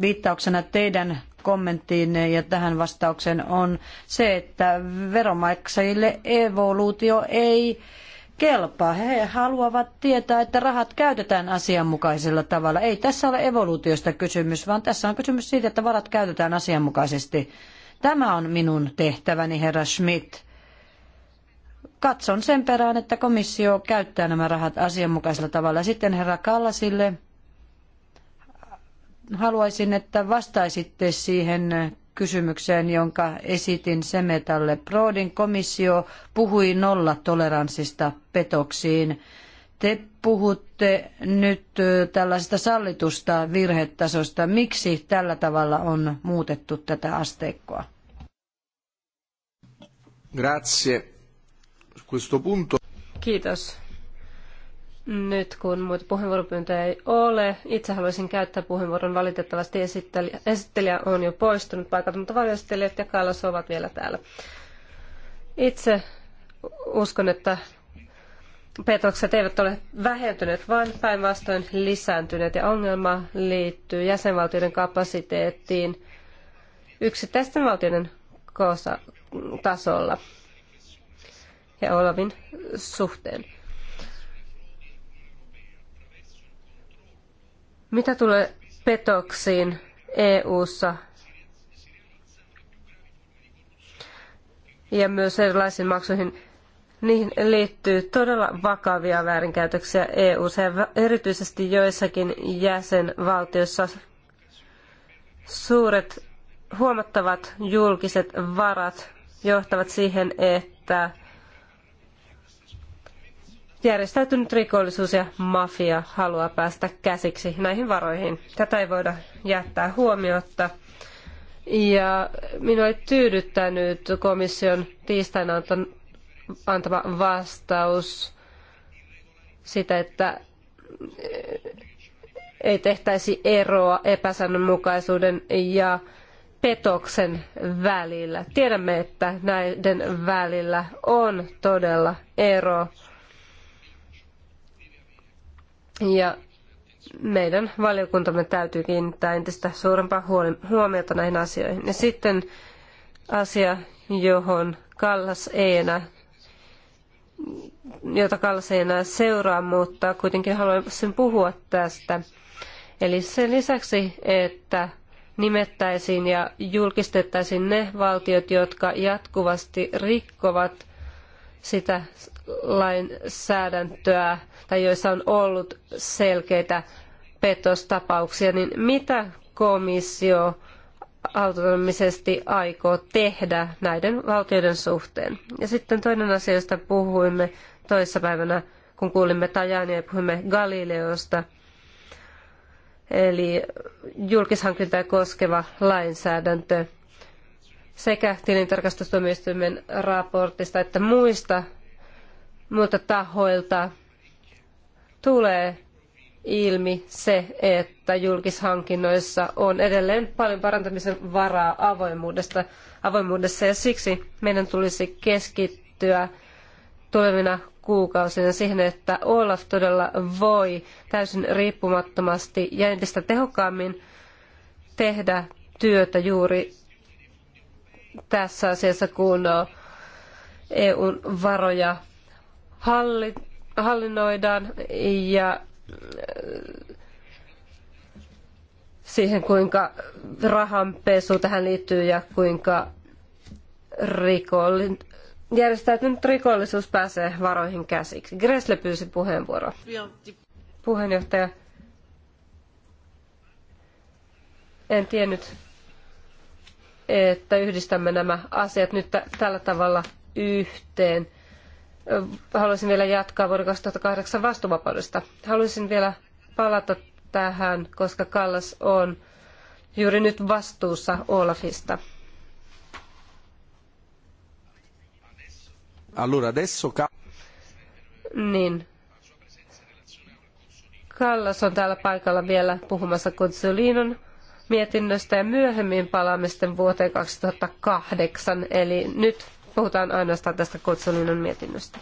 viittauksena teidän kommenttiin ja tähän vastaukseen on se, että veronmaksajille evoluutio ei kelpaa. He haluavat tietää, että rahat käytetään asianmukaisella tavalla. Ei tässä ole evoluutiosta kysymys, vaan tässä on kysymys siitä, että varat käytetään asianmukaisesti. Tämä on minun tehtäväni, herra Schmidt. Katson sen perään, että komissio käyttää nämä rahat asianmukaisella tavalla. Sitten herra Kallasille haluaisin, että vastaisitte siihen kysymykseen, jonka esitin Semetalle. Prodin komissio puhui nollatoleranssista petoksiin. Te puhutte nyt tällaisesta sallitusta virhetasosta. Miksi tällä tavalla on muutettu tätä asteikkoa? Grazie. Questo punto. Kiitos. Nyt kun muita puheenvuoropyyntöjä ei ole, itse haluaisin käyttää puheenvuoron. Valitettavasti esittelijä, esittelijä on jo poistunut paikalta, mutta varjostelijat ja Kallas ovat vielä täällä. Itse uskon, että petokset eivät ole vähentyneet, vaan päinvastoin lisääntyneet ja ongelma liittyy jäsenvaltioiden kapasiteettiin yksittäisten valtioiden tasolla ja olevin suhteen. Mitä tulee petoksiin EU:ssa ja myös erilaisiin maksuihin, niihin liittyy todella vakavia väärinkäytöksiä EU:ssa ja erityisesti joissakin jäsenvaltioissa suuret huomattavat julkiset varat johtavat siihen, että järjestäytynyt rikollisuus ja mafia haluaa päästä käsiksi näihin varoihin. Tätä ei voida jättää huomiotta. Ja minua ei tyydyttänyt komission tiistaina antama vastaus sitä, että eh, ei tehtäisi eroa epäsäännönmukaisuuden ja petoksen välillä. Tiedämme, että näiden välillä on todella ero. Ja meidän valiokuntamme täytyy kiinnittää entistä suurempaa huomiota näihin asioihin. Ja sitten asia, johon Kallas ei enää, jota Kallas ei enää seuraa, mutta kuitenkin haluaisin puhua tästä. Eli sen lisäksi, että nimettäisiin ja julkistettaisiin ne valtiot, jotka jatkuvasti rikkovat sitä lainsäädäntöä tai joissa on ollut selkeitä petostapauksia, niin mitä komissio autonomisesti aikoo tehdä näiden valtioiden suhteen? Ja sitten toinen asia, josta puhuimme toissapäivänä, kun kuulimme Tajania ja puhuimme Galileosta, eli julkishankintaa koskeva lainsäädäntö sekä tilintarkastustuomioistuimen raportista että muista muilta tahoilta tulee ilmi se, että julkishankinnoissa on edelleen paljon parantamisen varaa avoimuudesta, avoimuudessa ja siksi meidän tulisi keskittyä tulevina kuukausina siihen, että Olaf todella voi täysin riippumattomasti ja entistä tehokkaammin tehdä työtä juuri tässä asiassa, kun EUn varoja halli, hallinnoidaan ja äh, siihen, kuinka rahanpesu tähän liittyy ja kuinka rikollin, järjestäytynyt rikollisuus pääsee varoihin käsiksi. Gressle pyysi puheenvuoroa. Puheenjohtaja, en tiennyt, että yhdistämme nämä asiat nyt tällä tavalla yhteen haluaisin vielä jatkaa vuoden 2008 vastuvapaudesta. Haluaisin vielä palata tähän, koska Kallas on juuri nyt vastuussa Olafista. Allora adesso Niin. Kallas on täällä paikalla vielä puhumassa Kutsuliinon mietinnöstä ja myöhemmin palaamme sitten vuoteen 2008. Eli nyt puhutaan ainoastaan tästä Kotsolinan mietinnöstä.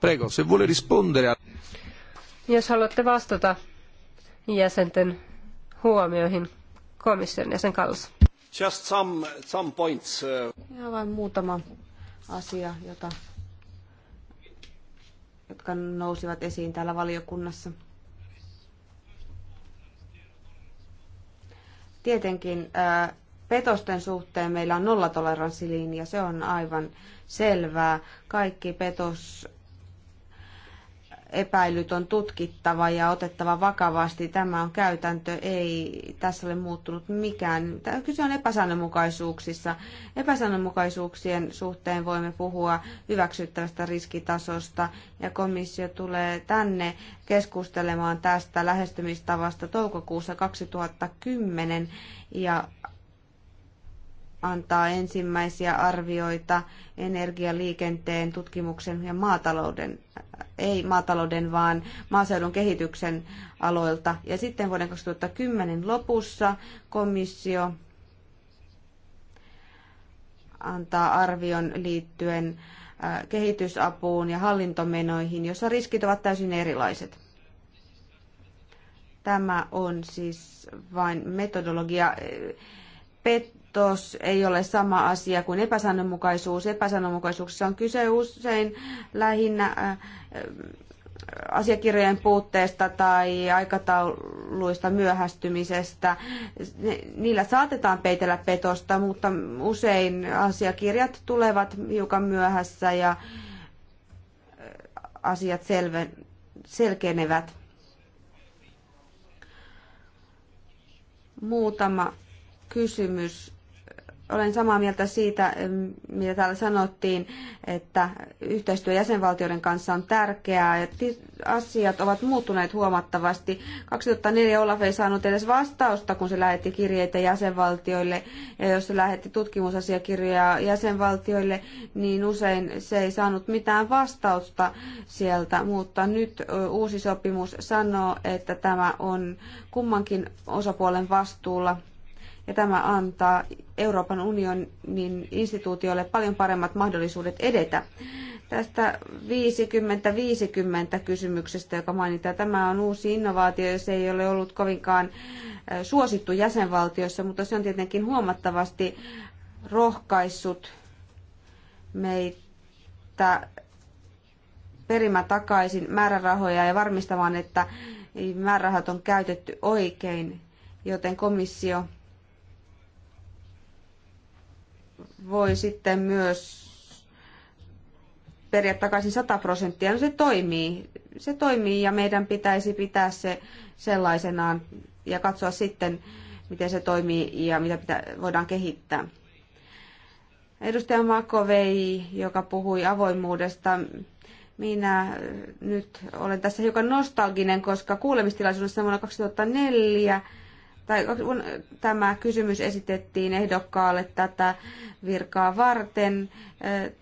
Prego, se vuole rispondere. Jos haluatte vastata jäsenten huomioihin komission jäsen Kallas. Just some, some points. Uh, ja vain muutama asia, jota, jotka nousivat esiin täällä valiokunnassa. Tietenkin petosten suhteen meillä on nollatoleranssilinja, se on aivan selvää. Kaikki petos epäilyt on tutkittava ja otettava vakavasti. Tämä on käytäntö, ei tässä ole muuttunut mikään. Tämä kyse on epäsäännönmukaisuuksissa. Epäsäännönmukaisuuksien suhteen voimme puhua hyväksyttävästä riskitasosta ja komissio tulee tänne keskustelemaan tästä lähestymistavasta toukokuussa 2010 ja antaa ensimmäisiä arvioita energialiikenteen, tutkimuksen ja maatalouden, ei maatalouden, vaan maaseudun kehityksen aloilta. Ja sitten vuoden 2010 lopussa komissio antaa arvion liittyen kehitysapuun ja hallintomenoihin, jossa riskit ovat täysin erilaiset. Tämä on siis vain metodologia muutos ei ole sama asia kuin epäsäännönmukaisuus. Epäsäännönmukaisuuksissa on kyse usein lähinnä äh, äh, asiakirjojen puutteesta tai aikatauluista myöhästymisestä. Niillä saatetaan peitellä petosta, mutta usein asiakirjat tulevat hiukan myöhässä ja äh, asiat selve, selkenevät. Muutama kysymys olen samaa mieltä siitä, mitä täällä sanottiin, että yhteistyö jäsenvaltioiden kanssa on tärkeää. Asiat ovat muuttuneet huomattavasti. 2004 Olaf ei saanut edes vastausta, kun se lähetti kirjeitä jäsenvaltioille. Ja jos se lähetti tutkimusasiakirjoja jäsenvaltioille, niin usein se ei saanut mitään vastausta sieltä. Mutta nyt uusi sopimus sanoo, että tämä on kummankin osapuolen vastuulla. Ja tämä antaa Euroopan unionin instituutioille paljon paremmat mahdollisuudet edetä. Tästä 50-50 kysymyksestä, joka mainitaan, tämä on uusi innovaatio, se ei ole ollut kovinkaan suosittu jäsenvaltiossa, mutta se on tietenkin huomattavasti rohkaissut meitä perimä takaisin määrärahoja ja varmistamaan, että määrärahat on käytetty oikein, joten komissio voi sitten myös periä takaisin 100 prosenttia. No se toimii. Se toimii ja meidän pitäisi pitää se sellaisenaan ja katsoa sitten, miten se toimii ja mitä pitä, voidaan kehittää. Edustaja Makovei, joka puhui avoimuudesta, minä nyt olen tässä hiukan nostalginen, koska kuulemistilaisuudessa vuonna 2004 tai kun tämä kysymys esitettiin ehdokkaalle tätä virkaa varten, eh,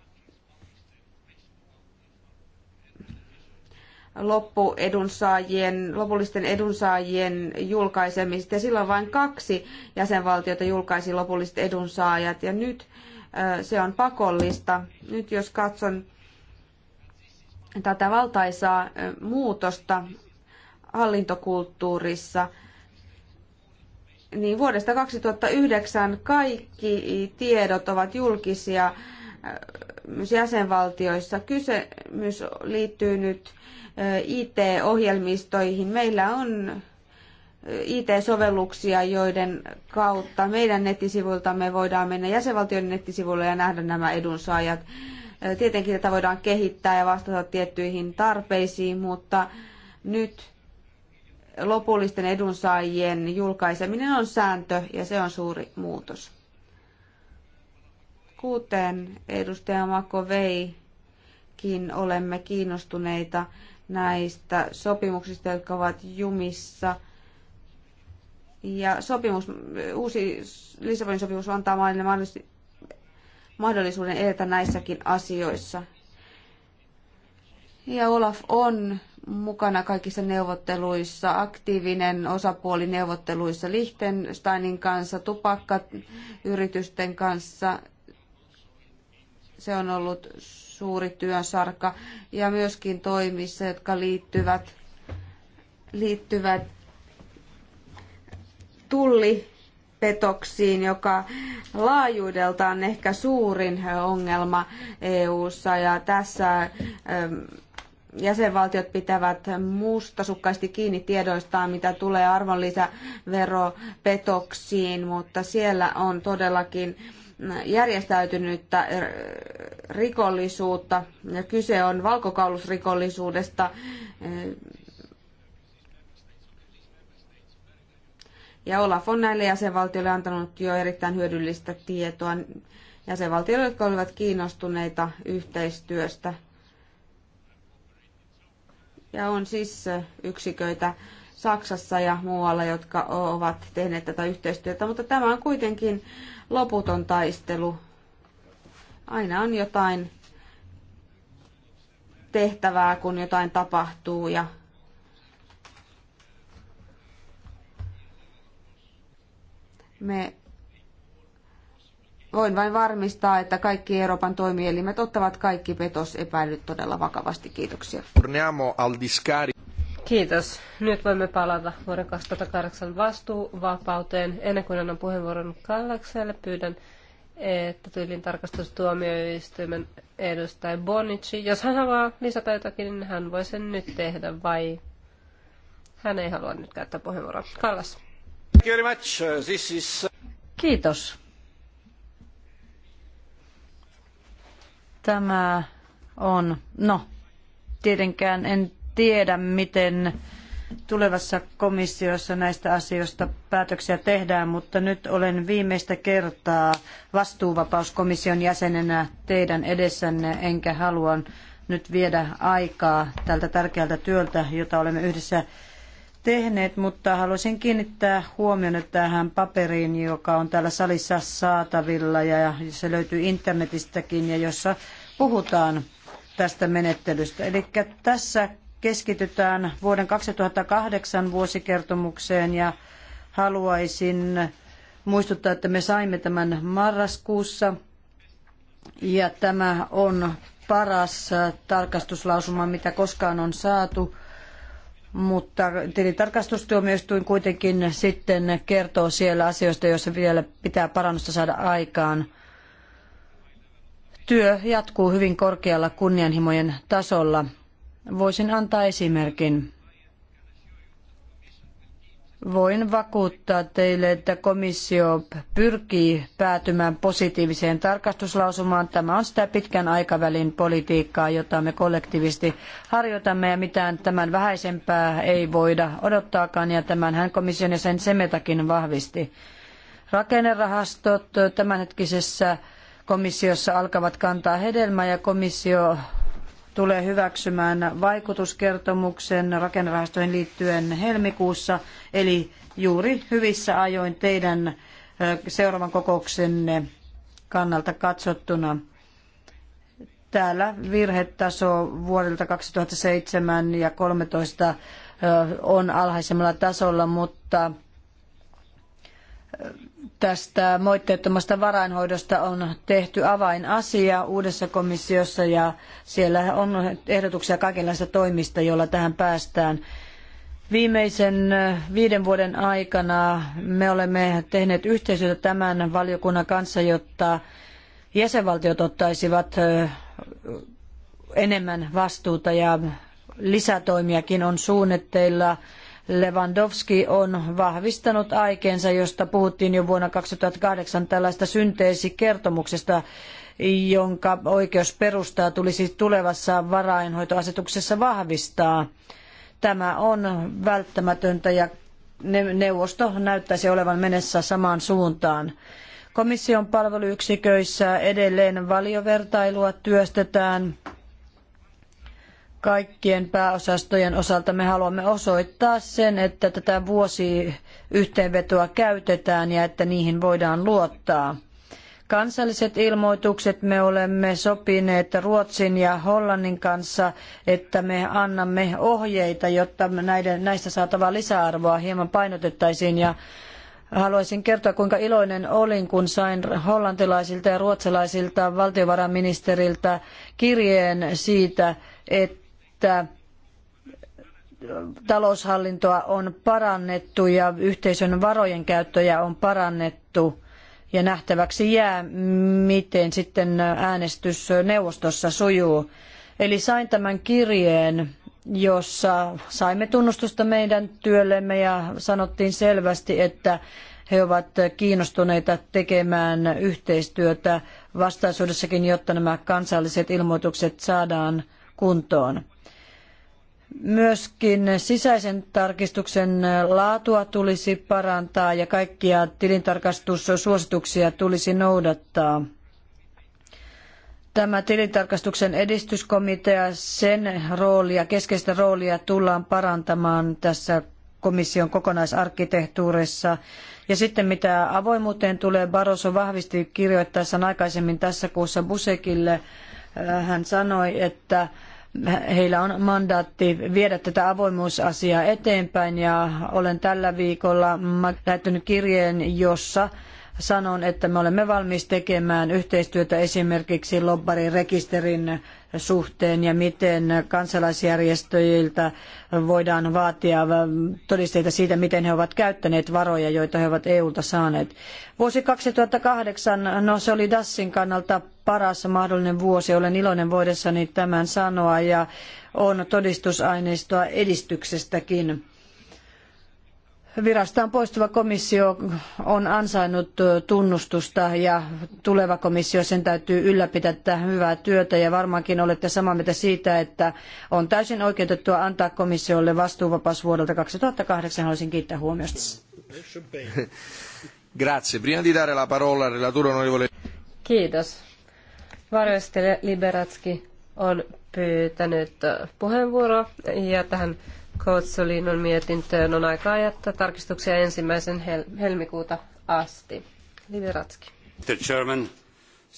loppuedunsaajien, lopullisten edunsaajien julkaisemista. Ja silloin vain kaksi jäsenvaltiota julkaisi lopulliset edunsaajat ja nyt eh, se on pakollista. Nyt jos katson tätä valtaisaa eh, muutosta hallintokulttuurissa, niin vuodesta 2009 kaikki tiedot ovat julkisia äh, myös jäsenvaltioissa. Myös liittyy nyt äh, IT-ohjelmistoihin. Meillä on äh, IT-sovelluksia, joiden kautta meidän nettisivuiltamme voidaan mennä jäsenvaltioiden nettisivuille ja nähdä nämä edunsaajat. Tietenkin tätä voidaan kehittää ja vastata tiettyihin tarpeisiin, mutta nyt lopullisten edunsaajien julkaiseminen on sääntö ja se on suuri muutos. Kuten edustaja Mako veikin olemme kiinnostuneita näistä sopimuksista, jotka ovat jumissa. Ja sopimus, uusi Lissabonin sopimus antaa maille mahdollisuuden edetä näissäkin asioissa. Ja Olaf on mukana kaikissa neuvotteluissa, aktiivinen osapuoli neuvotteluissa Liechtensteinin kanssa, tupakkayritysten kanssa. Se on ollut suuri työsarka ja myöskin toimissa, jotka liittyvät, liittyvät tullipetoksiin, joka laajuudeltaan ehkä suurin ongelma EU-ssa. ja tässä ähm, jäsenvaltiot pitävät mustasukkaisesti kiinni tiedoistaan, mitä tulee arvonlisäveropetoksiin, mutta siellä on todellakin järjestäytynyttä rikollisuutta ja kyse on valkokaulusrikollisuudesta. Ja Olaf on näille jäsenvaltioille antanut jo erittäin hyödyllistä tietoa jäsenvaltioille, jotka olivat kiinnostuneita yhteistyöstä ja on siis yksiköitä Saksassa ja muualla, jotka ovat tehneet tätä yhteistyötä, mutta tämä on kuitenkin loputon taistelu. Aina on jotain tehtävää, kun jotain tapahtuu ja me voin vain varmistaa, että kaikki Euroopan toimielimet ottavat kaikki petosepäilyt todella vakavasti. Kiitoksia. Kiitos. Nyt voimme palata vuoden 2008 vastuuvapauteen. Ennen kuin annan puheenvuoron Kallakselle, pyydän, että tyylin tarkastustuomioistuimen edustaja Bonici, jos hän haluaa lisätä jotakin, niin hän voi sen nyt tehdä, vai hän ei halua nyt käyttää puheenvuoroa. Kallas. Kiitos. Tämä on, no tietenkään en tiedä, miten tulevassa komissiossa näistä asioista päätöksiä tehdään, mutta nyt olen viimeistä kertaa vastuuvapauskomission jäsenenä teidän edessänne, enkä halua nyt viedä aikaa tältä tärkeältä työltä, jota olemme yhdessä tehneet, mutta haluaisin kiinnittää huomiota tähän paperiin, joka on täällä salissa saatavilla ja se löytyy internetistäkin ja jossa puhutaan tästä menettelystä. Eli tässä keskitytään vuoden 2008 vuosikertomukseen ja haluaisin muistuttaa, että me saimme tämän marraskuussa ja tämä on paras tarkastuslausuma, mitä koskaan on saatu mutta tilintarkastustuomioistuin kuitenkin sitten kertoo siellä asioista, joissa vielä pitää parannusta saada aikaan. Työ jatkuu hyvin korkealla kunnianhimojen tasolla. Voisin antaa esimerkin. Voin vakuuttaa teille, että komissio pyrkii päätymään positiiviseen tarkastuslausumaan. Tämä on sitä pitkän aikavälin politiikkaa, jota me kollektiivisesti harjoitamme ja mitään tämän vähäisempää ei voida odottaakaan ja tämänhän komission ja sen semetakin vahvisti. Rakennerahastot tämänhetkisessä komissiossa alkavat kantaa hedelmää ja komissio tulee hyväksymään vaikutuskertomuksen rakennerahastoihin liittyen helmikuussa, eli juuri hyvissä ajoin teidän seuraavan kokouksenne kannalta katsottuna. Täällä virhetaso vuodelta 2007 ja 2013 on alhaisemmalla tasolla, mutta tästä moitteettomasta varainhoidosta on tehty avainasia uudessa komissiossa ja siellä on ehdotuksia kaikenlaista toimista, joilla tähän päästään. Viimeisen viiden vuoden aikana me olemme tehneet yhteistyötä tämän valiokunnan kanssa, jotta jäsenvaltiot ottaisivat enemmän vastuuta ja lisätoimiakin on suunnitteilla Lewandowski on vahvistanut aikeensa, josta puhuttiin jo vuonna 2008 tällaista synteesikertomuksesta, jonka oikeusperustaa tulisi tulevassa varainhoitoasetuksessa vahvistaa. Tämä on välttämätöntä ja neuvosto näyttäisi olevan menessä samaan suuntaan. Komission palveluyksiköissä edelleen valiovertailua työstetään kaikkien pääosastojen osalta me haluamme osoittaa sen, että tätä vuosiyhteenvetoa käytetään ja että niihin voidaan luottaa. Kansalliset ilmoitukset me olemme sopineet Ruotsin ja Hollannin kanssa, että me annamme ohjeita, jotta näiden, näistä saatavaa lisäarvoa hieman painotettaisiin ja Haluaisin kertoa, kuinka iloinen olin, kun sain hollantilaisilta ja ruotsalaisilta valtiovarainministeriltä kirjeen siitä, että että taloushallintoa on parannettu ja yhteisön varojen käyttöjä on parannettu ja nähtäväksi jää, miten sitten äänestys neuvostossa sujuu. Eli sain tämän kirjeen, jossa saimme tunnustusta meidän työllemme ja sanottiin selvästi, että he ovat kiinnostuneita tekemään yhteistyötä vastaisuudessakin, jotta nämä kansalliset ilmoitukset saadaan kuntoon. Myöskin sisäisen tarkistuksen laatua tulisi parantaa ja kaikkia tilintarkastussuosituksia tulisi noudattaa. Tämä tilintarkastuksen edistyskomitea, sen roolia, keskeistä roolia tullaan parantamaan tässä komission kokonaisarkkitehtuurissa. Ja sitten mitä avoimuuteen tulee, Barroso vahvisti kirjoittaessaan aikaisemmin tässä kuussa Busekille, äh, hän sanoi, että heillä on mandaatti viedä tätä avoimuusasiaa eteenpäin ja olen tällä viikolla lähettänyt kirjeen, jossa sanon, että me olemme valmis tekemään yhteistyötä esimerkiksi lobbarirekisterin suhteen ja miten kansalaisjärjestöiltä voidaan vaatia todisteita siitä, miten he ovat käyttäneet varoja, joita he ovat EUlta saaneet. Vuosi 2008, no se oli Dassin kannalta paras mahdollinen vuosi. Olen iloinen voidessani tämän sanoa ja on todistusaineistoa edistyksestäkin virastaan poistuva komissio on ansainnut tunnustusta ja tuleva komissio sen täytyy ylläpitää tätä hyvää työtä ja varmaankin olette samaa mieltä siitä, että on täysin oikeutettua antaa komissiolle vastuuvapaus vuodelta 2008. Haluaisin kiittää huomiosta. <laughs> Grazie. Prima di dare la parola relatore onorevole... Kiitos. Varjostelija Liberatski on pyytänyt puheenvuoroa ja tähän Kootsolinon mietintöön on aikaa jättää tarkistuksia ensimmäisen hel- helmikuuta asti. Liberatski. Mr. Chairman,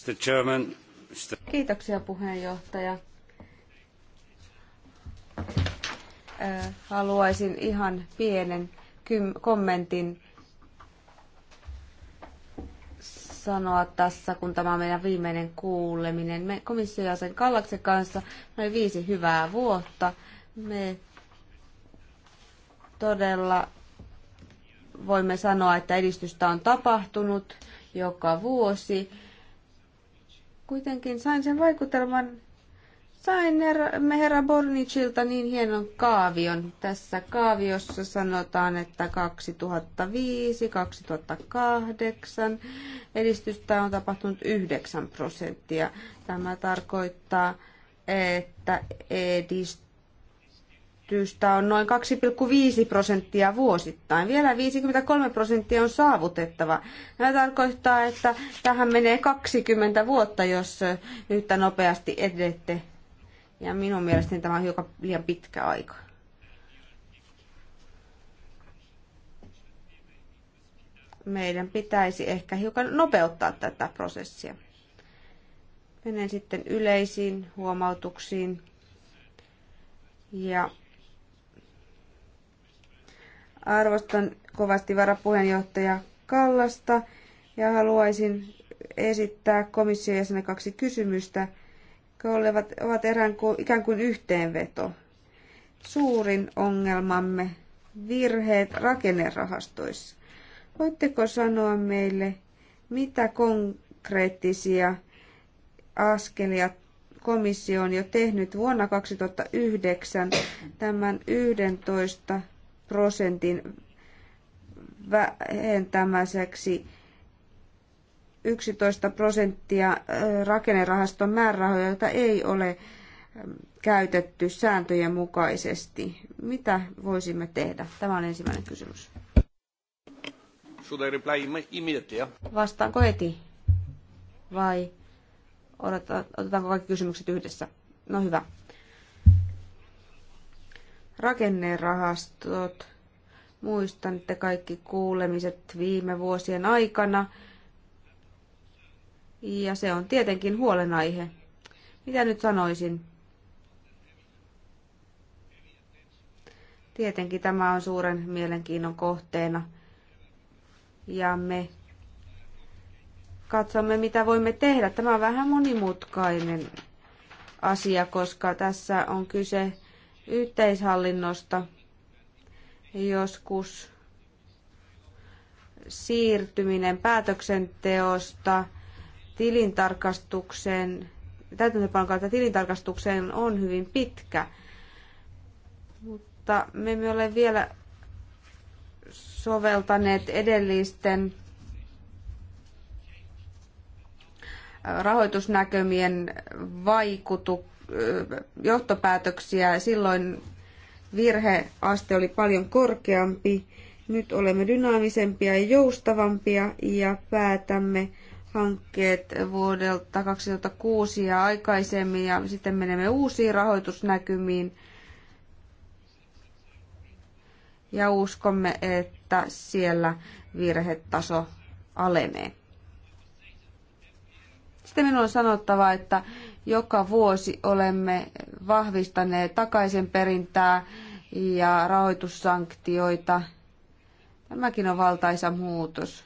Mr. Chairman, Mr. Kiitoksia puheenjohtaja. Haluaisin ihan pienen kommentin sanoa tässä, kun tämä on meidän viimeinen kuuleminen. Me komissio sen Kallaksen kanssa noin viisi hyvää vuotta. Me todella voimme sanoa, että edistystä on tapahtunut joka vuosi. Kuitenkin sain sen vaikutelman, sain herra, me herra Bornicilta niin hienon kaavion. Tässä kaaviossa sanotaan, että 2005-2008 edistystä on tapahtunut 9 prosenttia. Tämä tarkoittaa, että edistys kehitystä on noin 2,5 prosenttia vuosittain. Vielä 53 prosenttia on saavutettava. Tämä tarkoittaa, että tähän menee 20 vuotta, jos yhtä nopeasti edette. Ja minun mielestäni tämä on hiukan liian pitkä aika. Meidän pitäisi ehkä hiukan nopeuttaa tätä prosessia. Menen sitten yleisiin huomautuksiin. Ja Arvostan kovasti varapuheenjohtaja Kallasta ja haluaisin esittää komission jäsenen kaksi kysymystä, jotka olevat, ovat erään, ikään kuin yhteenveto. Suurin ongelmamme virheet rakennerahastoissa. Voitteko sanoa meille, mitä konkreettisia askelia komissio on jo tehnyt vuonna 2009 tämän 11 prosentin vähentämiseksi 11 prosenttia rakennerahaston määrärahoja, joita ei ole käytetty sääntöjen mukaisesti. Mitä voisimme tehdä? Tämä on ensimmäinen kysymys. Should I Vastaanko heti? Vai odotetaanko kaikki kysymykset yhdessä? No hyvä rakennerahastot. Muistan, että kaikki kuulemiset viime vuosien aikana. Ja se on tietenkin huolenaihe. Mitä nyt sanoisin? Tietenkin tämä on suuren mielenkiinnon kohteena. Ja me katsomme, mitä voimme tehdä. Tämä on vähän monimutkainen asia, koska tässä on kyse yhteishallinnosta joskus siirtyminen päätöksenteosta tilintarkastukseen, täytäntöpanon kautta tilintarkastukseen on hyvin pitkä. Mutta me emme ole vielä soveltaneet edellisten rahoitusnäkömien vaikutuksia johtopäätöksiä. Silloin virheaste oli paljon korkeampi. Nyt olemme dynaamisempia ja joustavampia ja päätämme hankkeet vuodelta 2006 ja aikaisemmin ja sitten menemme uusiin rahoitusnäkymiin. Ja uskomme, että siellä virhetaso alenee. Sitten minulla on sanottava, että joka vuosi olemme vahvistaneet takaisin perintää ja rahoitussanktioita. Tämäkin on valtaisa muutos.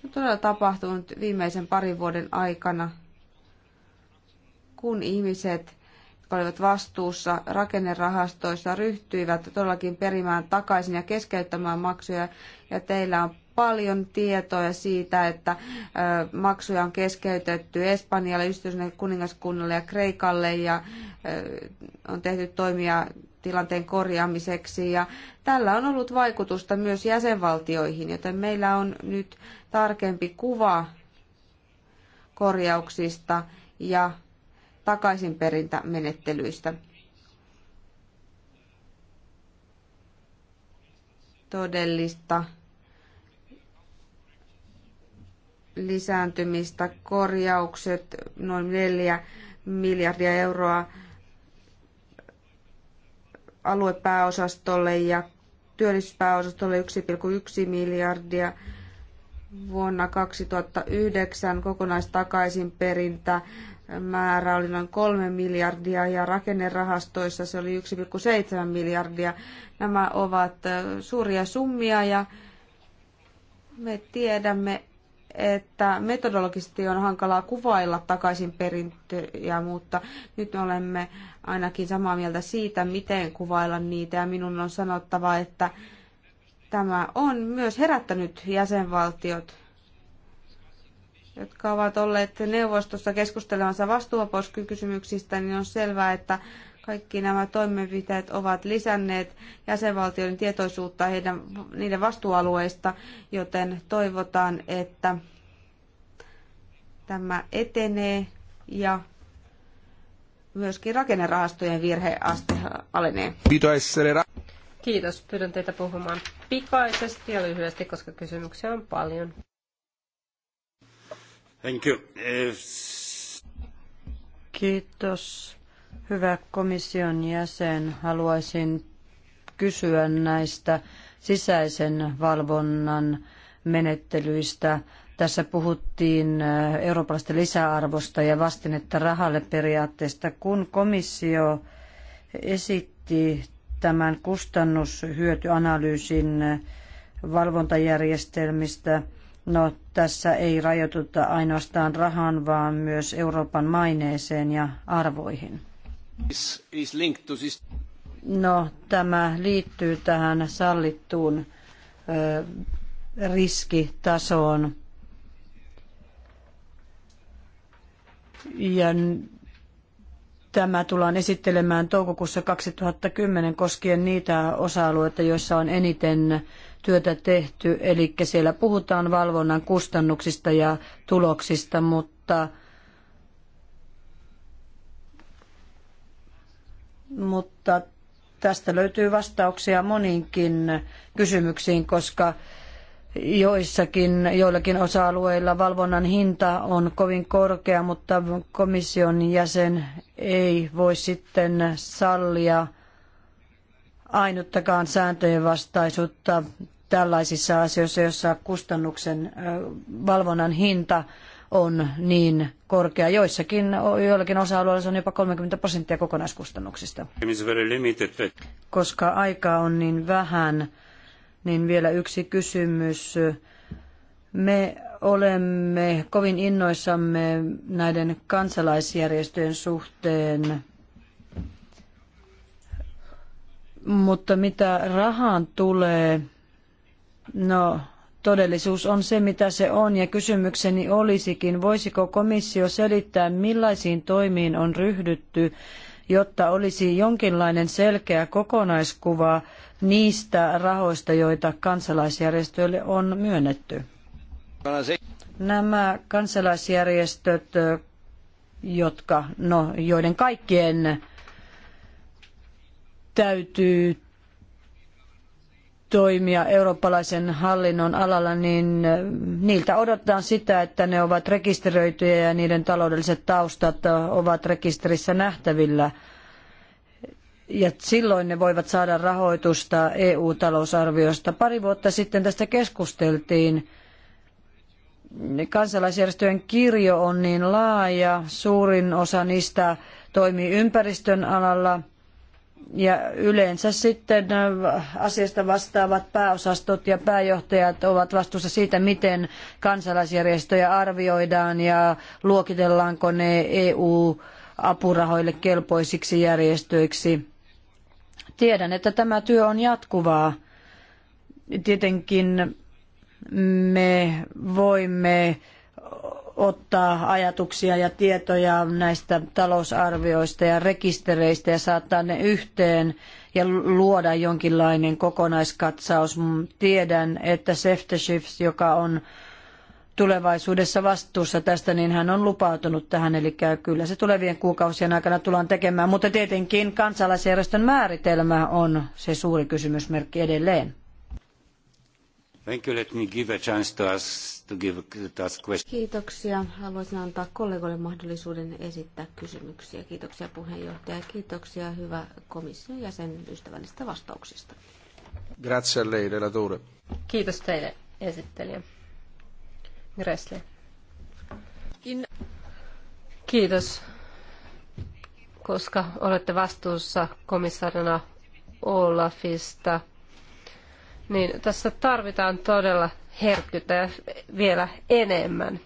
Se on todella tapahtunut viimeisen parin vuoden aikana, kun ihmiset, jotka olivat vastuussa rakennerahastoissa, ryhtyivät todellakin perimään takaisin ja keskeyttämään maksuja. Ja teillä on paljon tietoja siitä, että maksuja on keskeytetty Espanjalle, ystäiselle kuningaskunnalle ja Kreikalle ja on tehty toimia tilanteen korjaamiseksi ja tällä on ollut vaikutusta myös jäsenvaltioihin, joten meillä on nyt tarkempi kuva korjauksista ja takaisinperintämenettelyistä. Todellista lisääntymistä, korjaukset noin 4 miljardia euroa aluepääosastolle ja työllisyyspääosastolle 1,1 miljardia. Vuonna 2009 kokonaistakaisinperintä määrä oli noin 3 miljardia ja rakennerahastoissa se oli 1,7 miljardia. Nämä ovat suuria summia ja me tiedämme, että metodologisesti on hankalaa kuvailla takaisin perintöjä, mutta nyt olemme ainakin samaa mieltä siitä, miten kuvailla niitä. Ja minun on sanottava, että tämä on myös herättänyt jäsenvaltiot, jotka ovat olleet neuvostossa keskustelemassa vastuuvapauskysymyksistä, niin on selvää, että kaikki nämä toimenpiteet ovat lisänneet jäsenvaltioiden tietoisuutta heidän, niiden vastuualueista, joten toivotaan, että tämä etenee ja myöskin rakennerahastojen virheaste alenee. Kiitos. Pyydän teitä puhumaan pikaisesti ja lyhyesti, koska kysymyksiä on paljon. Thank you. Eh, Kiitos. Hyvä komission jäsen, haluaisin kysyä näistä sisäisen valvonnan menettelyistä. Tässä puhuttiin eurooppalaisesta lisäarvosta ja vastinetta rahalle periaatteesta. Kun komissio esitti tämän kustannushyötyanalyysin valvontajärjestelmistä, no tässä ei rajoituta ainoastaan rahaan, vaan myös Euroopan maineeseen ja arvoihin. No, tämä liittyy tähän sallittuun ö, riskitasoon. Ja tämä tullaan esittelemään toukokuussa 2010 koskien niitä osa-alueita, joissa on eniten työtä tehty. Eli siellä puhutaan valvonnan kustannuksista ja tuloksista, mutta mutta tästä löytyy vastauksia moniinkin kysymyksiin, koska joissakin, joillakin osa-alueilla valvonnan hinta on kovin korkea, mutta komission jäsen ei voi sitten sallia ainuttakaan sääntöjen vastaisuutta tällaisissa asioissa, joissa kustannuksen valvonnan hinta on niin korkea. Joissakin, joillakin osa-alueilla se on jopa 30 prosenttia kokonaiskustannuksista. Koska aikaa on niin vähän, niin vielä yksi kysymys. Me olemme kovin innoissamme näiden kansalaisjärjestöjen suhteen, mutta mitä rahaan tulee, no todellisuus on se, mitä se on, ja kysymykseni olisikin, voisiko komissio selittää, millaisiin toimiin on ryhdytty, jotta olisi jonkinlainen selkeä kokonaiskuva niistä rahoista, joita kansalaisjärjestöille on myönnetty. Nämä kansalaisjärjestöt, jotka, no, joiden kaikkien täytyy toimia eurooppalaisen hallinnon alalla, niin äh, niiltä odotetaan sitä, että ne ovat rekisteröityjä ja niiden taloudelliset taustat äh, ovat rekisterissä nähtävillä. Ja silloin ne voivat saada rahoitusta EU-talousarviosta. Pari vuotta sitten tästä keskusteltiin. Kansalaisjärjestöjen kirjo on niin laaja, suurin osa niistä toimii ympäristön alalla – ja yleensä sitten asiasta vastaavat pääosastot ja pääjohtajat ovat vastuussa siitä, miten kansalaisjärjestöjä arvioidaan ja luokitellaanko ne EU-apurahoille kelpoisiksi järjestöiksi. Tiedän, että tämä työ on jatkuvaa. Tietenkin me voimme ottaa ajatuksia ja tietoja näistä talousarvioista ja rekistereistä ja saattaa ne yhteen ja luoda jonkinlainen kokonaiskatsaus. Tiedän, että Sefteshifts, joka on tulevaisuudessa vastuussa tästä, niin hän on lupautunut tähän, eli kyllä se tulevien kuukausien aikana tullaan tekemään, mutta tietenkin kansalaisjärjestön määritelmä on se suuri kysymysmerkki edelleen. Thank you. Let me give a chance to to give to ask questions. Kiitoksia. Haluaisin antaa kollegoille mahdollisuuden esittää kysymyksiä. Kiitoksia puheenjohtaja. Kiitoksia hyvä komission jäsen ystävällisistä vastauksista. Grazie a lei, relatore. Kiitos teille esittelijä. Gressle. Kiitos, koska olette vastuussa komissaarina Olafista – niin tässä tarvitaan todella herkkyyttä ja vielä enemmän.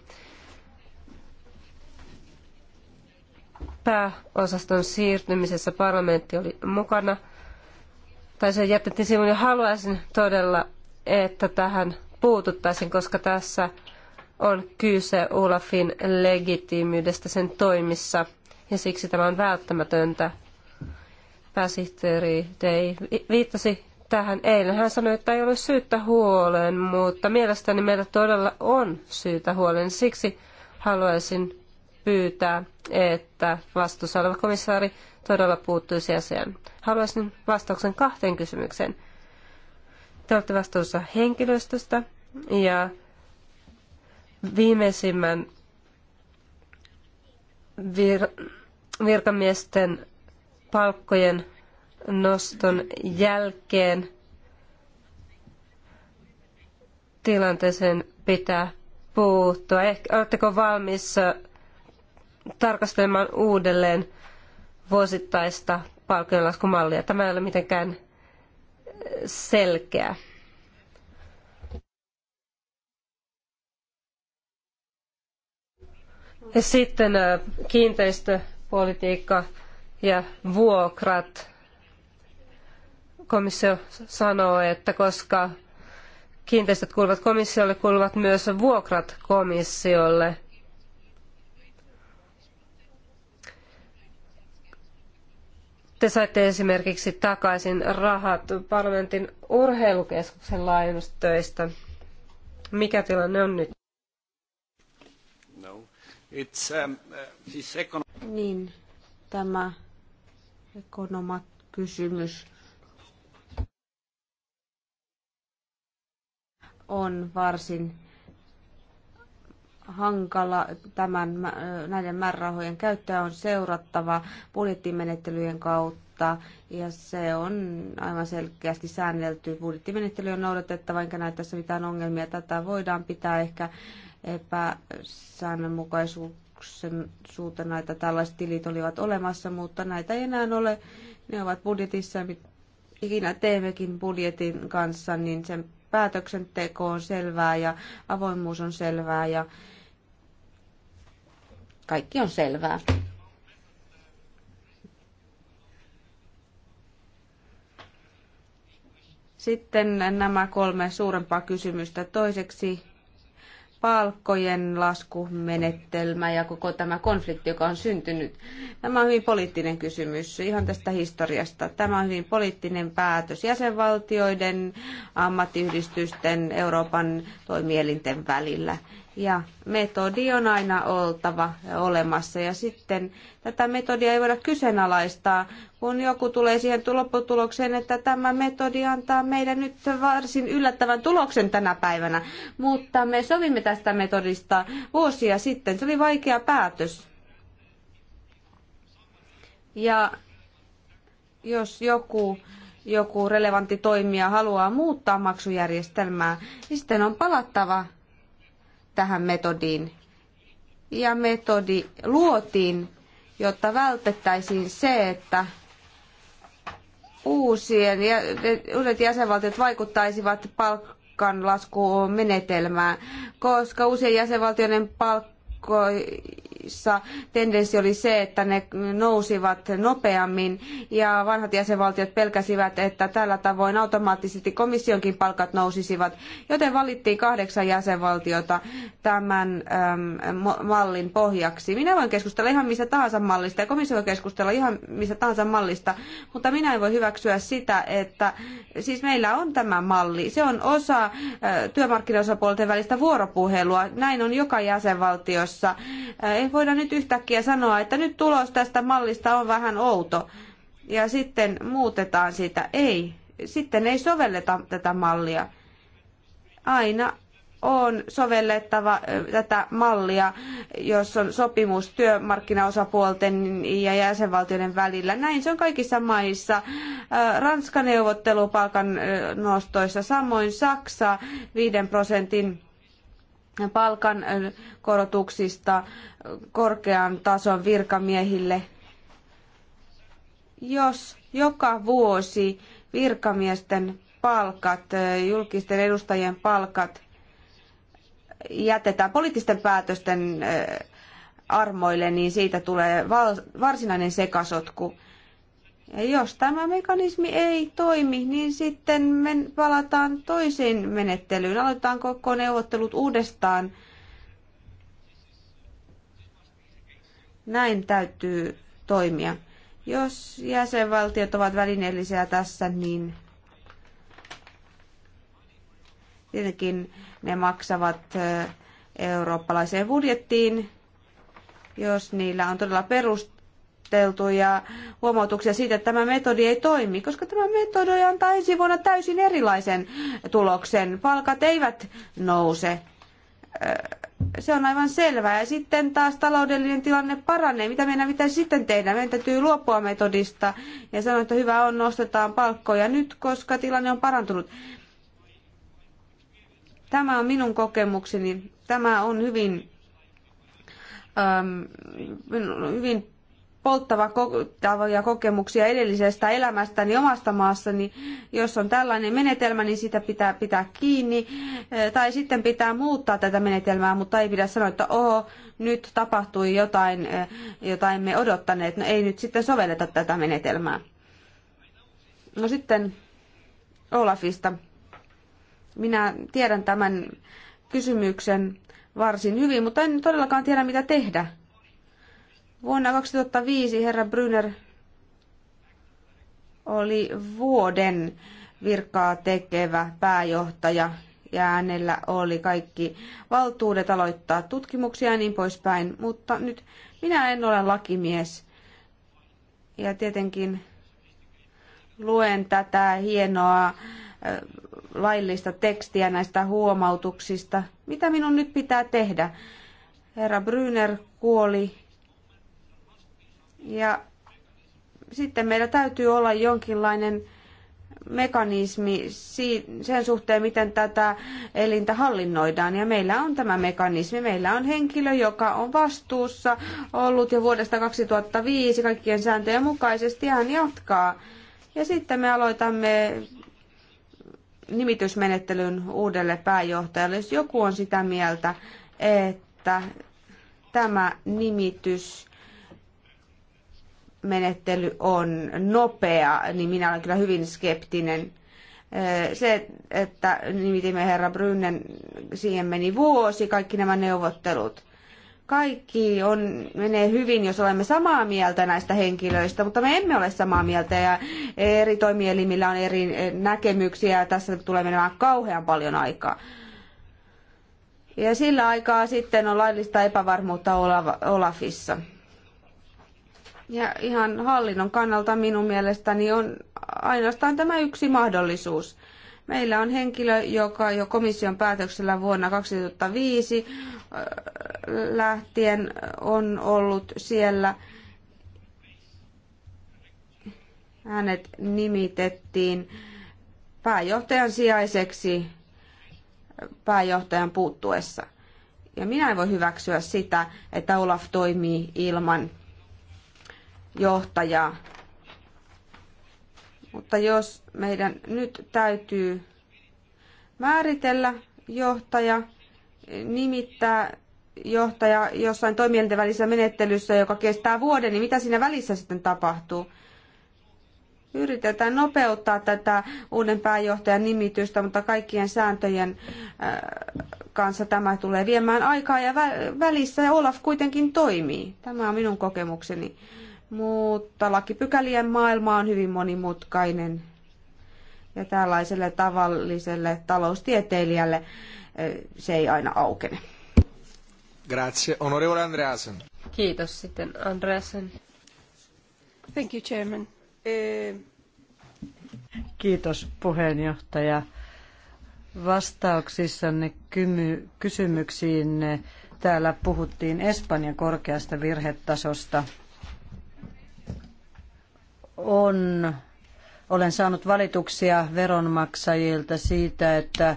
Pääosaston siirtymisessä parlamentti oli mukana, tai se jätettiin sivuun, ja haluaisin todella, että tähän puututtaisiin, koska tässä on kyse Olafin legitiimiydestä sen toimissa, ja siksi tämä on välttämätöntä. Pääsihteeri Dei viittasi tähän eilen. Hän sanoi, että ei ole syyttä huoleen, mutta mielestäni meillä todella on syytä huoleen. Siksi haluaisin pyytää, että vastuussa oleva komissaari todella puuttuisi asiaan. Haluaisin vastauksen kahteen kysymykseen. Te olette vastuussa henkilöstöstä ja viimeisimmän vir- virkamiesten palkkojen noston jälkeen tilanteeseen pitää puuttua. Ehkä, oletteko valmis tarkastelemaan uudelleen vuosittaista palkionlaskumallia? Tämä ei ole mitenkään selkeä. Ja sitten kiinteistöpolitiikka ja vuokrat komissio sanoo, että koska kiinteistöt kuuluvat komissiolle, kuuluvat myös vuokrat komissiolle. Te saitte esimerkiksi takaisin rahat parlamentin urheilukeskuksen laajennustöistä. Mikä tilanne on nyt? No. It's, um, uh, Niin, tämä ekonomat kysymys on varsin hankala. Tämän, näiden määrärahojen käyttöä on seurattava budjettimenettelyjen kautta ja se on aivan selkeästi säännelty. Budjettimenettely on noudatettava, enkä näe tässä mitään ongelmia. Tätä voidaan pitää ehkä epäsäännönmukaisuutena, että tällaiset tilit olivat olemassa, mutta näitä ei enää ole. Ne ovat budjetissa, ikinä teemmekin budjetin kanssa, niin sen päätöksenteko on selvää ja avoimuus on selvää ja kaikki on selvää. Sitten nämä kolme suurempaa kysymystä. Toiseksi palkkojen laskumenettelmä ja koko tämä konflikti, joka on syntynyt. Tämä on hyvin poliittinen kysymys ihan tästä historiasta. Tämä on hyvin poliittinen päätös jäsenvaltioiden, ammattiyhdistysten, Euroopan toimielinten välillä. Ja metodi on aina oltava olemassa. Ja sitten tätä metodia ei voida kyseenalaistaa, kun joku tulee siihen lopputulokseen, että tämä metodi antaa meidän nyt varsin yllättävän tuloksen tänä päivänä. Mutta me sovimme tästä metodista vuosia sitten. Se oli vaikea päätös. Ja jos joku joku relevantti toimija haluaa muuttaa maksujärjestelmää, niin sitten on palattava tähän metodiin. Ja metodi luotiin, jotta vältettäisiin se, että uusien, uudet jäsenvaltiot vaikuttaisivat palkanlaskumenetelmään, koska uusien jäsenvaltioiden palkko joissa tendenssi oli se, että ne nousivat nopeammin ja vanhat jäsenvaltiot pelkäsivät, että tällä tavoin automaattisesti komissionkin palkat nousisivat, joten valittiin kahdeksan jäsenvaltiota tämän mallin pohjaksi. Minä voin keskustella ihan mistä tahansa mallista ja komissio voi keskustella ihan mistä tahansa mallista, mutta minä en voi hyväksyä sitä, että siis meillä on tämä malli. Se on osa työmarkkinaosapuolten välistä vuoropuhelua. Näin on joka jäsenvaltiossa. Ei voida nyt yhtäkkiä sanoa, että nyt tulos tästä mallista on vähän outo ja sitten muutetaan sitä. Ei, sitten ei sovelleta tätä mallia. Aina on sovellettava tätä mallia, jos on sopimus työmarkkinaosapuolten ja jäsenvaltioiden välillä. Näin se on kaikissa maissa. Ranska neuvottelupalkan nostoissa, samoin Saksa 5 prosentin palkan korotuksista korkean tason virkamiehille. Jos joka vuosi virkamiesten palkat, julkisten edustajien palkat jätetään poliittisten päätösten armoille, niin siitä tulee varsinainen sekasotku. Jos tämä mekanismi ei toimi, niin sitten me palataan toisiin menettelyyn. Aloitetaan koko neuvottelut uudestaan. Näin täytyy toimia. Jos jäsenvaltiot ovat välineellisiä tässä, niin tietenkin ne maksavat eurooppalaiseen budjettiin, jos niillä on todella perust perusteltuja huomautuksia siitä, että tämä metodi ei toimi, koska tämä metodi antaa ensi vuonna täysin erilaisen tuloksen. Palkat eivät nouse. Se on aivan selvää. Ja sitten taas taloudellinen tilanne paranee. Mitä meidän pitäisi sitten tehdä? Meidän täytyy luopua metodista ja sanoa, että hyvä on, nostetaan palkkoja nyt, koska tilanne on parantunut. Tämä on minun kokemukseni. Tämä on hyvin, ähm, hyvin polttavia kokemuksia edellisestä elämästäni niin omasta maassani. Jos on tällainen menetelmä, niin sitä pitää pitää kiinni. Eh, tai sitten pitää muuttaa tätä menetelmää, mutta ei pidä sanoa, että oho, nyt tapahtui jotain, eh, jota emme odottaneet. No ei nyt sitten sovelleta tätä menetelmää. No sitten Olafista. Minä tiedän tämän kysymyksen varsin hyvin, mutta en todellakaan tiedä mitä tehdä Vuonna 2005 herra Brynner oli vuoden virkaa tekevä pääjohtaja ja hänellä oli kaikki valtuudet aloittaa tutkimuksia ja niin poispäin, mutta nyt minä en ole lakimies. Ja tietenkin luen tätä hienoa laillista tekstiä näistä huomautuksista. Mitä minun nyt pitää tehdä? Herra Brüner kuoli ja sitten meillä täytyy olla jonkinlainen mekanismi sen suhteen, miten tätä elintä hallinnoidaan. Ja meillä on tämä mekanismi. Meillä on henkilö, joka on vastuussa ollut jo vuodesta 2005 kaikkien sääntöjen mukaisesti ja hän jatkaa. Ja sitten me aloitamme nimitysmenettelyn uudelle pääjohtajalle, jos joku on sitä mieltä, että tämä nimitys menettely on nopea, niin minä olen kyllä hyvin skeptinen. Se, että nimitimme herra Brynnen, siihen meni vuosi, kaikki nämä neuvottelut. Kaikki on, menee hyvin, jos olemme samaa mieltä näistä henkilöistä, mutta me emme ole samaa mieltä ja eri toimielimillä on eri eh, näkemyksiä ja tässä tulee menemään kauhean paljon aikaa. Ja sillä aikaa sitten on laillista epävarmuutta Olafissa. Ja ihan hallinnon kannalta minun mielestäni on ainoastaan tämä yksi mahdollisuus. Meillä on henkilö, joka jo komission päätöksellä vuonna 2005 lähtien on ollut siellä. Hänet nimitettiin pääjohtajan sijaiseksi pääjohtajan puuttuessa. Ja minä en voi hyväksyä sitä, että Olaf toimii ilman johtajaa. Mutta jos meidän nyt täytyy määritellä johtaja, nimittää johtaja jossain toimielinten välisessä menettelyssä, joka kestää vuoden, niin mitä siinä välissä sitten tapahtuu? Yritetään nopeuttaa tätä uuden pääjohtajan nimitystä, mutta kaikkien sääntöjen äh, kanssa tämä tulee viemään aikaa ja välissä Olaf kuitenkin toimii. Tämä on minun kokemukseni mutta lakipykälien maailma on hyvin monimutkainen ja tällaiselle tavalliselle taloustieteilijälle eh, se ei aina aukene. Grazie. Onorevole Andreasen. Kiitos sitten Andreasen. Thank you, Chairman. Eh, Kiitos puheenjohtaja. Vastauksissanne kymy, kysymyksiin täällä puhuttiin Espanjan korkeasta virhetasosta – on, olen saanut valituksia veronmaksajilta siitä, että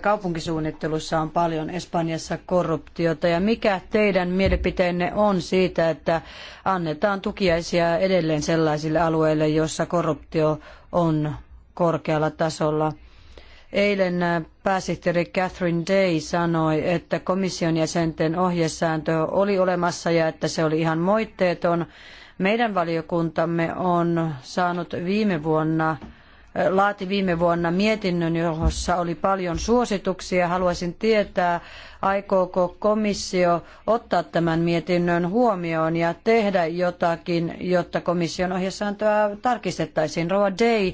kaupunkisuunnittelussa on paljon Espanjassa korruptiota ja mikä teidän mielipiteenne on siitä, että annetaan tukiaisia edelleen sellaisille alueille, joissa korruptio on korkealla tasolla? Eilen pääsihteeri Catherine Day sanoi, että komission jäsenten ohjesääntö oli olemassa ja että se oli ihan moitteeton meidän valiokuntamme on saanut viime vuonna eh, laati viime vuonna mietinnön, jossa oli paljon suosituksia. Haluaisin tietää, aikooko komissio ottaa tämän mietinnön huomioon ja tehdä jotakin, jotta komission ohjesääntöä tarkistettaisiin. Roa Day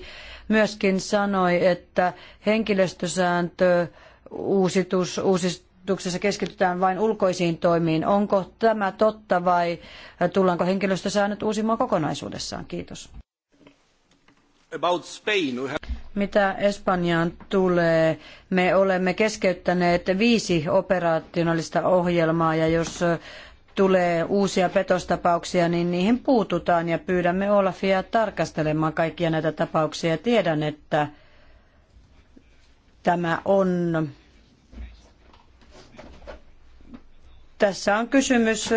myöskin sanoi, että henkilöstösääntö uusitus, uusitus hallituksessa keskitytään vain ulkoisiin toimiin. Onko tämä totta vai tullaanko henkilöstösäännöt uusimaan kokonaisuudessaan? Kiitos. Mitä Espanjaan tulee, me olemme keskeyttäneet viisi operaationaalista ohjelmaa ja jos tulee uusia petostapauksia, niin niihin puututaan ja pyydämme Olafia tarkastelemaan kaikkia näitä tapauksia. Tiedän, että tämä on Tässä on kysymys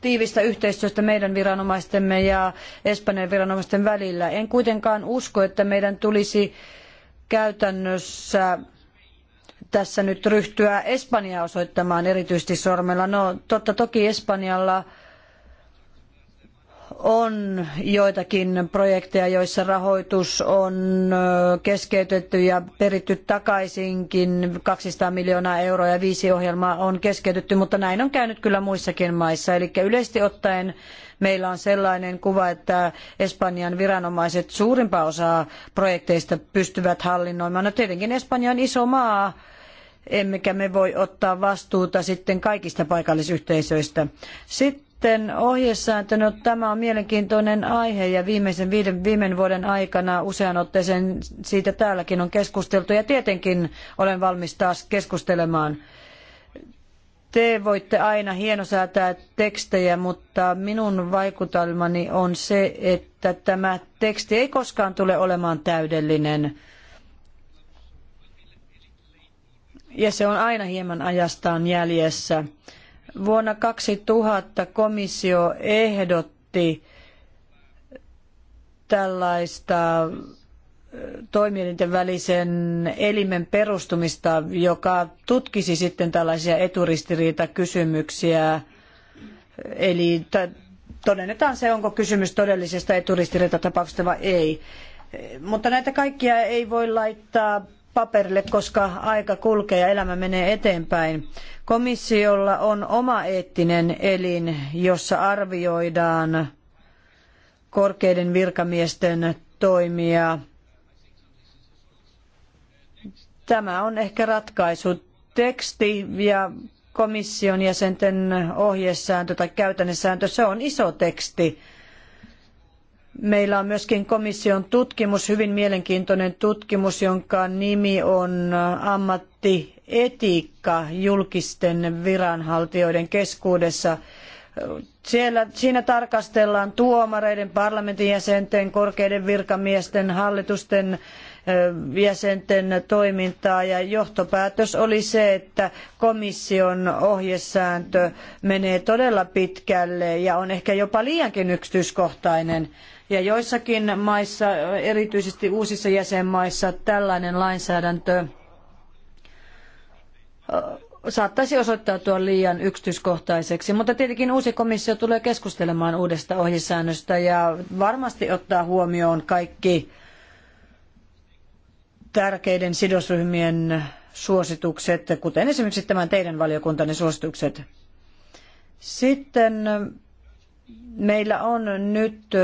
tiivistä yhteistyöstä meidän viranomaistemme ja Espanjan viranomaisten välillä. En kuitenkaan usko, että meidän tulisi käytännössä tässä nyt ryhtyä Espanjaa osoittamaan erityisesti sormella. No totta toki Espanjalla on joitakin projekteja, joissa rahoitus on keskeytetty ja peritty takaisinkin 200 miljoonaa euroa ja viisi ohjelmaa on keskeytetty, mutta näin on käynyt kyllä muissakin maissa. Eli yleisesti ottaen meillä on sellainen kuva, että Espanjan viranomaiset suurimpaa osaa projekteista pystyvät hallinnoimaan. No tietenkin Espanja on iso maa, emmekä me voi ottaa vastuuta sitten kaikista paikallisyhteisöistä. Sitten sitten ohjesääntönä no, tämä on mielenkiintoinen aihe ja viimeisen viiden, viime vuoden aikana usean otteeseen siitä täälläkin on keskusteltu ja tietenkin olen valmis taas keskustelemaan te voitte aina hienosäätää tekstejä, mutta minun vaikutelmani on se, että tämä teksti ei koskaan tule olemaan täydellinen. Ja se on aina hieman ajastaan jäljessä. Vuonna 2000 komissio ehdotti tällaista toimielinten välisen elimen perustumista, joka tutkisi sitten tällaisia eturistiriitakysymyksiä. Eli todennetaan se, onko kysymys todellisesta eturistiriitatapauksesta vai ei. Mutta näitä kaikkia ei voi laittaa paperille, koska aika kulkee ja elämä menee eteenpäin. Komissiolla on oma eettinen elin, jossa arvioidaan korkeiden virkamiesten toimia. Tämä on ehkä ratkaisu. Teksti ja komission jäsenten ohjesääntö tai käytännössääntö, se on iso teksti Meillä on myöskin komission tutkimus, hyvin mielenkiintoinen tutkimus, jonka nimi on ammattietiikka julkisten viranhaltijoiden keskuudessa. Siellä, siinä tarkastellaan tuomareiden, parlamentin jäsenten, korkeiden virkamiesten, hallitusten jäsenten toimintaa ja johtopäätös oli se, että komission ohjesääntö menee todella pitkälle ja on ehkä jopa liiankin yksityiskohtainen. Ja joissakin maissa, erityisesti uusissa jäsenmaissa, tällainen lainsäädäntö saattaisi osoittautua liian yksityiskohtaiseksi, mutta tietenkin uusi komissio tulee keskustelemaan uudesta ohjesäännöstä ja varmasti ottaa huomioon kaikki tärkeiden sidosryhmien suositukset, kuten esimerkiksi tämän teidän valiokuntanne suositukset. Sitten meillä on nyt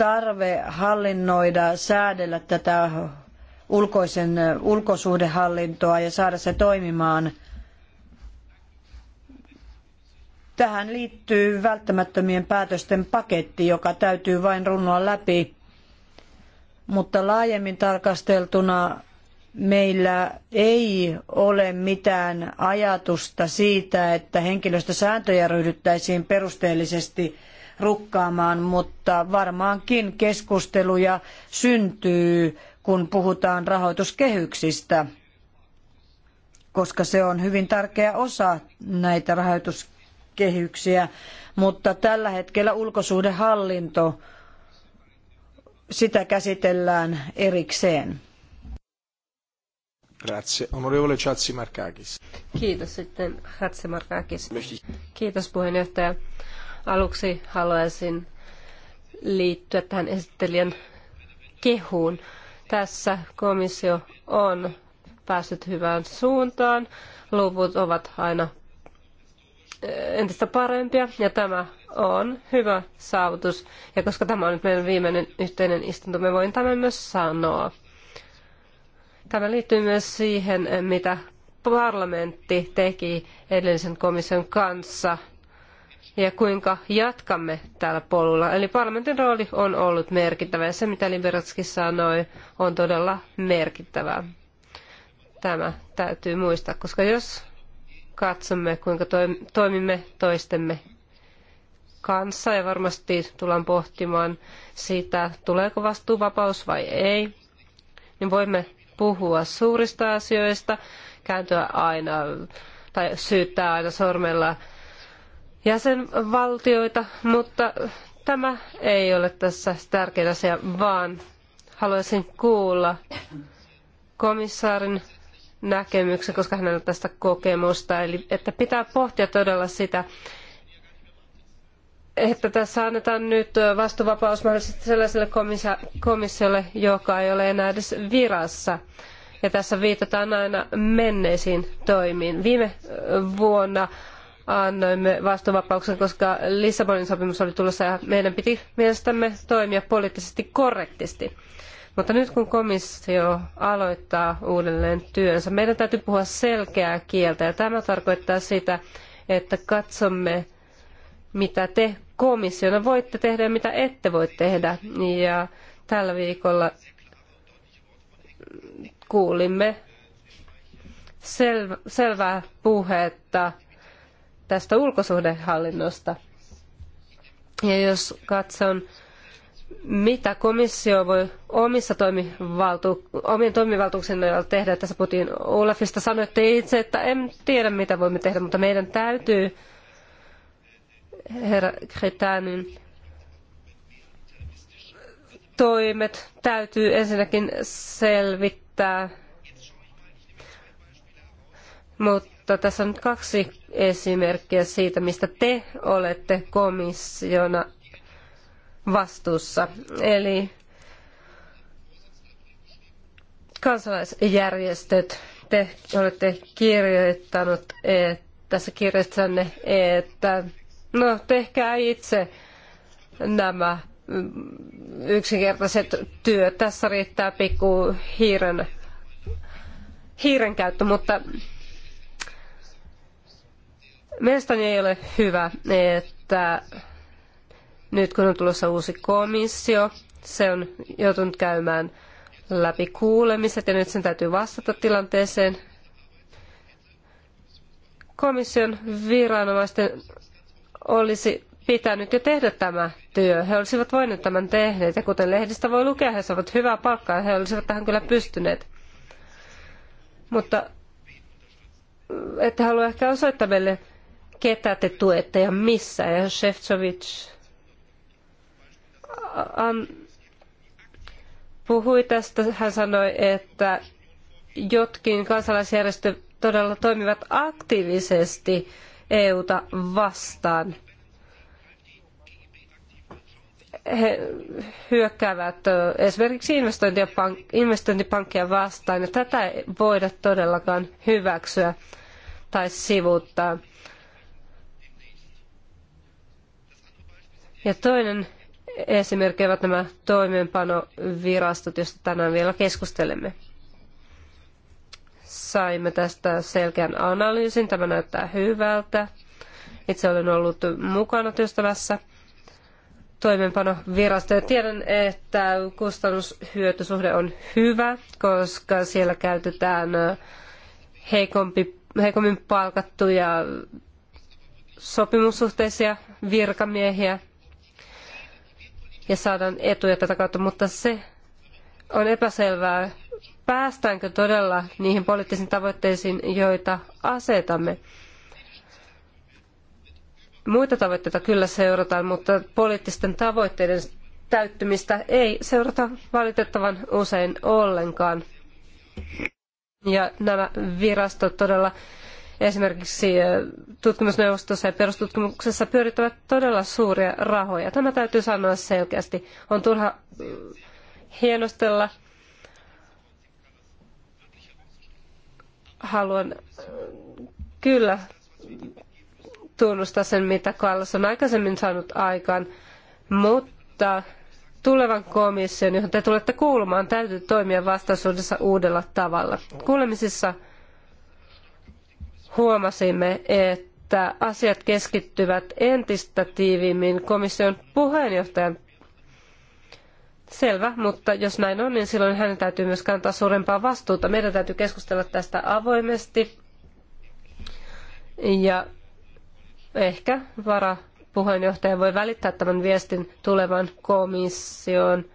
tarve hallinnoida, säädellä tätä ulkoisen, ulkosuhdehallintoa ja saada se toimimaan. Tähän liittyy välttämättömien päätösten paketti, joka täytyy vain runnoa läpi. Mutta laajemmin tarkasteltuna meillä ei ole mitään ajatusta siitä, että henkilöstösääntöjä ryhdyttäisiin perusteellisesti rukkaamaan, mutta varmaankin keskusteluja syntyy, kun puhutaan rahoituskehyksistä, koska se on hyvin tärkeä osa näitä rahoituskehyksiä. Mutta tällä hetkellä ulkosuhdehallinto, sitä käsitellään erikseen. Grazie. Onorevole Chatsimarkakis. Kiitos sitten Hatsimarkakis. Kiitos puheenjohtaja. Aluksi haluaisin liittyä tähän esittelijän kehuun. Tässä komissio on päässyt hyvään suuntaan. Luvut ovat aina eh, entistä parempia ja tämä on hyvä saavutus. Ja koska tämä on nyt meidän viimeinen yhteinen istunto, me voin tämän myös sanoa. Tämä liittyy myös siihen, eh, mitä parlamentti teki edellisen komission kanssa ja kuinka jatkamme tällä polulla. Eli parlamentin rooli on ollut merkittävä ja se, mitä Liberatski sanoi, on todella merkittävää. Tämä täytyy muistaa, koska jos katsomme, kuinka toimimme toistemme kanssa ja varmasti tullaan pohtimaan sitä, tuleeko vastuuvapaus vai ei, niin voimme puhua suurista asioista, kääntyä aina tai syyttää aina sormella jäsenvaltioita, mutta tämä ei ole tässä tärkein asia, vaan haluaisin kuulla komissaarin näkemyksen, koska hänellä on tästä kokemusta. Eli että pitää pohtia todella sitä, että tässä annetaan nyt vastuvapaus mahdollisesti sellaiselle komissiolle, joka ei ole enää edes virassa. Ja tässä viitataan aina menneisiin toimiin. Viime vuonna annoimme vastuuvapauksen, koska Lissabonin sopimus oli tulossa ja meidän piti mielestämme toimia poliittisesti korrektisti. Mutta nyt kun komissio aloittaa uudelleen työnsä, meidän täytyy puhua selkeää kieltä ja tämä tarkoittaa sitä, että katsomme, mitä te komissiona voitte tehdä ja mitä ette voi tehdä. Ja tällä viikolla kuulimme selvää puhetta tästä ulkosuhdehallinnosta. Ja jos katson, mitä komissio voi omissa toimivaltu- omien toimivaltuuksien nojalla tehdä, tässä puhuttiin Olafista, sanoitte itse, että en tiedä mitä voimme tehdä, mutta meidän täytyy, herra Kretänin, toimet täytyy ensinnäkin selvittää, mutta mutta tässä on nyt kaksi esimerkkiä siitä, mistä te olette komissiona vastuussa. Eli kansalaisjärjestöt, te olette kirjoittanut että, tässä kirjassanne, että no tehkää itse nämä mm, yksinkertaiset työt. Tässä riittää pikku hiiren, hiiren käyttö, mutta Mielestäni ei ole hyvä, että nyt kun on tulossa uusi komissio, se on joutunut käymään läpi kuulemiset ja nyt sen täytyy vastata tilanteeseen. Komission viranomaisten olisi pitänyt jo tehdä tämä työ. He olisivat voineet tämän tehdä ja kuten lehdistä voi lukea, he saavat hyvää palkkaa ja he olisivat tähän kyllä pystyneet. Mutta ette halua ehkä osoittaa meille ketä te tuette ja missä. Ja Shevtsovic puhui tästä. Hän sanoi, että jotkin kansalaisjärjestöt todella toimivat aktiivisesti EUta vastaan. He hyökkäävät esimerkiksi investointipank- investointipankkia vastaan, ja tätä ei voida todellakaan hyväksyä tai sivuuttaa. Ja toinen esimerkki ovat nämä toimeenpanovirastot, joista tänään vielä keskustelemme. Saimme tästä selkeän analyysin, tämä näyttää hyvältä. Itse olen ollut mukana työstämässä toimeenpanovirasto. Ja tiedän, että kustannushyötysuhde on hyvä, koska siellä käytetään heikompi, heikommin palkattuja sopimussuhteisia virkamiehiä – ja saadaan etuja tätä kautta, mutta se on epäselvää, päästäänkö todella niihin poliittisiin tavoitteisiin, joita asetamme. Muita tavoitteita kyllä seurataan, mutta poliittisten tavoitteiden täyttymistä ei seurata valitettavan usein ollenkaan. Ja nämä virastot todella esimerkiksi eh, tutkimusneuvostossa ja perustutkimuksessa pyörittävät todella suuria rahoja. Tämä täytyy sanoa selkeästi. On turha eh, hienostella. Haluan eh, kyllä tunnustaa sen, mitä Kallas on aikaisemmin saanut aikaan, mutta tulevan komission, johon te tulette kuulumaan, täytyy toimia vastaisuudessa uudella tavalla. Kuulemisissa huomasimme, että asiat keskittyvät entistä tiiviimmin komission puheenjohtajan. Selvä, mutta jos näin on, niin silloin hänen täytyy myös kantaa suurempaa vastuuta. Meidän täytyy keskustella tästä avoimesti. Ja ehkä varapuheenjohtaja voi välittää tämän viestin tulevan komissioon –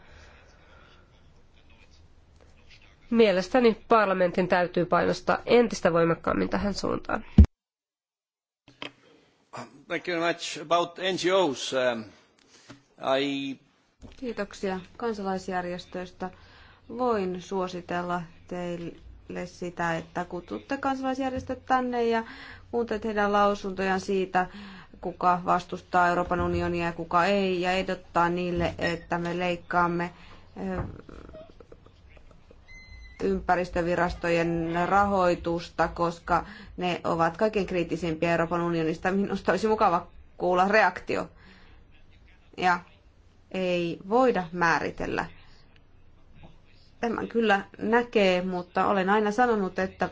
Mielestäni parlamentin täytyy painostaa entistä voimakkaammin tähän suuntaan. Thank you very much. About NGOs, um, I... Kiitoksia kansalaisjärjestöistä. Voin suositella teille sitä, että kutsutte kansalaisjärjestöt tänne ja kuuntelette heidän lausuntojaan siitä, kuka vastustaa Euroopan unionia ja kuka ei, ja ehdottaa niille, että me leikkaamme eh, ympäristövirastojen rahoitusta, koska ne ovat kaiken kriittisimpiä Euroopan unionista. Minusta olisi mukava kuulla reaktio. Ja ei voida määritellä. Tämän kyllä näkee, mutta olen aina sanonut, että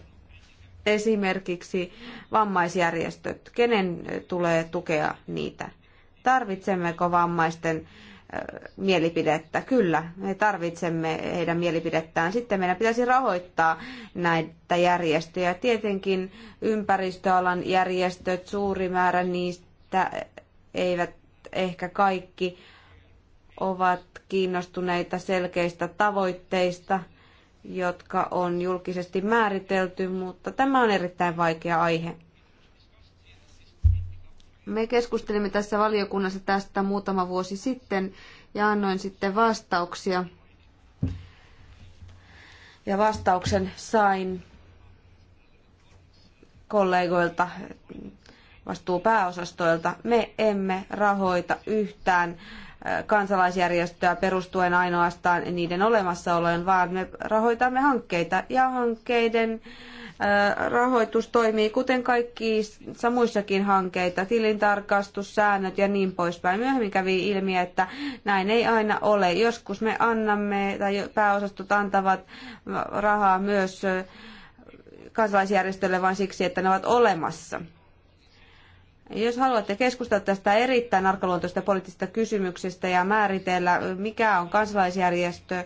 esimerkiksi vammaisjärjestöt, kenen tulee tukea niitä? Tarvitsemmeko vammaisten mielipidettä. Kyllä, me tarvitsemme heidän mielipidettään. Sitten meidän pitäisi rahoittaa näitä järjestöjä. Tietenkin ympäristöalan järjestöt, suuri määrä niistä eivät ehkä kaikki ovat kiinnostuneita selkeistä tavoitteista, jotka on julkisesti määritelty, mutta tämä on erittäin vaikea aihe. Me keskustelimme tässä valiokunnassa tästä muutama vuosi sitten ja annoin sitten vastauksia. Ja vastauksen sain kollegoilta vastuupääosastoilta. Me emme rahoita yhtään äh, kansalaisjärjestöä perustuen ainoastaan niiden olemassaoloon, vaan me rahoitamme hankkeita ja hankkeiden äh, rahoitus toimii kuten kaikki muissakin hankkeita, tilintarkastus, säännöt ja niin poispäin. Myöhemmin kävi ilmi, että näin ei aina ole. Joskus me annamme tai pääosastot antavat rahaa myös kansalaisjärjestölle vain siksi, että ne ovat olemassa. Jos haluatte keskustella tästä erittäin arkaluontoista poliittisesta kysymyksestä ja määritellä, mikä on kansalaisjärjestö,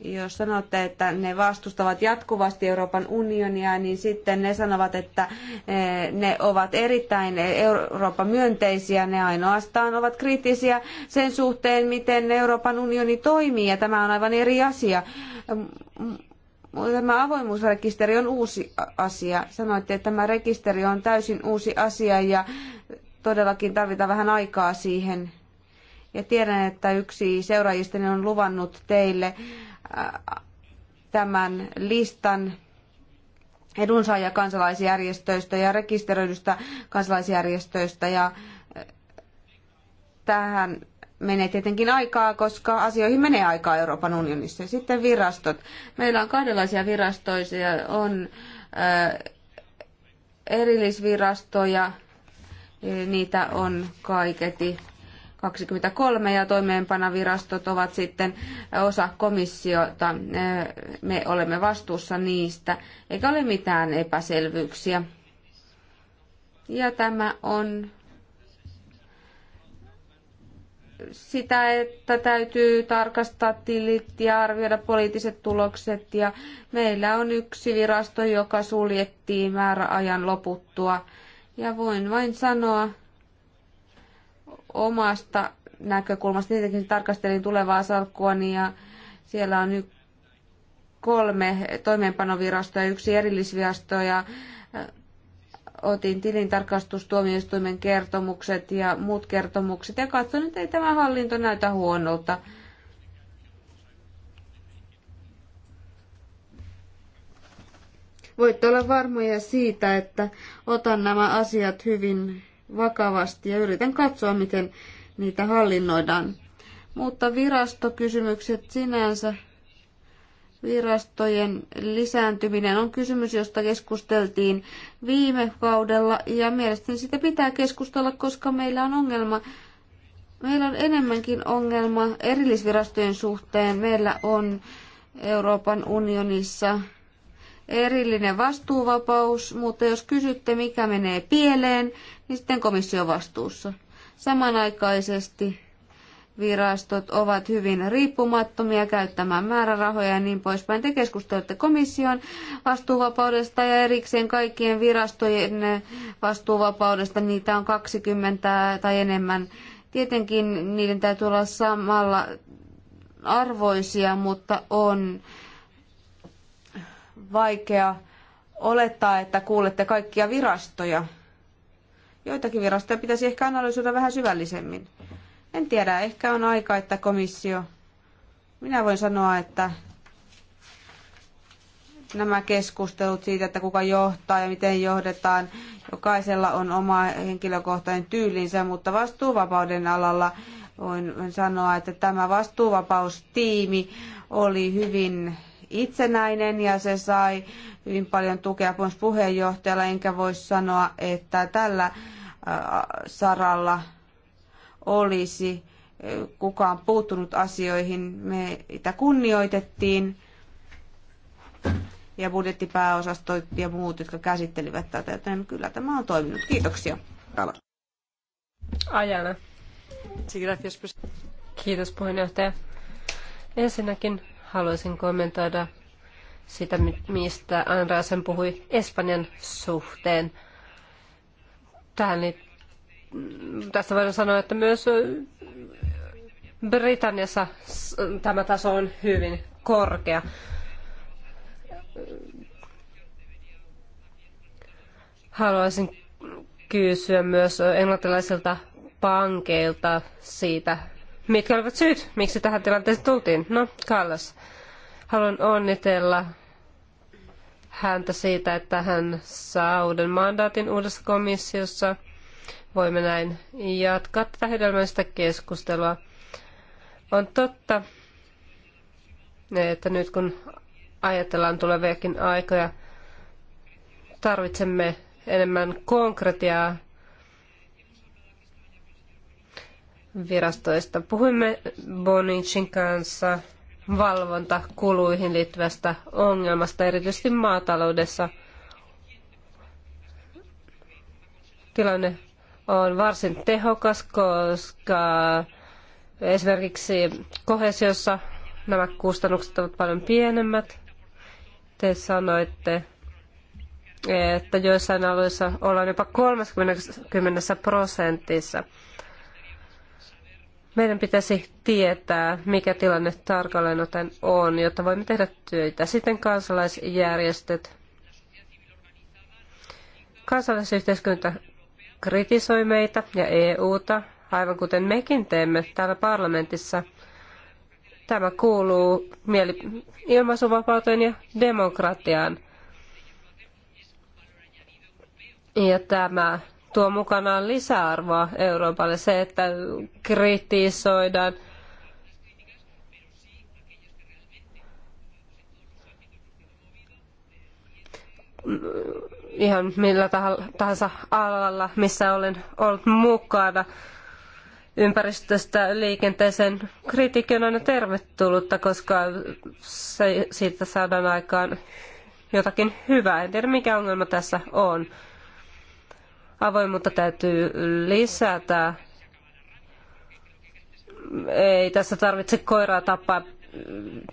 jos sanotte, että ne vastustavat jatkuvasti Euroopan unionia, niin sitten ne sanovat, että eh, ne ovat erittäin Euroopan myönteisiä, ne ainoastaan ovat kriittisiä sen suhteen, miten Euroopan unioni toimii, ja tämä on aivan eri asia. Tämä avoimuusrekisteri on uusi asia. Sanoitte, että tämä rekisteri on täysin uusi asia ja todellakin tarvitaan vähän aikaa siihen. Ja tiedän, että yksi seuraajistani on luvannut teille Äh, tämän listan edunsaaja kansalaisjärjestöistä ja rekisteröidystä kansalaisjärjestöistä ja äh, tähän menee tietenkin aikaa, koska asioihin menee aikaa Euroopan unionissa. Sitten virastot. Meillä on kahdenlaisia virastoja. On äh, erillisvirastoja, niitä on kaiketi 23 ja toimeenpanavirastot ovat sitten osa komissiota. Me olemme vastuussa niistä, eikä ole mitään epäselvyyksiä. Ja tämä on sitä, että täytyy tarkastaa tilit ja arvioida poliittiset tulokset. Ja meillä on yksi virasto, joka suljettiin määräajan loputtua. Ja voin vain sanoa, omasta näkökulmasta. Tietenkin tarkastelin tulevaa niin ja siellä on nyt kolme toimeenpanovirastoa ja yksi erillisvirasto ja otin tilintarkastustuomioistuimen kertomukset ja muut kertomukset ja katsoin, että ei tämä hallinto näytä huonolta. Voitte olla varmoja siitä, että otan nämä asiat hyvin vakavasti ja yritän katsoa, miten niitä hallinnoidaan. Mutta virastokysymykset sinänsä, virastojen lisääntyminen on kysymys, josta keskusteltiin viime kaudella ja mielestäni sitä pitää keskustella, koska meillä on ongelma Meillä on enemmänkin ongelma erillisvirastojen suhteen. Meillä on Euroopan unionissa erillinen vastuuvapaus, mutta jos kysytte, mikä menee pieleen, niin sitten komissio vastuussa. Samanaikaisesti virastot ovat hyvin riippumattomia käyttämään määrärahoja ja niin poispäin. Te keskustelette komission vastuuvapaudesta ja erikseen kaikkien virastojen vastuuvapaudesta. Niitä on 20 tai enemmän. Tietenkin niiden täytyy olla samalla arvoisia, mutta on vaikea olettaa, että kuulette kaikkia virastoja. Joitakin virastoja pitäisi ehkä analysoida vähän syvällisemmin. En tiedä, ehkä on aika, että komissio... Minä voin sanoa, että nämä keskustelut siitä, että kuka johtaa ja miten johdetaan. Jokaisella on oma henkilökohtainen tyylinsä, mutta vastuuvapauden alalla voin sanoa, että tämä vastuuvapaustiimi oli hyvin itsenäinen ja se sai hyvin paljon tukea myös puheenjohtajalla, enkä voi sanoa, että tällä saralla olisi kukaan puuttunut asioihin. Meitä kunnioitettiin ja budjettipääosastot ja muut, jotka käsittelivät tätä, joten kyllä tämä on toiminut. Kiitoksia. Ajana. Kiitos puheenjohtaja. Ensinnäkin haluaisin kommentoida sitä, mistä Andrasen puhui Espanjan suhteen. Tähän niin, tästä voidaan sanoa, että myös Britanniassa tämä taso on hyvin korkea. Haluaisin kysyä myös englantilaisilta pankeilta siitä, Mitkä olivat syyt, miksi tähän tilanteeseen tultiin? No, Kallas, haluan onnitella häntä siitä, että hän saa uuden mandaatin uudessa komissiossa. Voimme näin jatkaa tätä hedelmällistä keskustelua. On totta, että nyt kun ajatellaan tuleviakin aikoja, tarvitsemme enemmän konkretiaa virastoista. Puhuimme Bonicin kanssa valvontakuluihin liittyvästä ongelmasta, erityisesti maataloudessa. Tilanne on varsin tehokas, koska esimerkiksi kohesiossa nämä kustannukset ovat paljon pienemmät. Te sanoitte, että joissain alueissa ollaan jopa 30 prosentissa. Meidän pitäisi tietää, mikä tilanne tarkalleen ottaen on, jotta voimme tehdä työtä. Sitten kansalaisjärjestöt. Kansalaisyhteiskunta kritisoi meitä ja EUta, aivan kuten mekin teemme täällä parlamentissa. Tämä kuuluu mieli- ilmaisuvapauteen ja demokratiaan. Ja tämä tuo mukanaan lisäarvoa Euroopalle. Se, että kritisoidaan ihan millä tahansa alalla, missä olen ollut mukana ympäristöstä liikenteeseen kritiikki on aina tervetullutta, koska se, siitä saadaan aikaan jotakin hyvää. En tiedä, mikä ongelma tässä on avoimuutta täytyy lisätä. Ei tässä tarvitse koiraa tappaa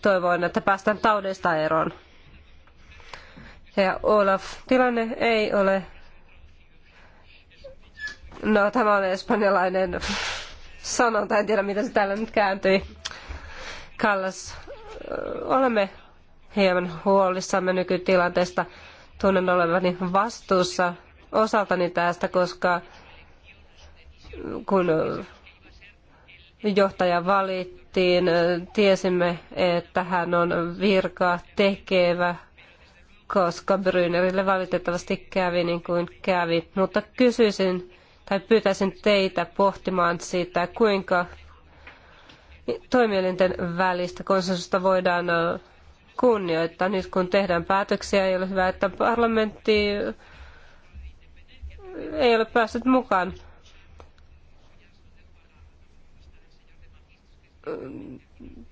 toivoen, että päästään taudeista eroon. Ja Olaf, tilanne ei ole... No, tämä oli espanjalainen sanonta, en tiedä mitä se täällä nyt kääntyi. Kallas, olemme hieman huolissamme nykytilanteesta. Tunnen olevani vastuussa osaltani tästä, koska kun johtaja valittiin, tiesimme, että hän on virkaa tekevä, koska Brynerille valitettavasti kävi niin kuin kävi. Mutta kysyisin tai pyytäisin teitä pohtimaan siitä, kuinka toimielinten välistä konsensusta voidaan kunnioittaa. Nyt kun tehdään päätöksiä, ei ole hyvä, että parlamentti ei ole päässyt mukaan.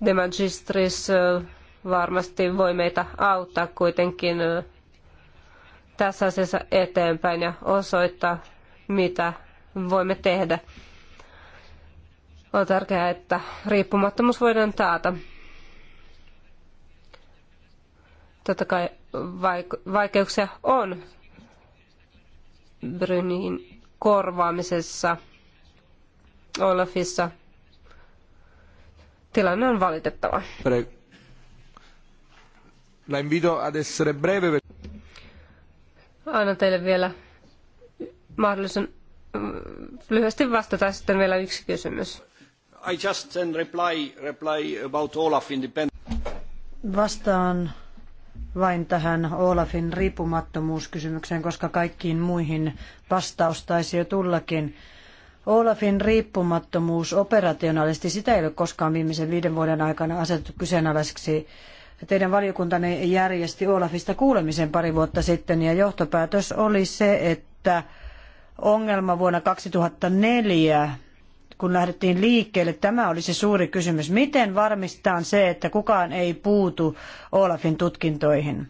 De Magistris varmasti voi meitä auttaa kuitenkin tässä asiassa eteenpäin ja osoittaa, mitä voimme tehdä. On tärkeää, että riippumattomuus voidaan taata. Totta kai vaikeuksia on Brynin korvaamisessa Olafissa. Tilanne on valitettava. La invito ad essere breve. Annan teille vielä mahdollisen mm, lyhyesti vastata sitten vielä yksi kysymys. I just then reply, reply about Olaf independent. Vastaan vain tähän Olafin riippumattomuuskysymykseen, koska kaikkiin muihin vastaus taisi jo tullakin. Olafin riippumattomuus operationaalisesti, sitä ei ole koskaan viimeisen viiden vuoden aikana asetettu kyseenalaiseksi. Teidän valiokuntanne järjesti Olafista kuulemisen pari vuotta sitten ja johtopäätös oli se, että ongelma vuonna 2004 kun lähdettiin liikkeelle, tämä oli se suuri kysymys. Miten varmistetaan se, että kukaan ei puutu Olafin tutkintoihin?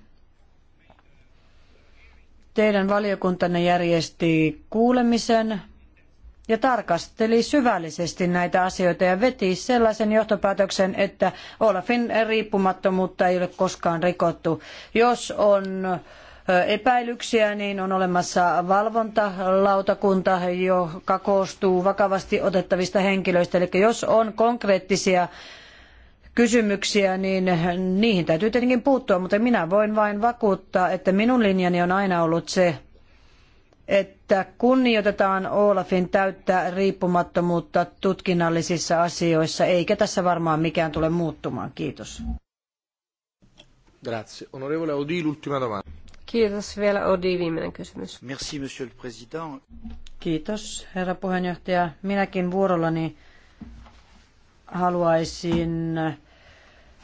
Teidän valiokuntanne järjesti kuulemisen ja tarkasteli syvällisesti näitä asioita ja veti sellaisen johtopäätöksen, että Olafin riippumattomuutta ei ole koskaan rikottu. Jos on epäilyksiä, niin on olemassa valvontalautakunta, joka koostuu vakavasti otettavista henkilöistä. Eli jos on konkreettisia kysymyksiä, niin niihin täytyy tietenkin puuttua, mutta minä voin vain vakuuttaa, että minun linjani on aina ollut se, että kunnioitetaan Olafin täyttä riippumattomuutta tutkinnallisissa asioissa, eikä tässä varmaan mikään tule muuttumaan. Kiitos. Grazie. Onorevole Audi, l'ultima domanda. Kiitos. Vielä Odi, viimeinen kysymys. Merci, monsieur le président. Kiitos, herra puheenjohtaja. Minäkin vuorollani haluaisin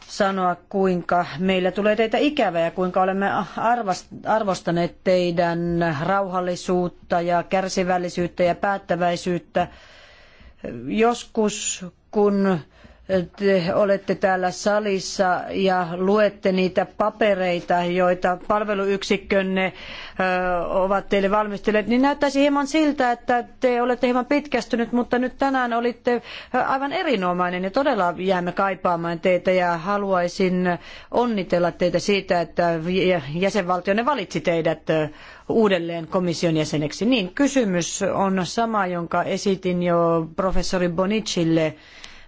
sanoa, kuinka meillä tulee teitä ikävä ja kuinka olemme arvostaneet teidän rauhallisuutta ja kärsivällisyyttä ja päättäväisyyttä. Joskus, kun te olette täällä salissa ja luette niitä papereita, joita palveluyksikkönne ovat teille valmistelleet, niin näyttäisi hieman siltä, että te olette hieman pitkästynyt, mutta nyt tänään olitte aivan erinomainen ja todella jäämme kaipaamaan teitä ja haluaisin onnitella teitä siitä, että jäsenvaltionne valitsi teidät uudelleen komission jäseneksi. Niin, kysymys on sama, jonka esitin jo professori Bonicille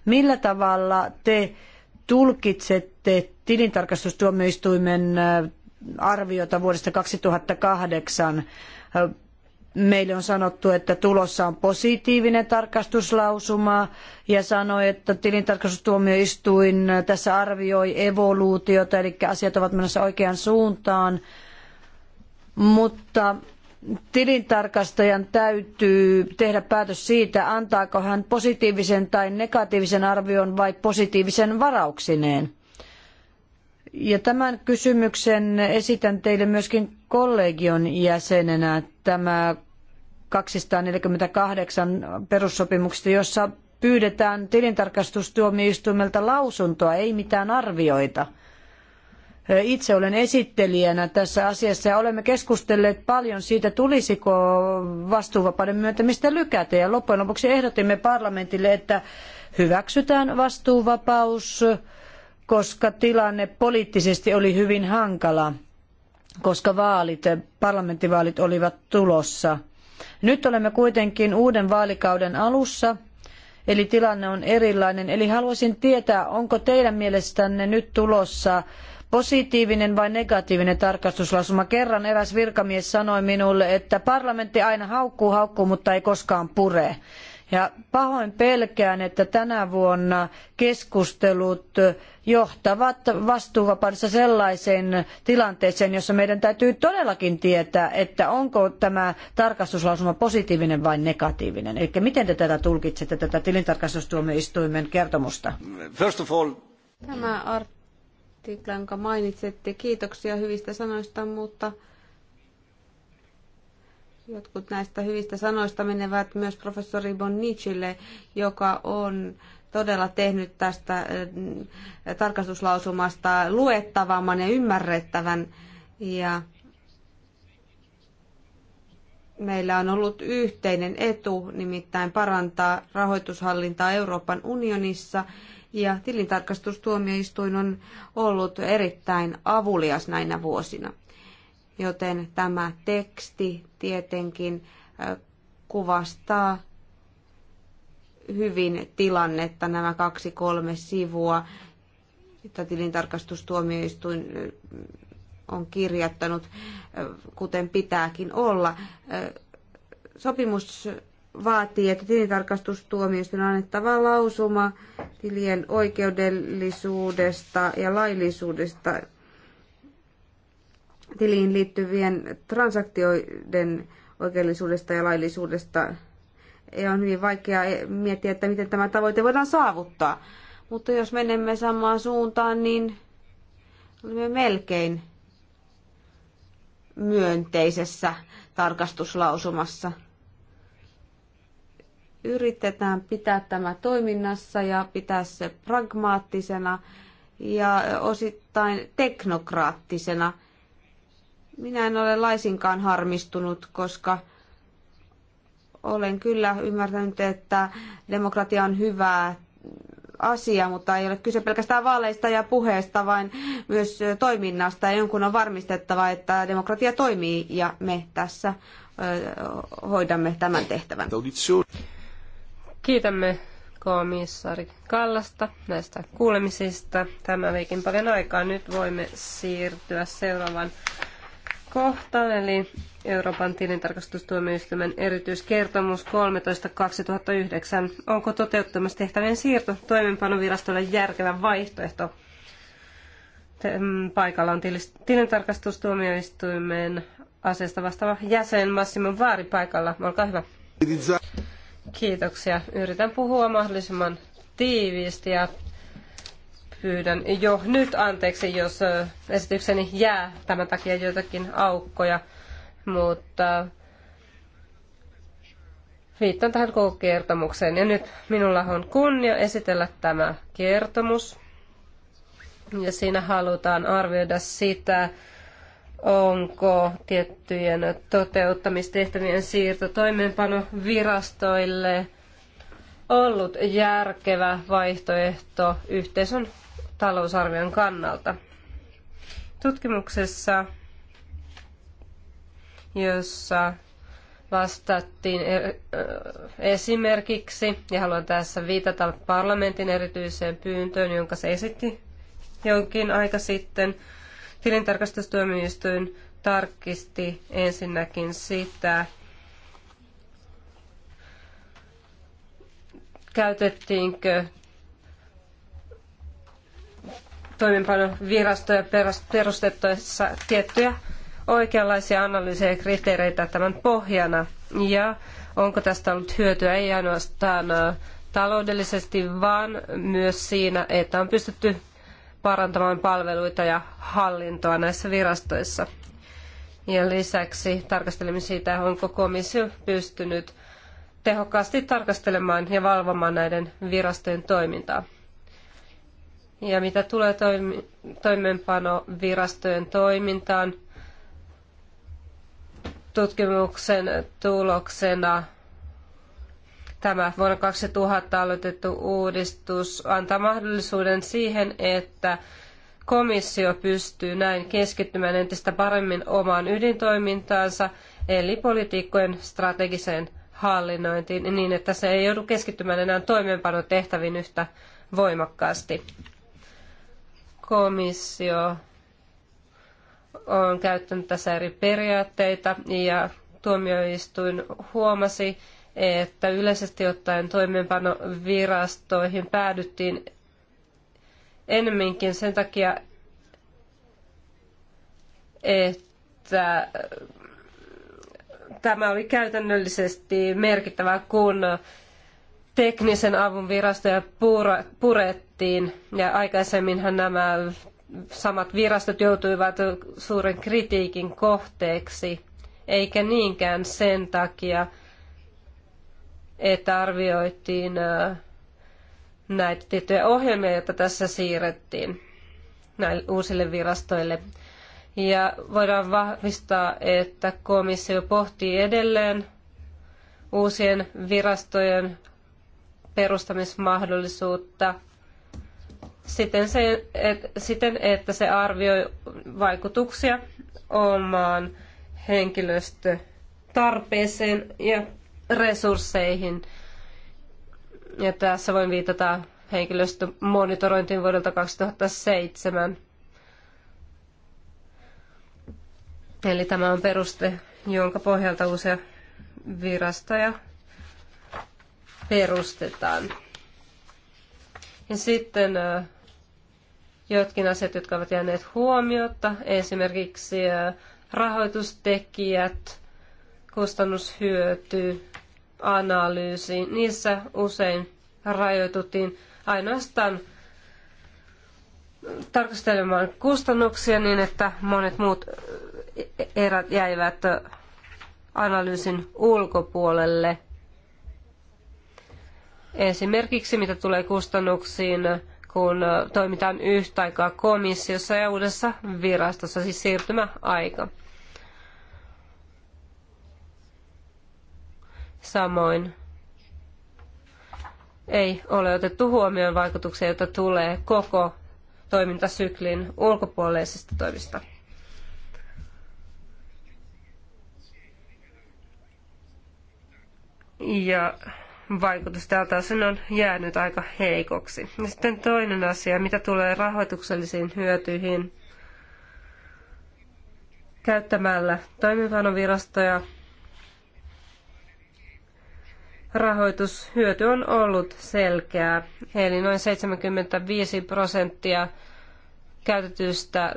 Millä tavalla te tulkitsette tilintarkastustuomioistuimen arviota vuodesta 2008? Meille on sanottu, että tulossa on positiivinen tarkastuslausuma ja sanoi, että tilintarkastustuomioistuin tässä arvioi evoluutiota, eli asiat ovat menossa oikeaan suuntaan. Mutta tilintarkastajan täytyy tehdä päätös siitä, antaako hän positiivisen tai negatiivisen arvion vai positiivisen varauksineen. Ja tämän kysymyksen esitän teille myöskin kollegion jäsenenä tämä 248 perussopimuksesta, jossa pyydetään tilintarkastustuomioistuimelta lausuntoa, ei mitään arvioita – itse olen esittelijänä tässä asiassa ja olemme keskustelleet paljon siitä, tulisiko vastuuvapauden myöntämistä lykätä. Ja loppujen lopuksi ehdotimme parlamentille, että hyväksytään vastuuvapaus, koska tilanne poliittisesti oli hyvin hankala, koska vaalit, parlamenttivaalit olivat tulossa. Nyt olemme kuitenkin uuden vaalikauden alussa eli tilanne on erilainen. Eli haluaisin tietää, onko teidän mielestänne nyt tulossa positiivinen vai negatiivinen tarkastuslausuma. Kerran eräs virkamies sanoi minulle, että parlamentti aina haukkuu, haukkuu, mutta ei koskaan pure. Ja pahoin pelkään, että tänä vuonna keskustelut johtavat vastuuvapaudessa sellaiseen tilanteeseen, jossa meidän täytyy todellakin tietää, että onko tämä tarkastuslausuma positiivinen vai negatiivinen. Eli miten te tätä tulkitsette, tätä tilintarkastustuomioistuimen kertomusta? Tämä artikla, jonka mainitsette. Kiitoksia hyvistä sanoista, mutta jotkut näistä hyvistä sanoista menevät myös professori Bonnicille, joka on todella tehnyt tästä eh, tarkastuslausumasta luettavamman ja ymmärrettävän. Ja meillä on ollut yhteinen etu, nimittäin parantaa rahoitushallintaa Euroopan unionissa ja tilintarkastustuomioistuin on ollut erittäin avulias näinä vuosina. Joten tämä teksti tietenkin kuvastaa hyvin tilannetta nämä kaksi kolme sivua, että tilintarkastustuomioistuin on kirjattanut, kuten pitääkin olla. Sopimus vaatii, että tilintarkastustuomioistuin on annettava lausuma tilien oikeudellisuudesta ja laillisuudesta tiliin liittyvien transaktioiden oikeellisuudesta ja laillisuudesta. Ja on hyvin vaikea miettiä, että miten tämä tavoite voidaan saavuttaa. Mutta jos menemme samaan suuntaan, niin olemme melkein myönteisessä tarkastuslausumassa yritetään pitää tämä toiminnassa ja pitää se pragmaattisena ja osittain teknokraattisena. Minä en ole laisinkaan harmistunut, koska olen kyllä ymmärtänyt, että demokratia on hyvää asia, mutta ei ole kyse pelkästään vaaleista ja puheesta, vaan myös toiminnasta. Ja jonkun on varmistettava, että demokratia toimii ja me tässä hoidamme tämän tehtävän. Kiitämme komissaari Kallasta näistä kuulemisista. Tämä veikin paljon aikaa. Nyt voimme siirtyä seuraavaan kohtaan, eli Euroopan tilintarkastustuomioistuimen erityiskertomus 13.2009. Onko toteuttamistehtävien siirto toimeenpanovirastolle järkevä vaihtoehto? Mm, paikalla on tilintarkastustuomioistuimen asiasta vastaava jäsen Massimo Vaari paikalla. Olkaa hyvä. Kiitoksia. Yritän puhua mahdollisimman tiiviisti ja pyydän jo nyt anteeksi, jos esitykseni jää tämän takia joitakin aukkoja, mutta viittaan tähän koko kertomukseen. Ja nyt minulla on kunnia esitellä tämä kertomus. Ja siinä halutaan arvioida sitä, onko tiettyjen toteuttamistehtävien siirto toimeenpano virastoille ollut järkevä vaihtoehto yhteisön talousarvion kannalta. Tutkimuksessa, jossa vastattiin esimerkiksi, ja haluan tässä viitata parlamentin erityiseen pyyntöön, jonka se esitti jonkin aika sitten, Tilintarkastustuomioistuin tarkisti ensinnäkin sitä, käytettiinkö toimenpanovirastoja perustettaessa tiettyjä oikeanlaisia analyysejä ja kriteereitä tämän pohjana. Ja onko tästä ollut hyötyä ei ainoastaan taloudellisesti, vaan myös siinä, että on pystytty parantamaan palveluita ja hallintoa näissä virastoissa. Ja lisäksi tarkastelemme siitä, onko komissio pystynyt tehokkaasti tarkastelemaan ja valvomaan näiden virastojen toimintaa. Ja mitä tulee toimi, toimeenpano virastojen toimintaan, tutkimuksen tuloksena tämä vuonna 2000 aloitettu uudistus antaa mahdollisuuden siihen, että komissio pystyy näin keskittymään entistä paremmin omaan ydintoimintaansa, eli politiikkojen strategiseen hallinnointiin, niin että se ei joudu keskittymään enää toimeenpanotehtäviin yhtä voimakkaasti. Komissio on käyttänyt tässä eri periaatteita ja tuomioistuin huomasi, että yleisesti ottaen toimeenpanovirastoihin päädyttiin enemminkin sen takia, että tämä oli käytännöllisesti merkittävää, kun teknisen avun virastoja purettiin ja aikaisemminhan nämä samat virastot joutuivat suuren kritiikin kohteeksi, eikä niinkään sen takia, että arvioitiin näitä tiettyjä ohjelmia, joita tässä siirrettiin näille uusille virastoille. Ja voidaan vahvistaa, että komissio pohtii edelleen uusien virastojen perustamismahdollisuutta siten, se, et, siten että se arvioi vaikutuksia omaan henkilöstötarpeeseen ja resursseihin. Ja tässä voin viitata henkilöstömonitorointiin vuodelta 2007. Eli tämä on peruste, jonka pohjalta usea virastoja perustetaan. Ja sitten jotkin asiat, jotka ovat jääneet huomiota, esimerkiksi rahoitustekijät, kustannushyöty, analyysiin. Niissä usein rajoituttiin ainoastaan tarkastelemaan kustannuksia niin, että monet muut eh, erät jäivät eh, analyysin ulkopuolelle. Esimerkiksi mitä tulee kustannuksiin, kun eh, toimitaan yhtä aikaa komissiossa ja uudessa virastossa, siis siirtymäaika. Samoin ei ole otettu huomioon vaikutuksia, joita tulee koko toimintasyklin ulkopuoleisista toimista. Ja vaikutus tältä osin on jäänyt aika heikoksi. Ja sitten toinen asia, mitä tulee rahoituksellisiin hyötyihin käyttämällä toimivanovirastoja virastoja rahoitushyöty on ollut selkeää, eli noin 75 prosenttia käytetystä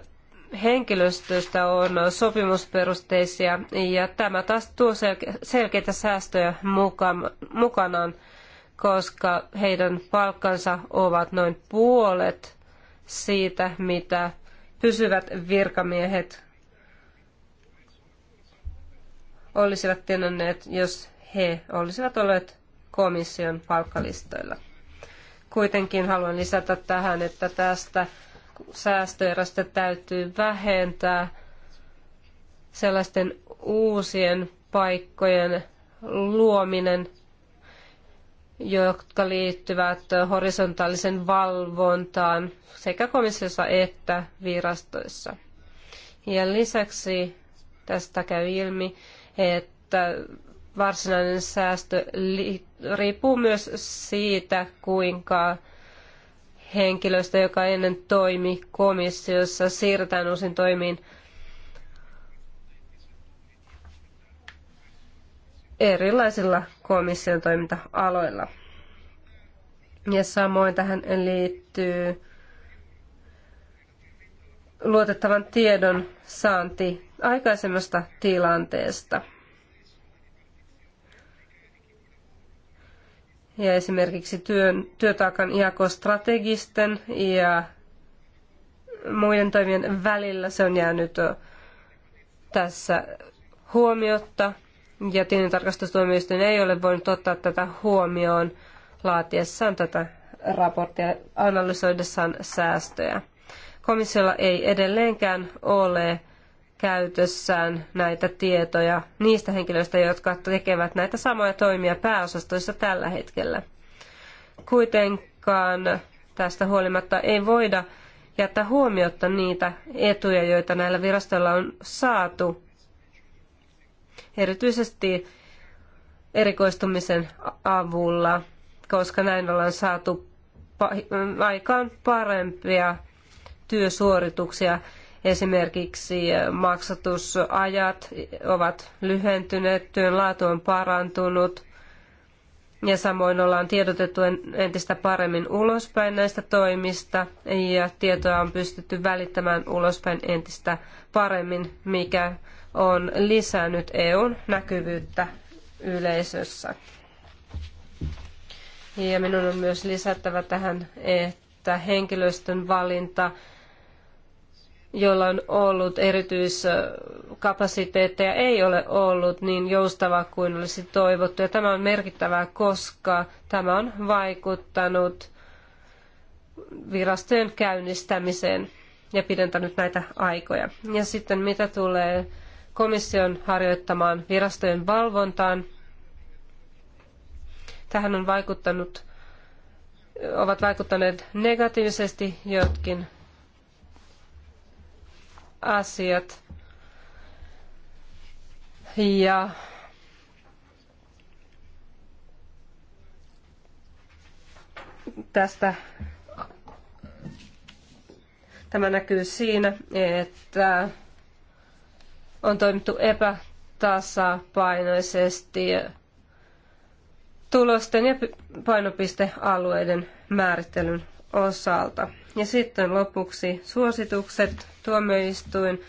henkilöstöstä on sopimusperusteisia ja tämä taas tuo selkeitä säästöjä mukanaan, koska heidän palkkansa ovat noin puolet siitä, mitä pysyvät virkamiehet olisivat tienanneet, jos he olisivat olleet komission palkkalistoilla. Kuitenkin haluan lisätä tähän, että tästä säästöerästä täytyy vähentää sellaisten uusien paikkojen luominen, jotka liittyvät horisontaalisen valvontaan sekä komissiossa että virastoissa. Ja lisäksi tästä käy ilmi, että varsinainen säästö riippuu myös siitä, kuinka henkilöstä, joka ennen toimi komissiossa, siirretään uusiin toimiin erilaisilla komission toiminta-aloilla. Ja samoin tähän liittyy luotettavan tiedon saanti aikaisemmasta tilanteesta – ja esimerkiksi työn, työtaakan jako strategisten ja muiden toimien välillä se on jäänyt tässä huomiotta ja tilintarkastustuomioistuin ei ole voinut ottaa tätä huomioon laatiessaan tätä raporttia analysoidessaan säästöjä. Komissiolla ei edelleenkään ole käytössään näitä tietoja niistä henkilöistä, jotka tekevät näitä samoja toimia pääosastoissa tällä hetkellä. Kuitenkaan tästä huolimatta ei voida jättää huomiota niitä etuja, joita näillä virastoilla on saatu. Erityisesti erikoistumisen avulla, koska näin ollaan saatu aikaan parempia työsuorituksia Esimerkiksi eh, maksatusajat ovat lyhentyneet, työn laatu on parantunut ja samoin ollaan tiedotettu entistä paremmin ulospäin näistä toimista ja tietoa on pystytty välittämään ulospäin entistä paremmin, mikä on lisännyt EUn näkyvyyttä yleisössä. Ja minun on myös lisättävä tähän, että henkilöstön valinta joilla on ollut erityiskapasiteetteja, ei ole ollut niin joustava kuin olisi toivottu. Ja tämä on merkittävää, koska tämä on vaikuttanut virastojen käynnistämiseen ja pidentänyt näitä aikoja. Ja sitten mitä tulee komission harjoittamaan virastojen valvontaan, tähän on vaikuttanut, ovat vaikuttaneet negatiivisesti jotkin asiat. Ja tästä tämä näkyy siinä, että on toimittu epätasapainoisesti tulosten ja painopistealueiden määrittelyn osalta. Ja sitten lopuksi suositukset. Tuomioistuin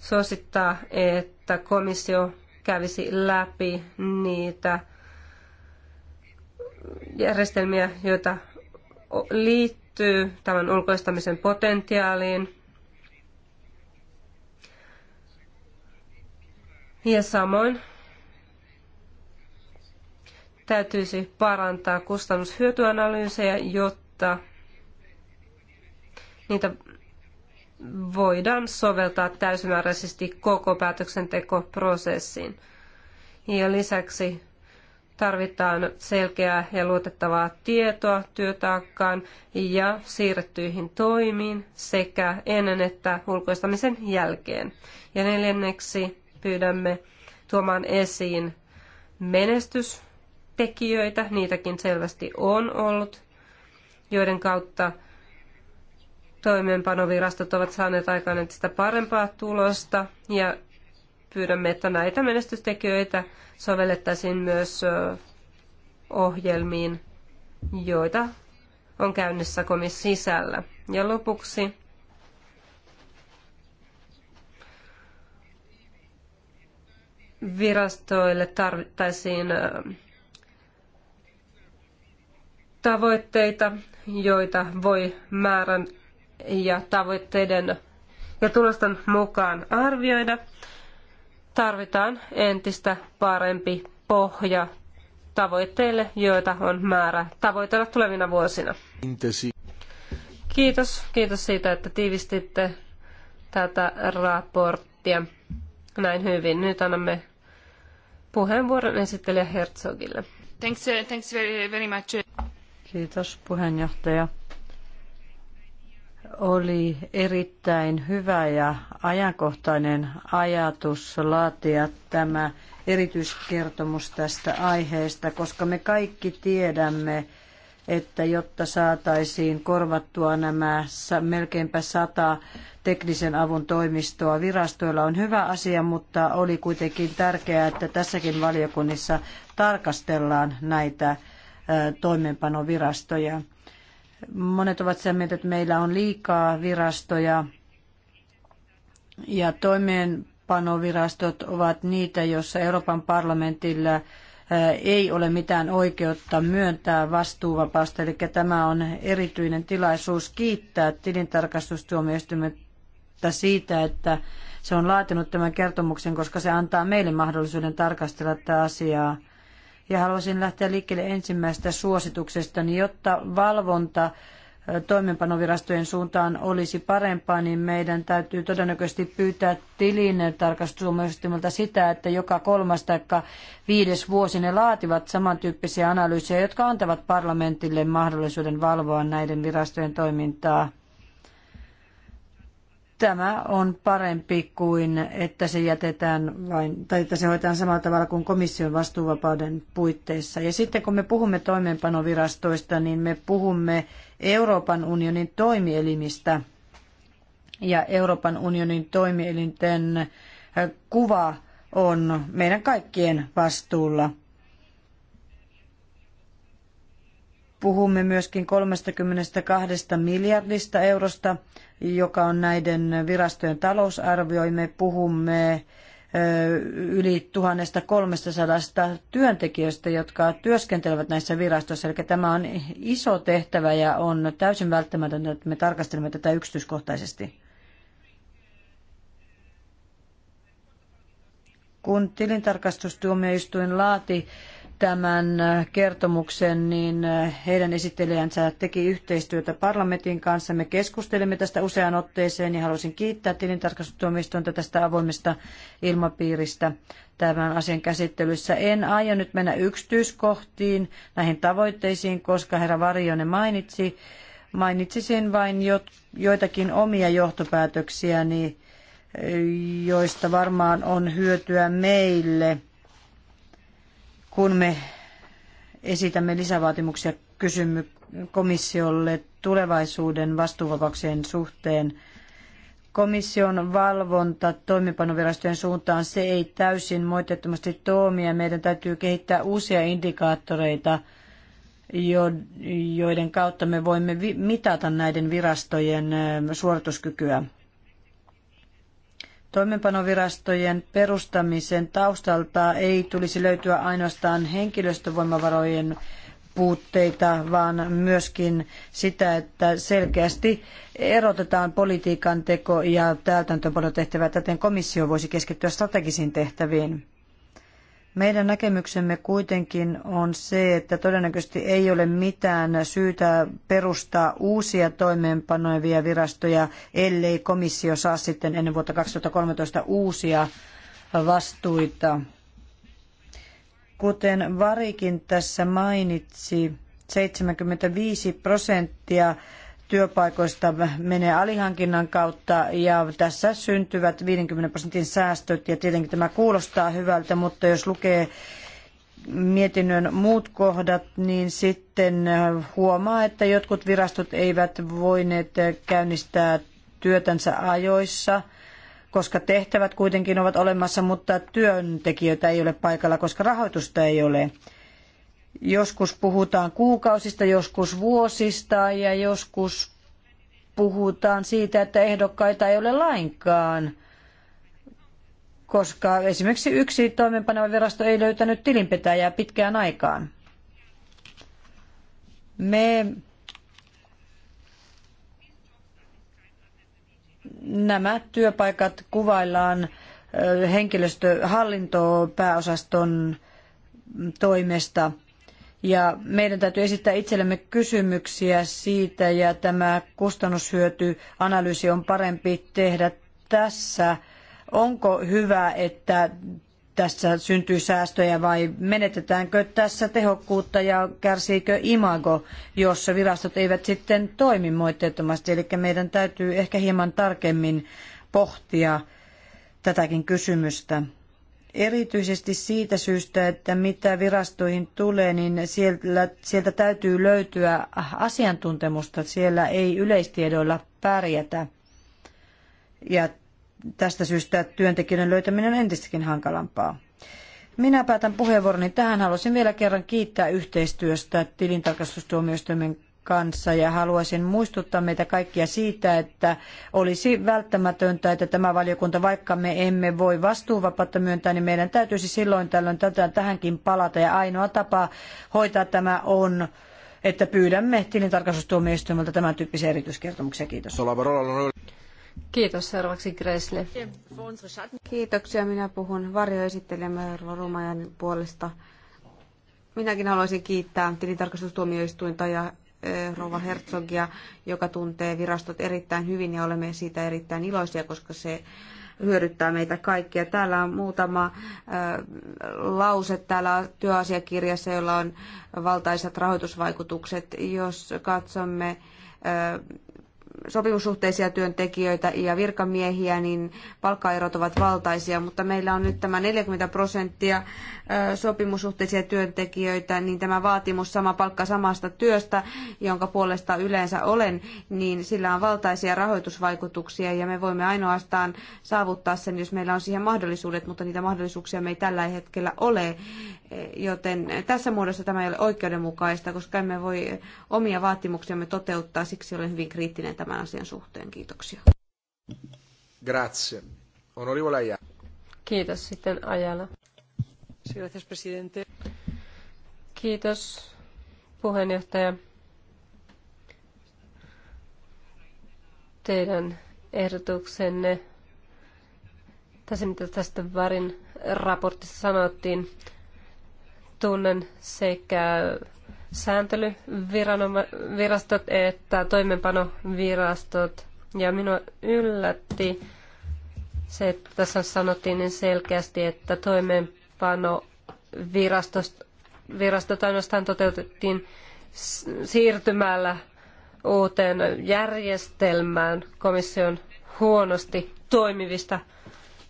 suosittaa, että komissio kävisi läpi niitä järjestelmiä, joita liittyy tämän ulkoistamisen potentiaaliin. Ja samoin täytyisi parantaa kustannushyötyanalyysejä, jotta niitä voidaan soveltaa täysimääräisesti koko päätöksentekoprosessiin. Ja lisäksi tarvitaan selkeää ja luotettavaa tietoa työtaakkaan ja siirrettyihin toimiin sekä ennen että ulkoistamisen jälkeen. Ja neljänneksi pyydämme tuomaan esiin menestystekijöitä, niitäkin selvästi on ollut, joiden kautta toimeenpanovirastot ovat saaneet aikaan entistä parempaa tulosta ja pyydämme, että näitä menestystekijöitä sovellettaisiin myös ohjelmiin, joita on käynnissä komis sisällä. Ja lopuksi virastoille tarvittaisiin tavoitteita, joita voi määrän, ja tavoitteiden ja tulosten mukaan arvioida, tarvitaan entistä parempi pohja tavoitteille, joita on määrä tavoitella tulevina vuosina. Kiitos, kiitos siitä, että tiivistitte tätä raporttia näin hyvin. Nyt annamme puheenvuoron esittelijä Herzogille. Thanks, uh, thanks very, very much. Kiitos puheenjohtaja oli erittäin hyvä ja ajankohtainen ajatus laatia tämä erityiskertomus tästä aiheesta, koska me kaikki tiedämme, että jotta saataisiin korvattua nämä melkeinpä sata teknisen avun toimistoa virastoilla on hyvä asia, mutta oli kuitenkin tärkeää, että tässäkin valiokunnissa tarkastellaan näitä toimeenpanovirastoja. Monet ovat sitä mieltä, että meillä on liikaa virastoja ja toimeenpanovirastot ovat niitä, joissa Euroopan parlamentilla ei ole mitään oikeutta myöntää vastuuvapaasta. Eli tämä on erityinen tilaisuus kiittää tilintarkastustuomioistuimelta siitä, että se on laatinut tämän kertomuksen, koska se antaa meille mahdollisuuden tarkastella tätä asiaa ja haluaisin lähteä liikkeelle ensimmäisestä suosituksesta, niin jotta valvonta toimenpanovirastojen suuntaan olisi parempaa, niin meidän täytyy todennäköisesti pyytää tilin tarkastustuomioistuimelta sitä, että joka kolmas tai viides vuosi ne laativat samantyyppisiä analyysejä, jotka antavat parlamentille mahdollisuuden valvoa näiden virastojen toimintaa. Tämä on parempi kuin, että se jätetään vain, tai että se hoitetaan samalla tavalla kuin komission vastuuvapauden puitteissa. Ja sitten kun me puhumme toimeenpanovirastoista, niin me puhumme Euroopan unionin toimielimistä ja Euroopan unionin toimielinten äh, kuva on meidän kaikkien vastuulla. Puhumme myöskin 32 miljardista eurosta joka on näiden virastojen talousarvio. Me puhumme yli 1300 työntekijöistä, jotka työskentelevät näissä virastoissa. Eli tämä on iso tehtävä ja on täysin välttämätöntä, että me tarkastelemme tätä yksityiskohtaisesti. Kun tilintarkastustuomioistuin laati tämän kertomuksen, niin heidän esittelijänsä teki yhteistyötä parlamentin kanssa. Me keskustelimme tästä useaan otteeseen ja haluaisin kiittää tilintarkastustuomioistuinta tästä avoimesta ilmapiiristä tämän asian käsittelyssä. En aio nyt mennä yksityiskohtiin näihin tavoitteisiin, koska herra Varjonen mainitsi. Mainitsisin vain joitakin omia johtopäätöksiäni, joista varmaan on hyötyä meille – kun me esitämme lisävaatimuksia kysymme komissiolle tulevaisuuden vastuuvapauksien suhteen. Komission valvonta toimeenpanovirastojen suuntaan se ei täysin moitettomasti toimi ja meidän täytyy kehittää uusia indikaattoreita, joiden kautta me voimme mitata näiden virastojen suorituskykyä. Toimenpanovirastojen perustamisen taustalta ei tulisi löytyä ainoastaan henkilöstövoimavarojen puutteita, vaan myöskin sitä, että selkeästi erotetaan politiikan teko ja täytäntöönpano tehtävät, täten komissio voisi keskittyä strategisiin tehtäviin. Meidän näkemyksemme kuitenkin on se, että todennäköisesti ei ole mitään syytä perustaa uusia toimeenpanoivia virastoja, ellei komissio saa sitten ennen vuotta 2013 uusia vastuita. Kuten Varikin tässä mainitsi, 75 prosenttia työpaikoista menee alihankinnan kautta ja tässä syntyvät 50 prosentin säästöt ja tietenkin tämä kuulostaa hyvältä, mutta jos lukee mietinnön muut kohdat, niin sitten huomaa, että jotkut virastot eivät voineet käynnistää työtänsä ajoissa, koska tehtävät kuitenkin ovat olemassa, mutta työntekijöitä ei ole paikalla, koska rahoitusta ei ole. Joskus puhutaan kuukausista, joskus vuosista ja joskus puhutaan siitä, että ehdokkaita ei ole lainkaan, koska esimerkiksi yksi toimeenpaneva virasto ei löytänyt tilinpitäjää pitkään aikaan. Me nämä työpaikat kuvaillaan henkilöstöhallintopääosaston toimesta – ja meidän täytyy esittää itsellemme kysymyksiä siitä ja tämä kustannushyötyanalyysi on parempi tehdä tässä. Onko hyvä, että tässä syntyy säästöjä vai menetetäänkö tässä tehokkuutta ja kärsiikö imago, jos virastot eivät sitten toimi moitteettomasti. Eli meidän täytyy ehkä hieman tarkemmin pohtia tätäkin kysymystä erityisesti siitä syystä, että mitä virastoihin tulee, niin sieltä, sieltä täytyy löytyä asiantuntemusta. Siellä ei yleistiedoilla pärjätä. Ja tästä syystä työntekijöiden löytäminen on entistäkin hankalampaa. Minä päätän puheenvuoroni tähän. Haluaisin vielä kerran kiittää yhteistyöstä tilintarkastustuomioistuimen kanssa ja haluaisin muistuttaa meitä kaikkia siitä, että olisi välttämätöntä, että tämä valiokunta, vaikka me emme voi vastuuvapautta myöntää, niin meidän täytyisi silloin tällöin tätä, tähänkin palata ja ainoa tapa hoitaa tämä on että pyydämme tilintarkastustuomioistuimelta tämän tyyppisiä erityiskertomuksia. Kiitos. Kiitos. Seuraavaksi Gresle. Kiitoksia. Minä puhun varjoesittelijämme Rumajan puolesta. Minäkin haluaisin kiittää tilintarkastustuomioistuinta ja Eh, Rova Herzogia, joka tuntee virastot erittäin hyvin ja olemme siitä erittäin iloisia, koska se hyödyttää meitä kaikkia. Täällä on muutama eh, lause täällä työasiakirjassa, jolla on valtaisat rahoitusvaikutukset. Jos katsomme eh, sopimussuhteisia työntekijöitä ja virkamiehiä, niin palkkaerot ovat valtaisia, mutta meillä on nyt tämä 40 prosenttia sopimussuhteisia työntekijöitä, niin tämä vaatimus sama palkka samasta työstä, jonka puolesta yleensä olen, niin sillä on valtaisia rahoitusvaikutuksia ja me voimme ainoastaan saavuttaa sen, jos meillä on siihen mahdollisuudet, mutta niitä mahdollisuuksia me ei tällä hetkellä ole. Joten tässä muodossa tämä ei ole oikeudenmukaista, koska emme voi omia vaatimuksiamme toteuttaa. Siksi olen hyvin kriittinen tämän asian suhteen. Kiitoksia. Grazie. Onorevole Ajala. Kiitos sitten Ajala. Gracias, presidente. Kiitos puheenjohtaja. Teidän ehdotuksenne, tässä mitä tästä Varin raportissa sanottiin, tunnen sekä sääntelyvirastot että toimenpanovirastot. Ja minua yllätti se, että tässä sanottiin niin selkeästi, että toimeenpanovirastot ainoastaan toteutettiin siirtymällä uuteen järjestelmään komission huonosti toimivista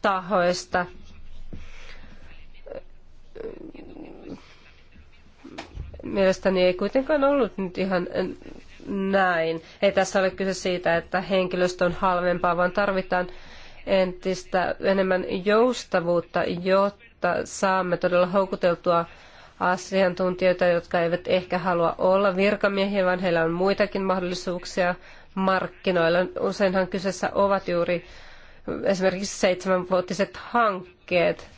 tahoista mielestäni ei kuitenkaan ollut nyt ihan näin. Ei tässä ole kyse siitä, että henkilöstö on halvempaa, vaan tarvitaan entistä enemmän joustavuutta, jotta saamme todella houkuteltua asiantuntijoita, jotka eivät ehkä halua olla virkamiehiä, vaan heillä on muitakin mahdollisuuksia markkinoilla. Useinhan kyseessä ovat juuri esimerkiksi seitsemänvuotiset hankkeet.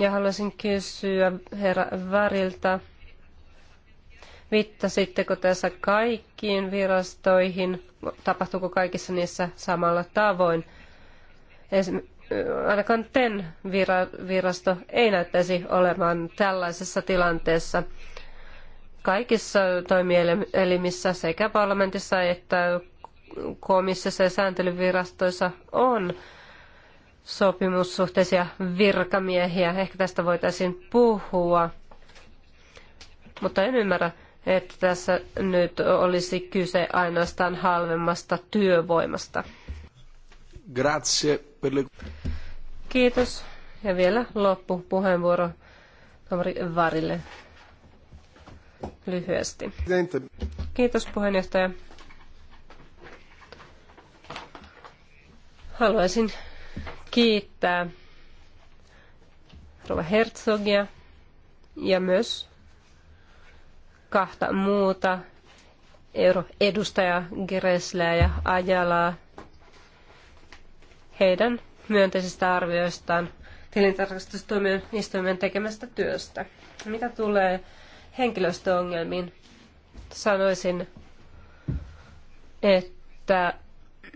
Ja haluaisin kysyä herra Varilta, viittasitteko tässä kaikkiin virastoihin, tapahtuuko kaikissa niissä samalla tavoin? Esim- ainakaan TEN virasto ei näyttäisi olemaan tällaisessa tilanteessa. Kaikissa toimielimissä sekä parlamentissa että komissiossa ja sääntelyvirastoissa on sopimussuhteisia virkamiehiä. Ehkä tästä voitaisiin puhua, mutta en ymmärrä, että tässä nyt olisi kyse ainoastaan halvemmasta työvoimasta. Grazie per le... Kiitos. Ja vielä loppupuheenvuoro Tomari Varille lyhyesti. Kiitos puheenjohtaja. Haluaisin kiittää Rova Herzogia ja myös kahta muuta edustajaa Gresleä ja Ajalaa heidän myönteisistä arvioistaan tilintarkastustuomioistuimen tekemästä työstä. Mitä tulee henkilöstöongelmiin, sanoisin, että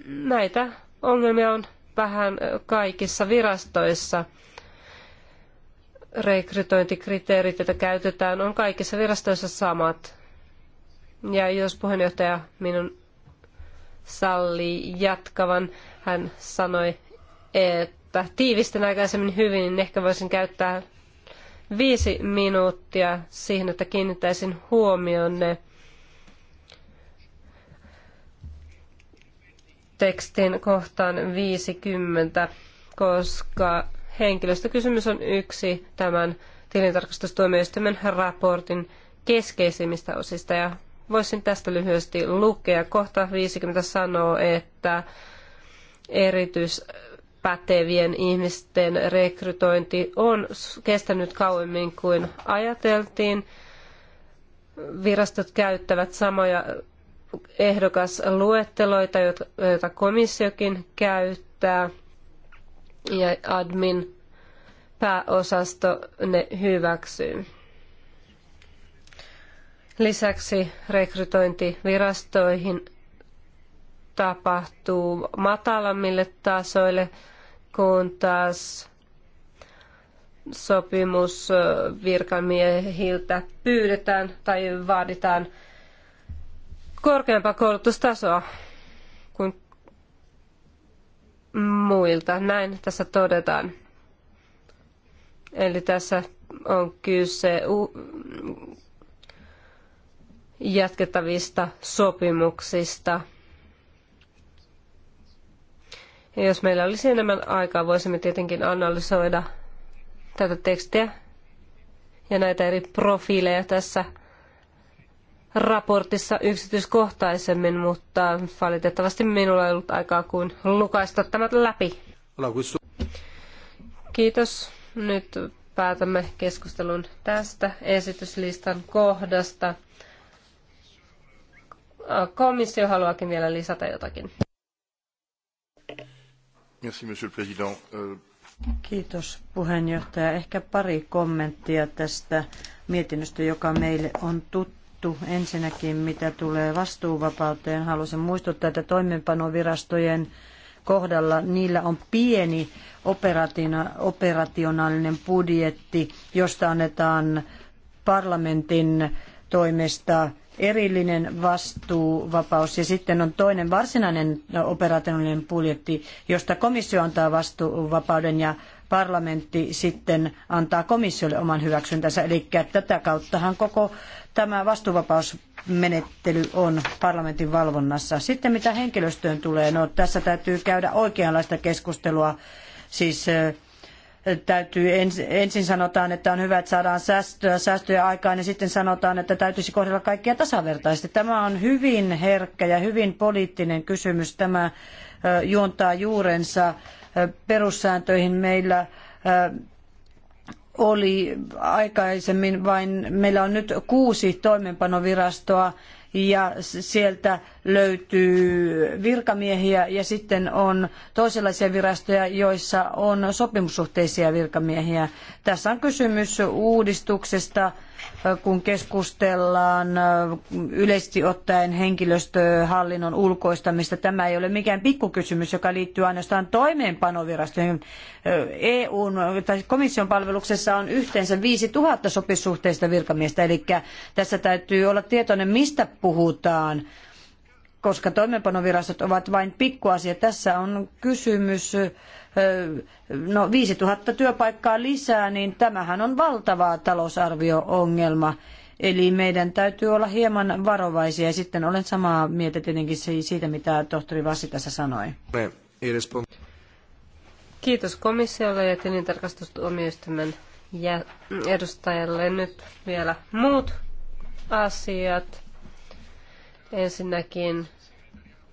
näitä ongelmia on vähän kaikissa virastoissa. Rekrytointikriteerit, joita käytetään, on kaikissa virastoissa samat. Ja jos puheenjohtaja minun sallii jatkavan, hän sanoi, että tiivistin aikaisemmin hyvin, niin ehkä voisin käyttää viisi minuuttia siihen, että kiinnittäisin huomionne tekstin kohtaan 50, koska henkilöstökysymys on yksi tämän tilintarkastustuomioistuimen raportin keskeisimmistä osista ja voisin tästä lyhyesti lukea. Kohta 50 sanoo, että erityispätevien ihmisten rekrytointi on kestänyt kauemmin kuin ajateltiin. Virastot käyttävät samoja ehdokasluetteloita, joita komissiokin käyttää, ja admin pääosasto ne hyväksyy. Lisäksi rekrytointivirastoihin tapahtuu matalammille tasoille, kun taas sopimusvirkamiehiltä pyydetään tai vaaditaan korkeampaa koulutustasoa kuin muilta. Näin tässä todetaan. Eli tässä on kyse jatkettavista sopimuksista. Ja jos meillä olisi enemmän aikaa, voisimme tietenkin analysoida tätä tekstiä ja näitä eri profiileja tässä – raportissa yksityiskohtaisemmin, mutta valitettavasti minulla ei ollut aikaa kuin lukaista tämä läpi. Kiitos. Nyt päätämme keskustelun tästä esityslistan kohdasta. Komissio haluakin vielä lisätä jotakin. Merci, monsieur le président. Euh, Kiitos puheenjohtaja. Ehkä pari kommenttia tästä mietinnöstä, joka meille on tuttu todettu. Ensinnäkin, mitä tulee vastuuvapauteen, haluaisin muistuttaa, että toimeenpanovirastojen kohdalla niillä on pieni operationaalinen budjetti, josta annetaan parlamentin toimesta erillinen vastuuvapaus ja sitten on toinen varsinainen operationaalinen budjetti, josta komissio antaa vastuuvapauden ja parlamentti sitten antaa komissiolle oman hyväksyntänsä. Eli tätä kauttahan koko tämä vastuuvapausmenettely on parlamentin valvonnassa. Sitten mitä henkilöstöön tulee, no tässä täytyy käydä oikeanlaista keskustelua. Siis täytyy ensin sanotaan, että on hyvä, että saadaan säästöä, säästöjä aikaan ja sitten sanotaan, että täytyisi kohdella kaikkia tasavertaisesti. Tämä on hyvin herkkä ja hyvin poliittinen kysymys. Tämä juontaa juurensa perussääntöihin meillä äh, oli aikaisemmin vain, meillä on nyt kuusi toimeenpanovirastoa ja sieltä löytyy virkamiehiä ja sitten on toisenlaisia virastoja, joissa on sopimussuhteisia virkamiehiä. Tässä on kysymys uudistuksesta kun keskustellaan yleisesti ottaen henkilöstöhallinnon ulkoistamista. Tämä ei ole mikään pikkukysymys, joka liittyy ainoastaan toimeenpanovirastoihin. EUn tai komission palveluksessa on yhteensä 5000 sopisuhteista virkamiestä, eli tässä täytyy olla tietoinen, mistä puhutaan koska toimeenpanovirastot ovat vain pikkuasia. Tässä on kysymys no 5000 työpaikkaa lisää, niin tämähän on valtava talousarvio-ongelma. Eli meidän täytyy olla hieman varovaisia. Ja sitten olen samaa mieltä tietenkin siitä, mitä tohtori Vassi tässä sanoi. Kiitos komissiolle ja tilintarkastustuomioistuimen edustajalle. Nyt vielä muut asiat. Ensinnäkin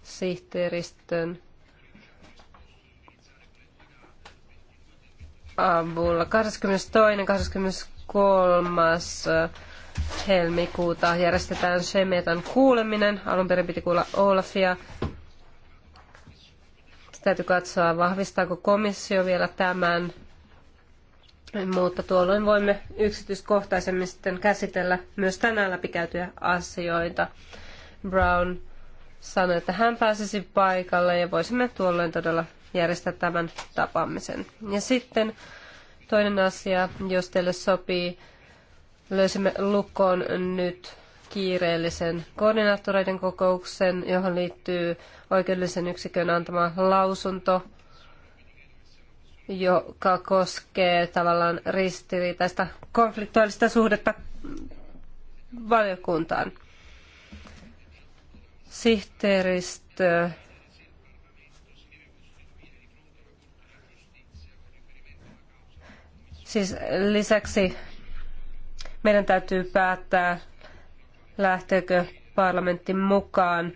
sihteeristön avulla 22. 23. helmikuuta järjestetään Shemetan kuuleminen. Alun perin piti kuulla Olafia. Sitä täytyy katsoa, vahvistaako komissio vielä tämän. Mutta tuolloin voimme yksityiskohtaisemmin sitten käsitellä myös tänään läpikäytyjä asioita. Brown sanoi, että hän pääsisi paikalle ja voisimme tuolloin todella järjestää tämän tapaamisen. Ja sitten toinen asia, jos teille sopii, löysimme lukkoon nyt kiireellisen koordinaattoreiden kokouksen, johon liittyy oikeudellisen yksikön antama lausunto, joka koskee tavallaan ristiriitaista konfliktuaalista suhdetta valiokuntaan sihteeristö Siis lisäksi meidän täytyy päättää, lähteekö parlamentti mukaan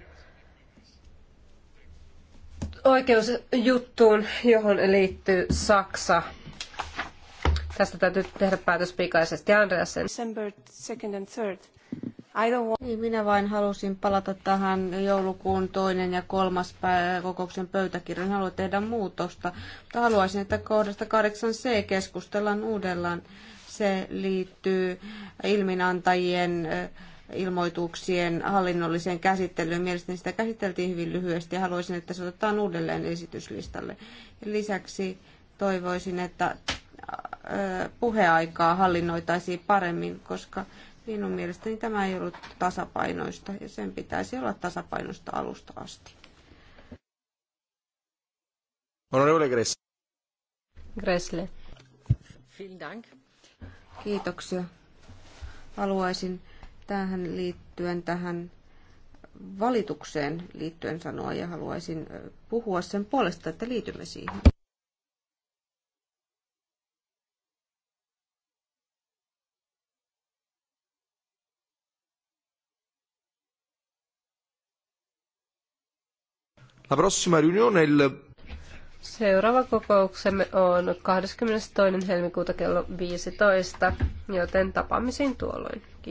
oikeusjuttuun, johon liittyy Saksa. Tästä täytyy tehdä päätös pikaisesti. Andreasen. December 2 and 3 I don't want... niin, minä vain halusin palata tähän joulukuun toinen ja kolmas kokouksen pöytäkirjan. Haluan tehdä muutosta, mutta haluaisin, että kohdasta 8c keskustellaan uudellaan. Se liittyy ilminantajien ilmoituksien hallinnolliseen käsittelyyn. Mielestäni sitä käsiteltiin hyvin lyhyesti ja haluaisin, että se otetaan uudelleen esityslistalle. Lisäksi toivoisin, että puheaikaa hallinnoitaisiin paremmin, koska Minun mielestäni tämä ei ollut tasapainoista ja sen pitäisi olla tasapainoista alusta asti. Honorable Gressle. Gressle. Vielen Dank. Kiitoksia. Haluaisin tähän liittyen, tähän valitukseen liittyen sanoa ja haluaisin puhua sen puolesta, että liitymme siihen. La prossima riunione il... Seuraava kokouksemme on 22. helmikuuta kello 15, joten tapaamisiin tuolloin. Kiitos.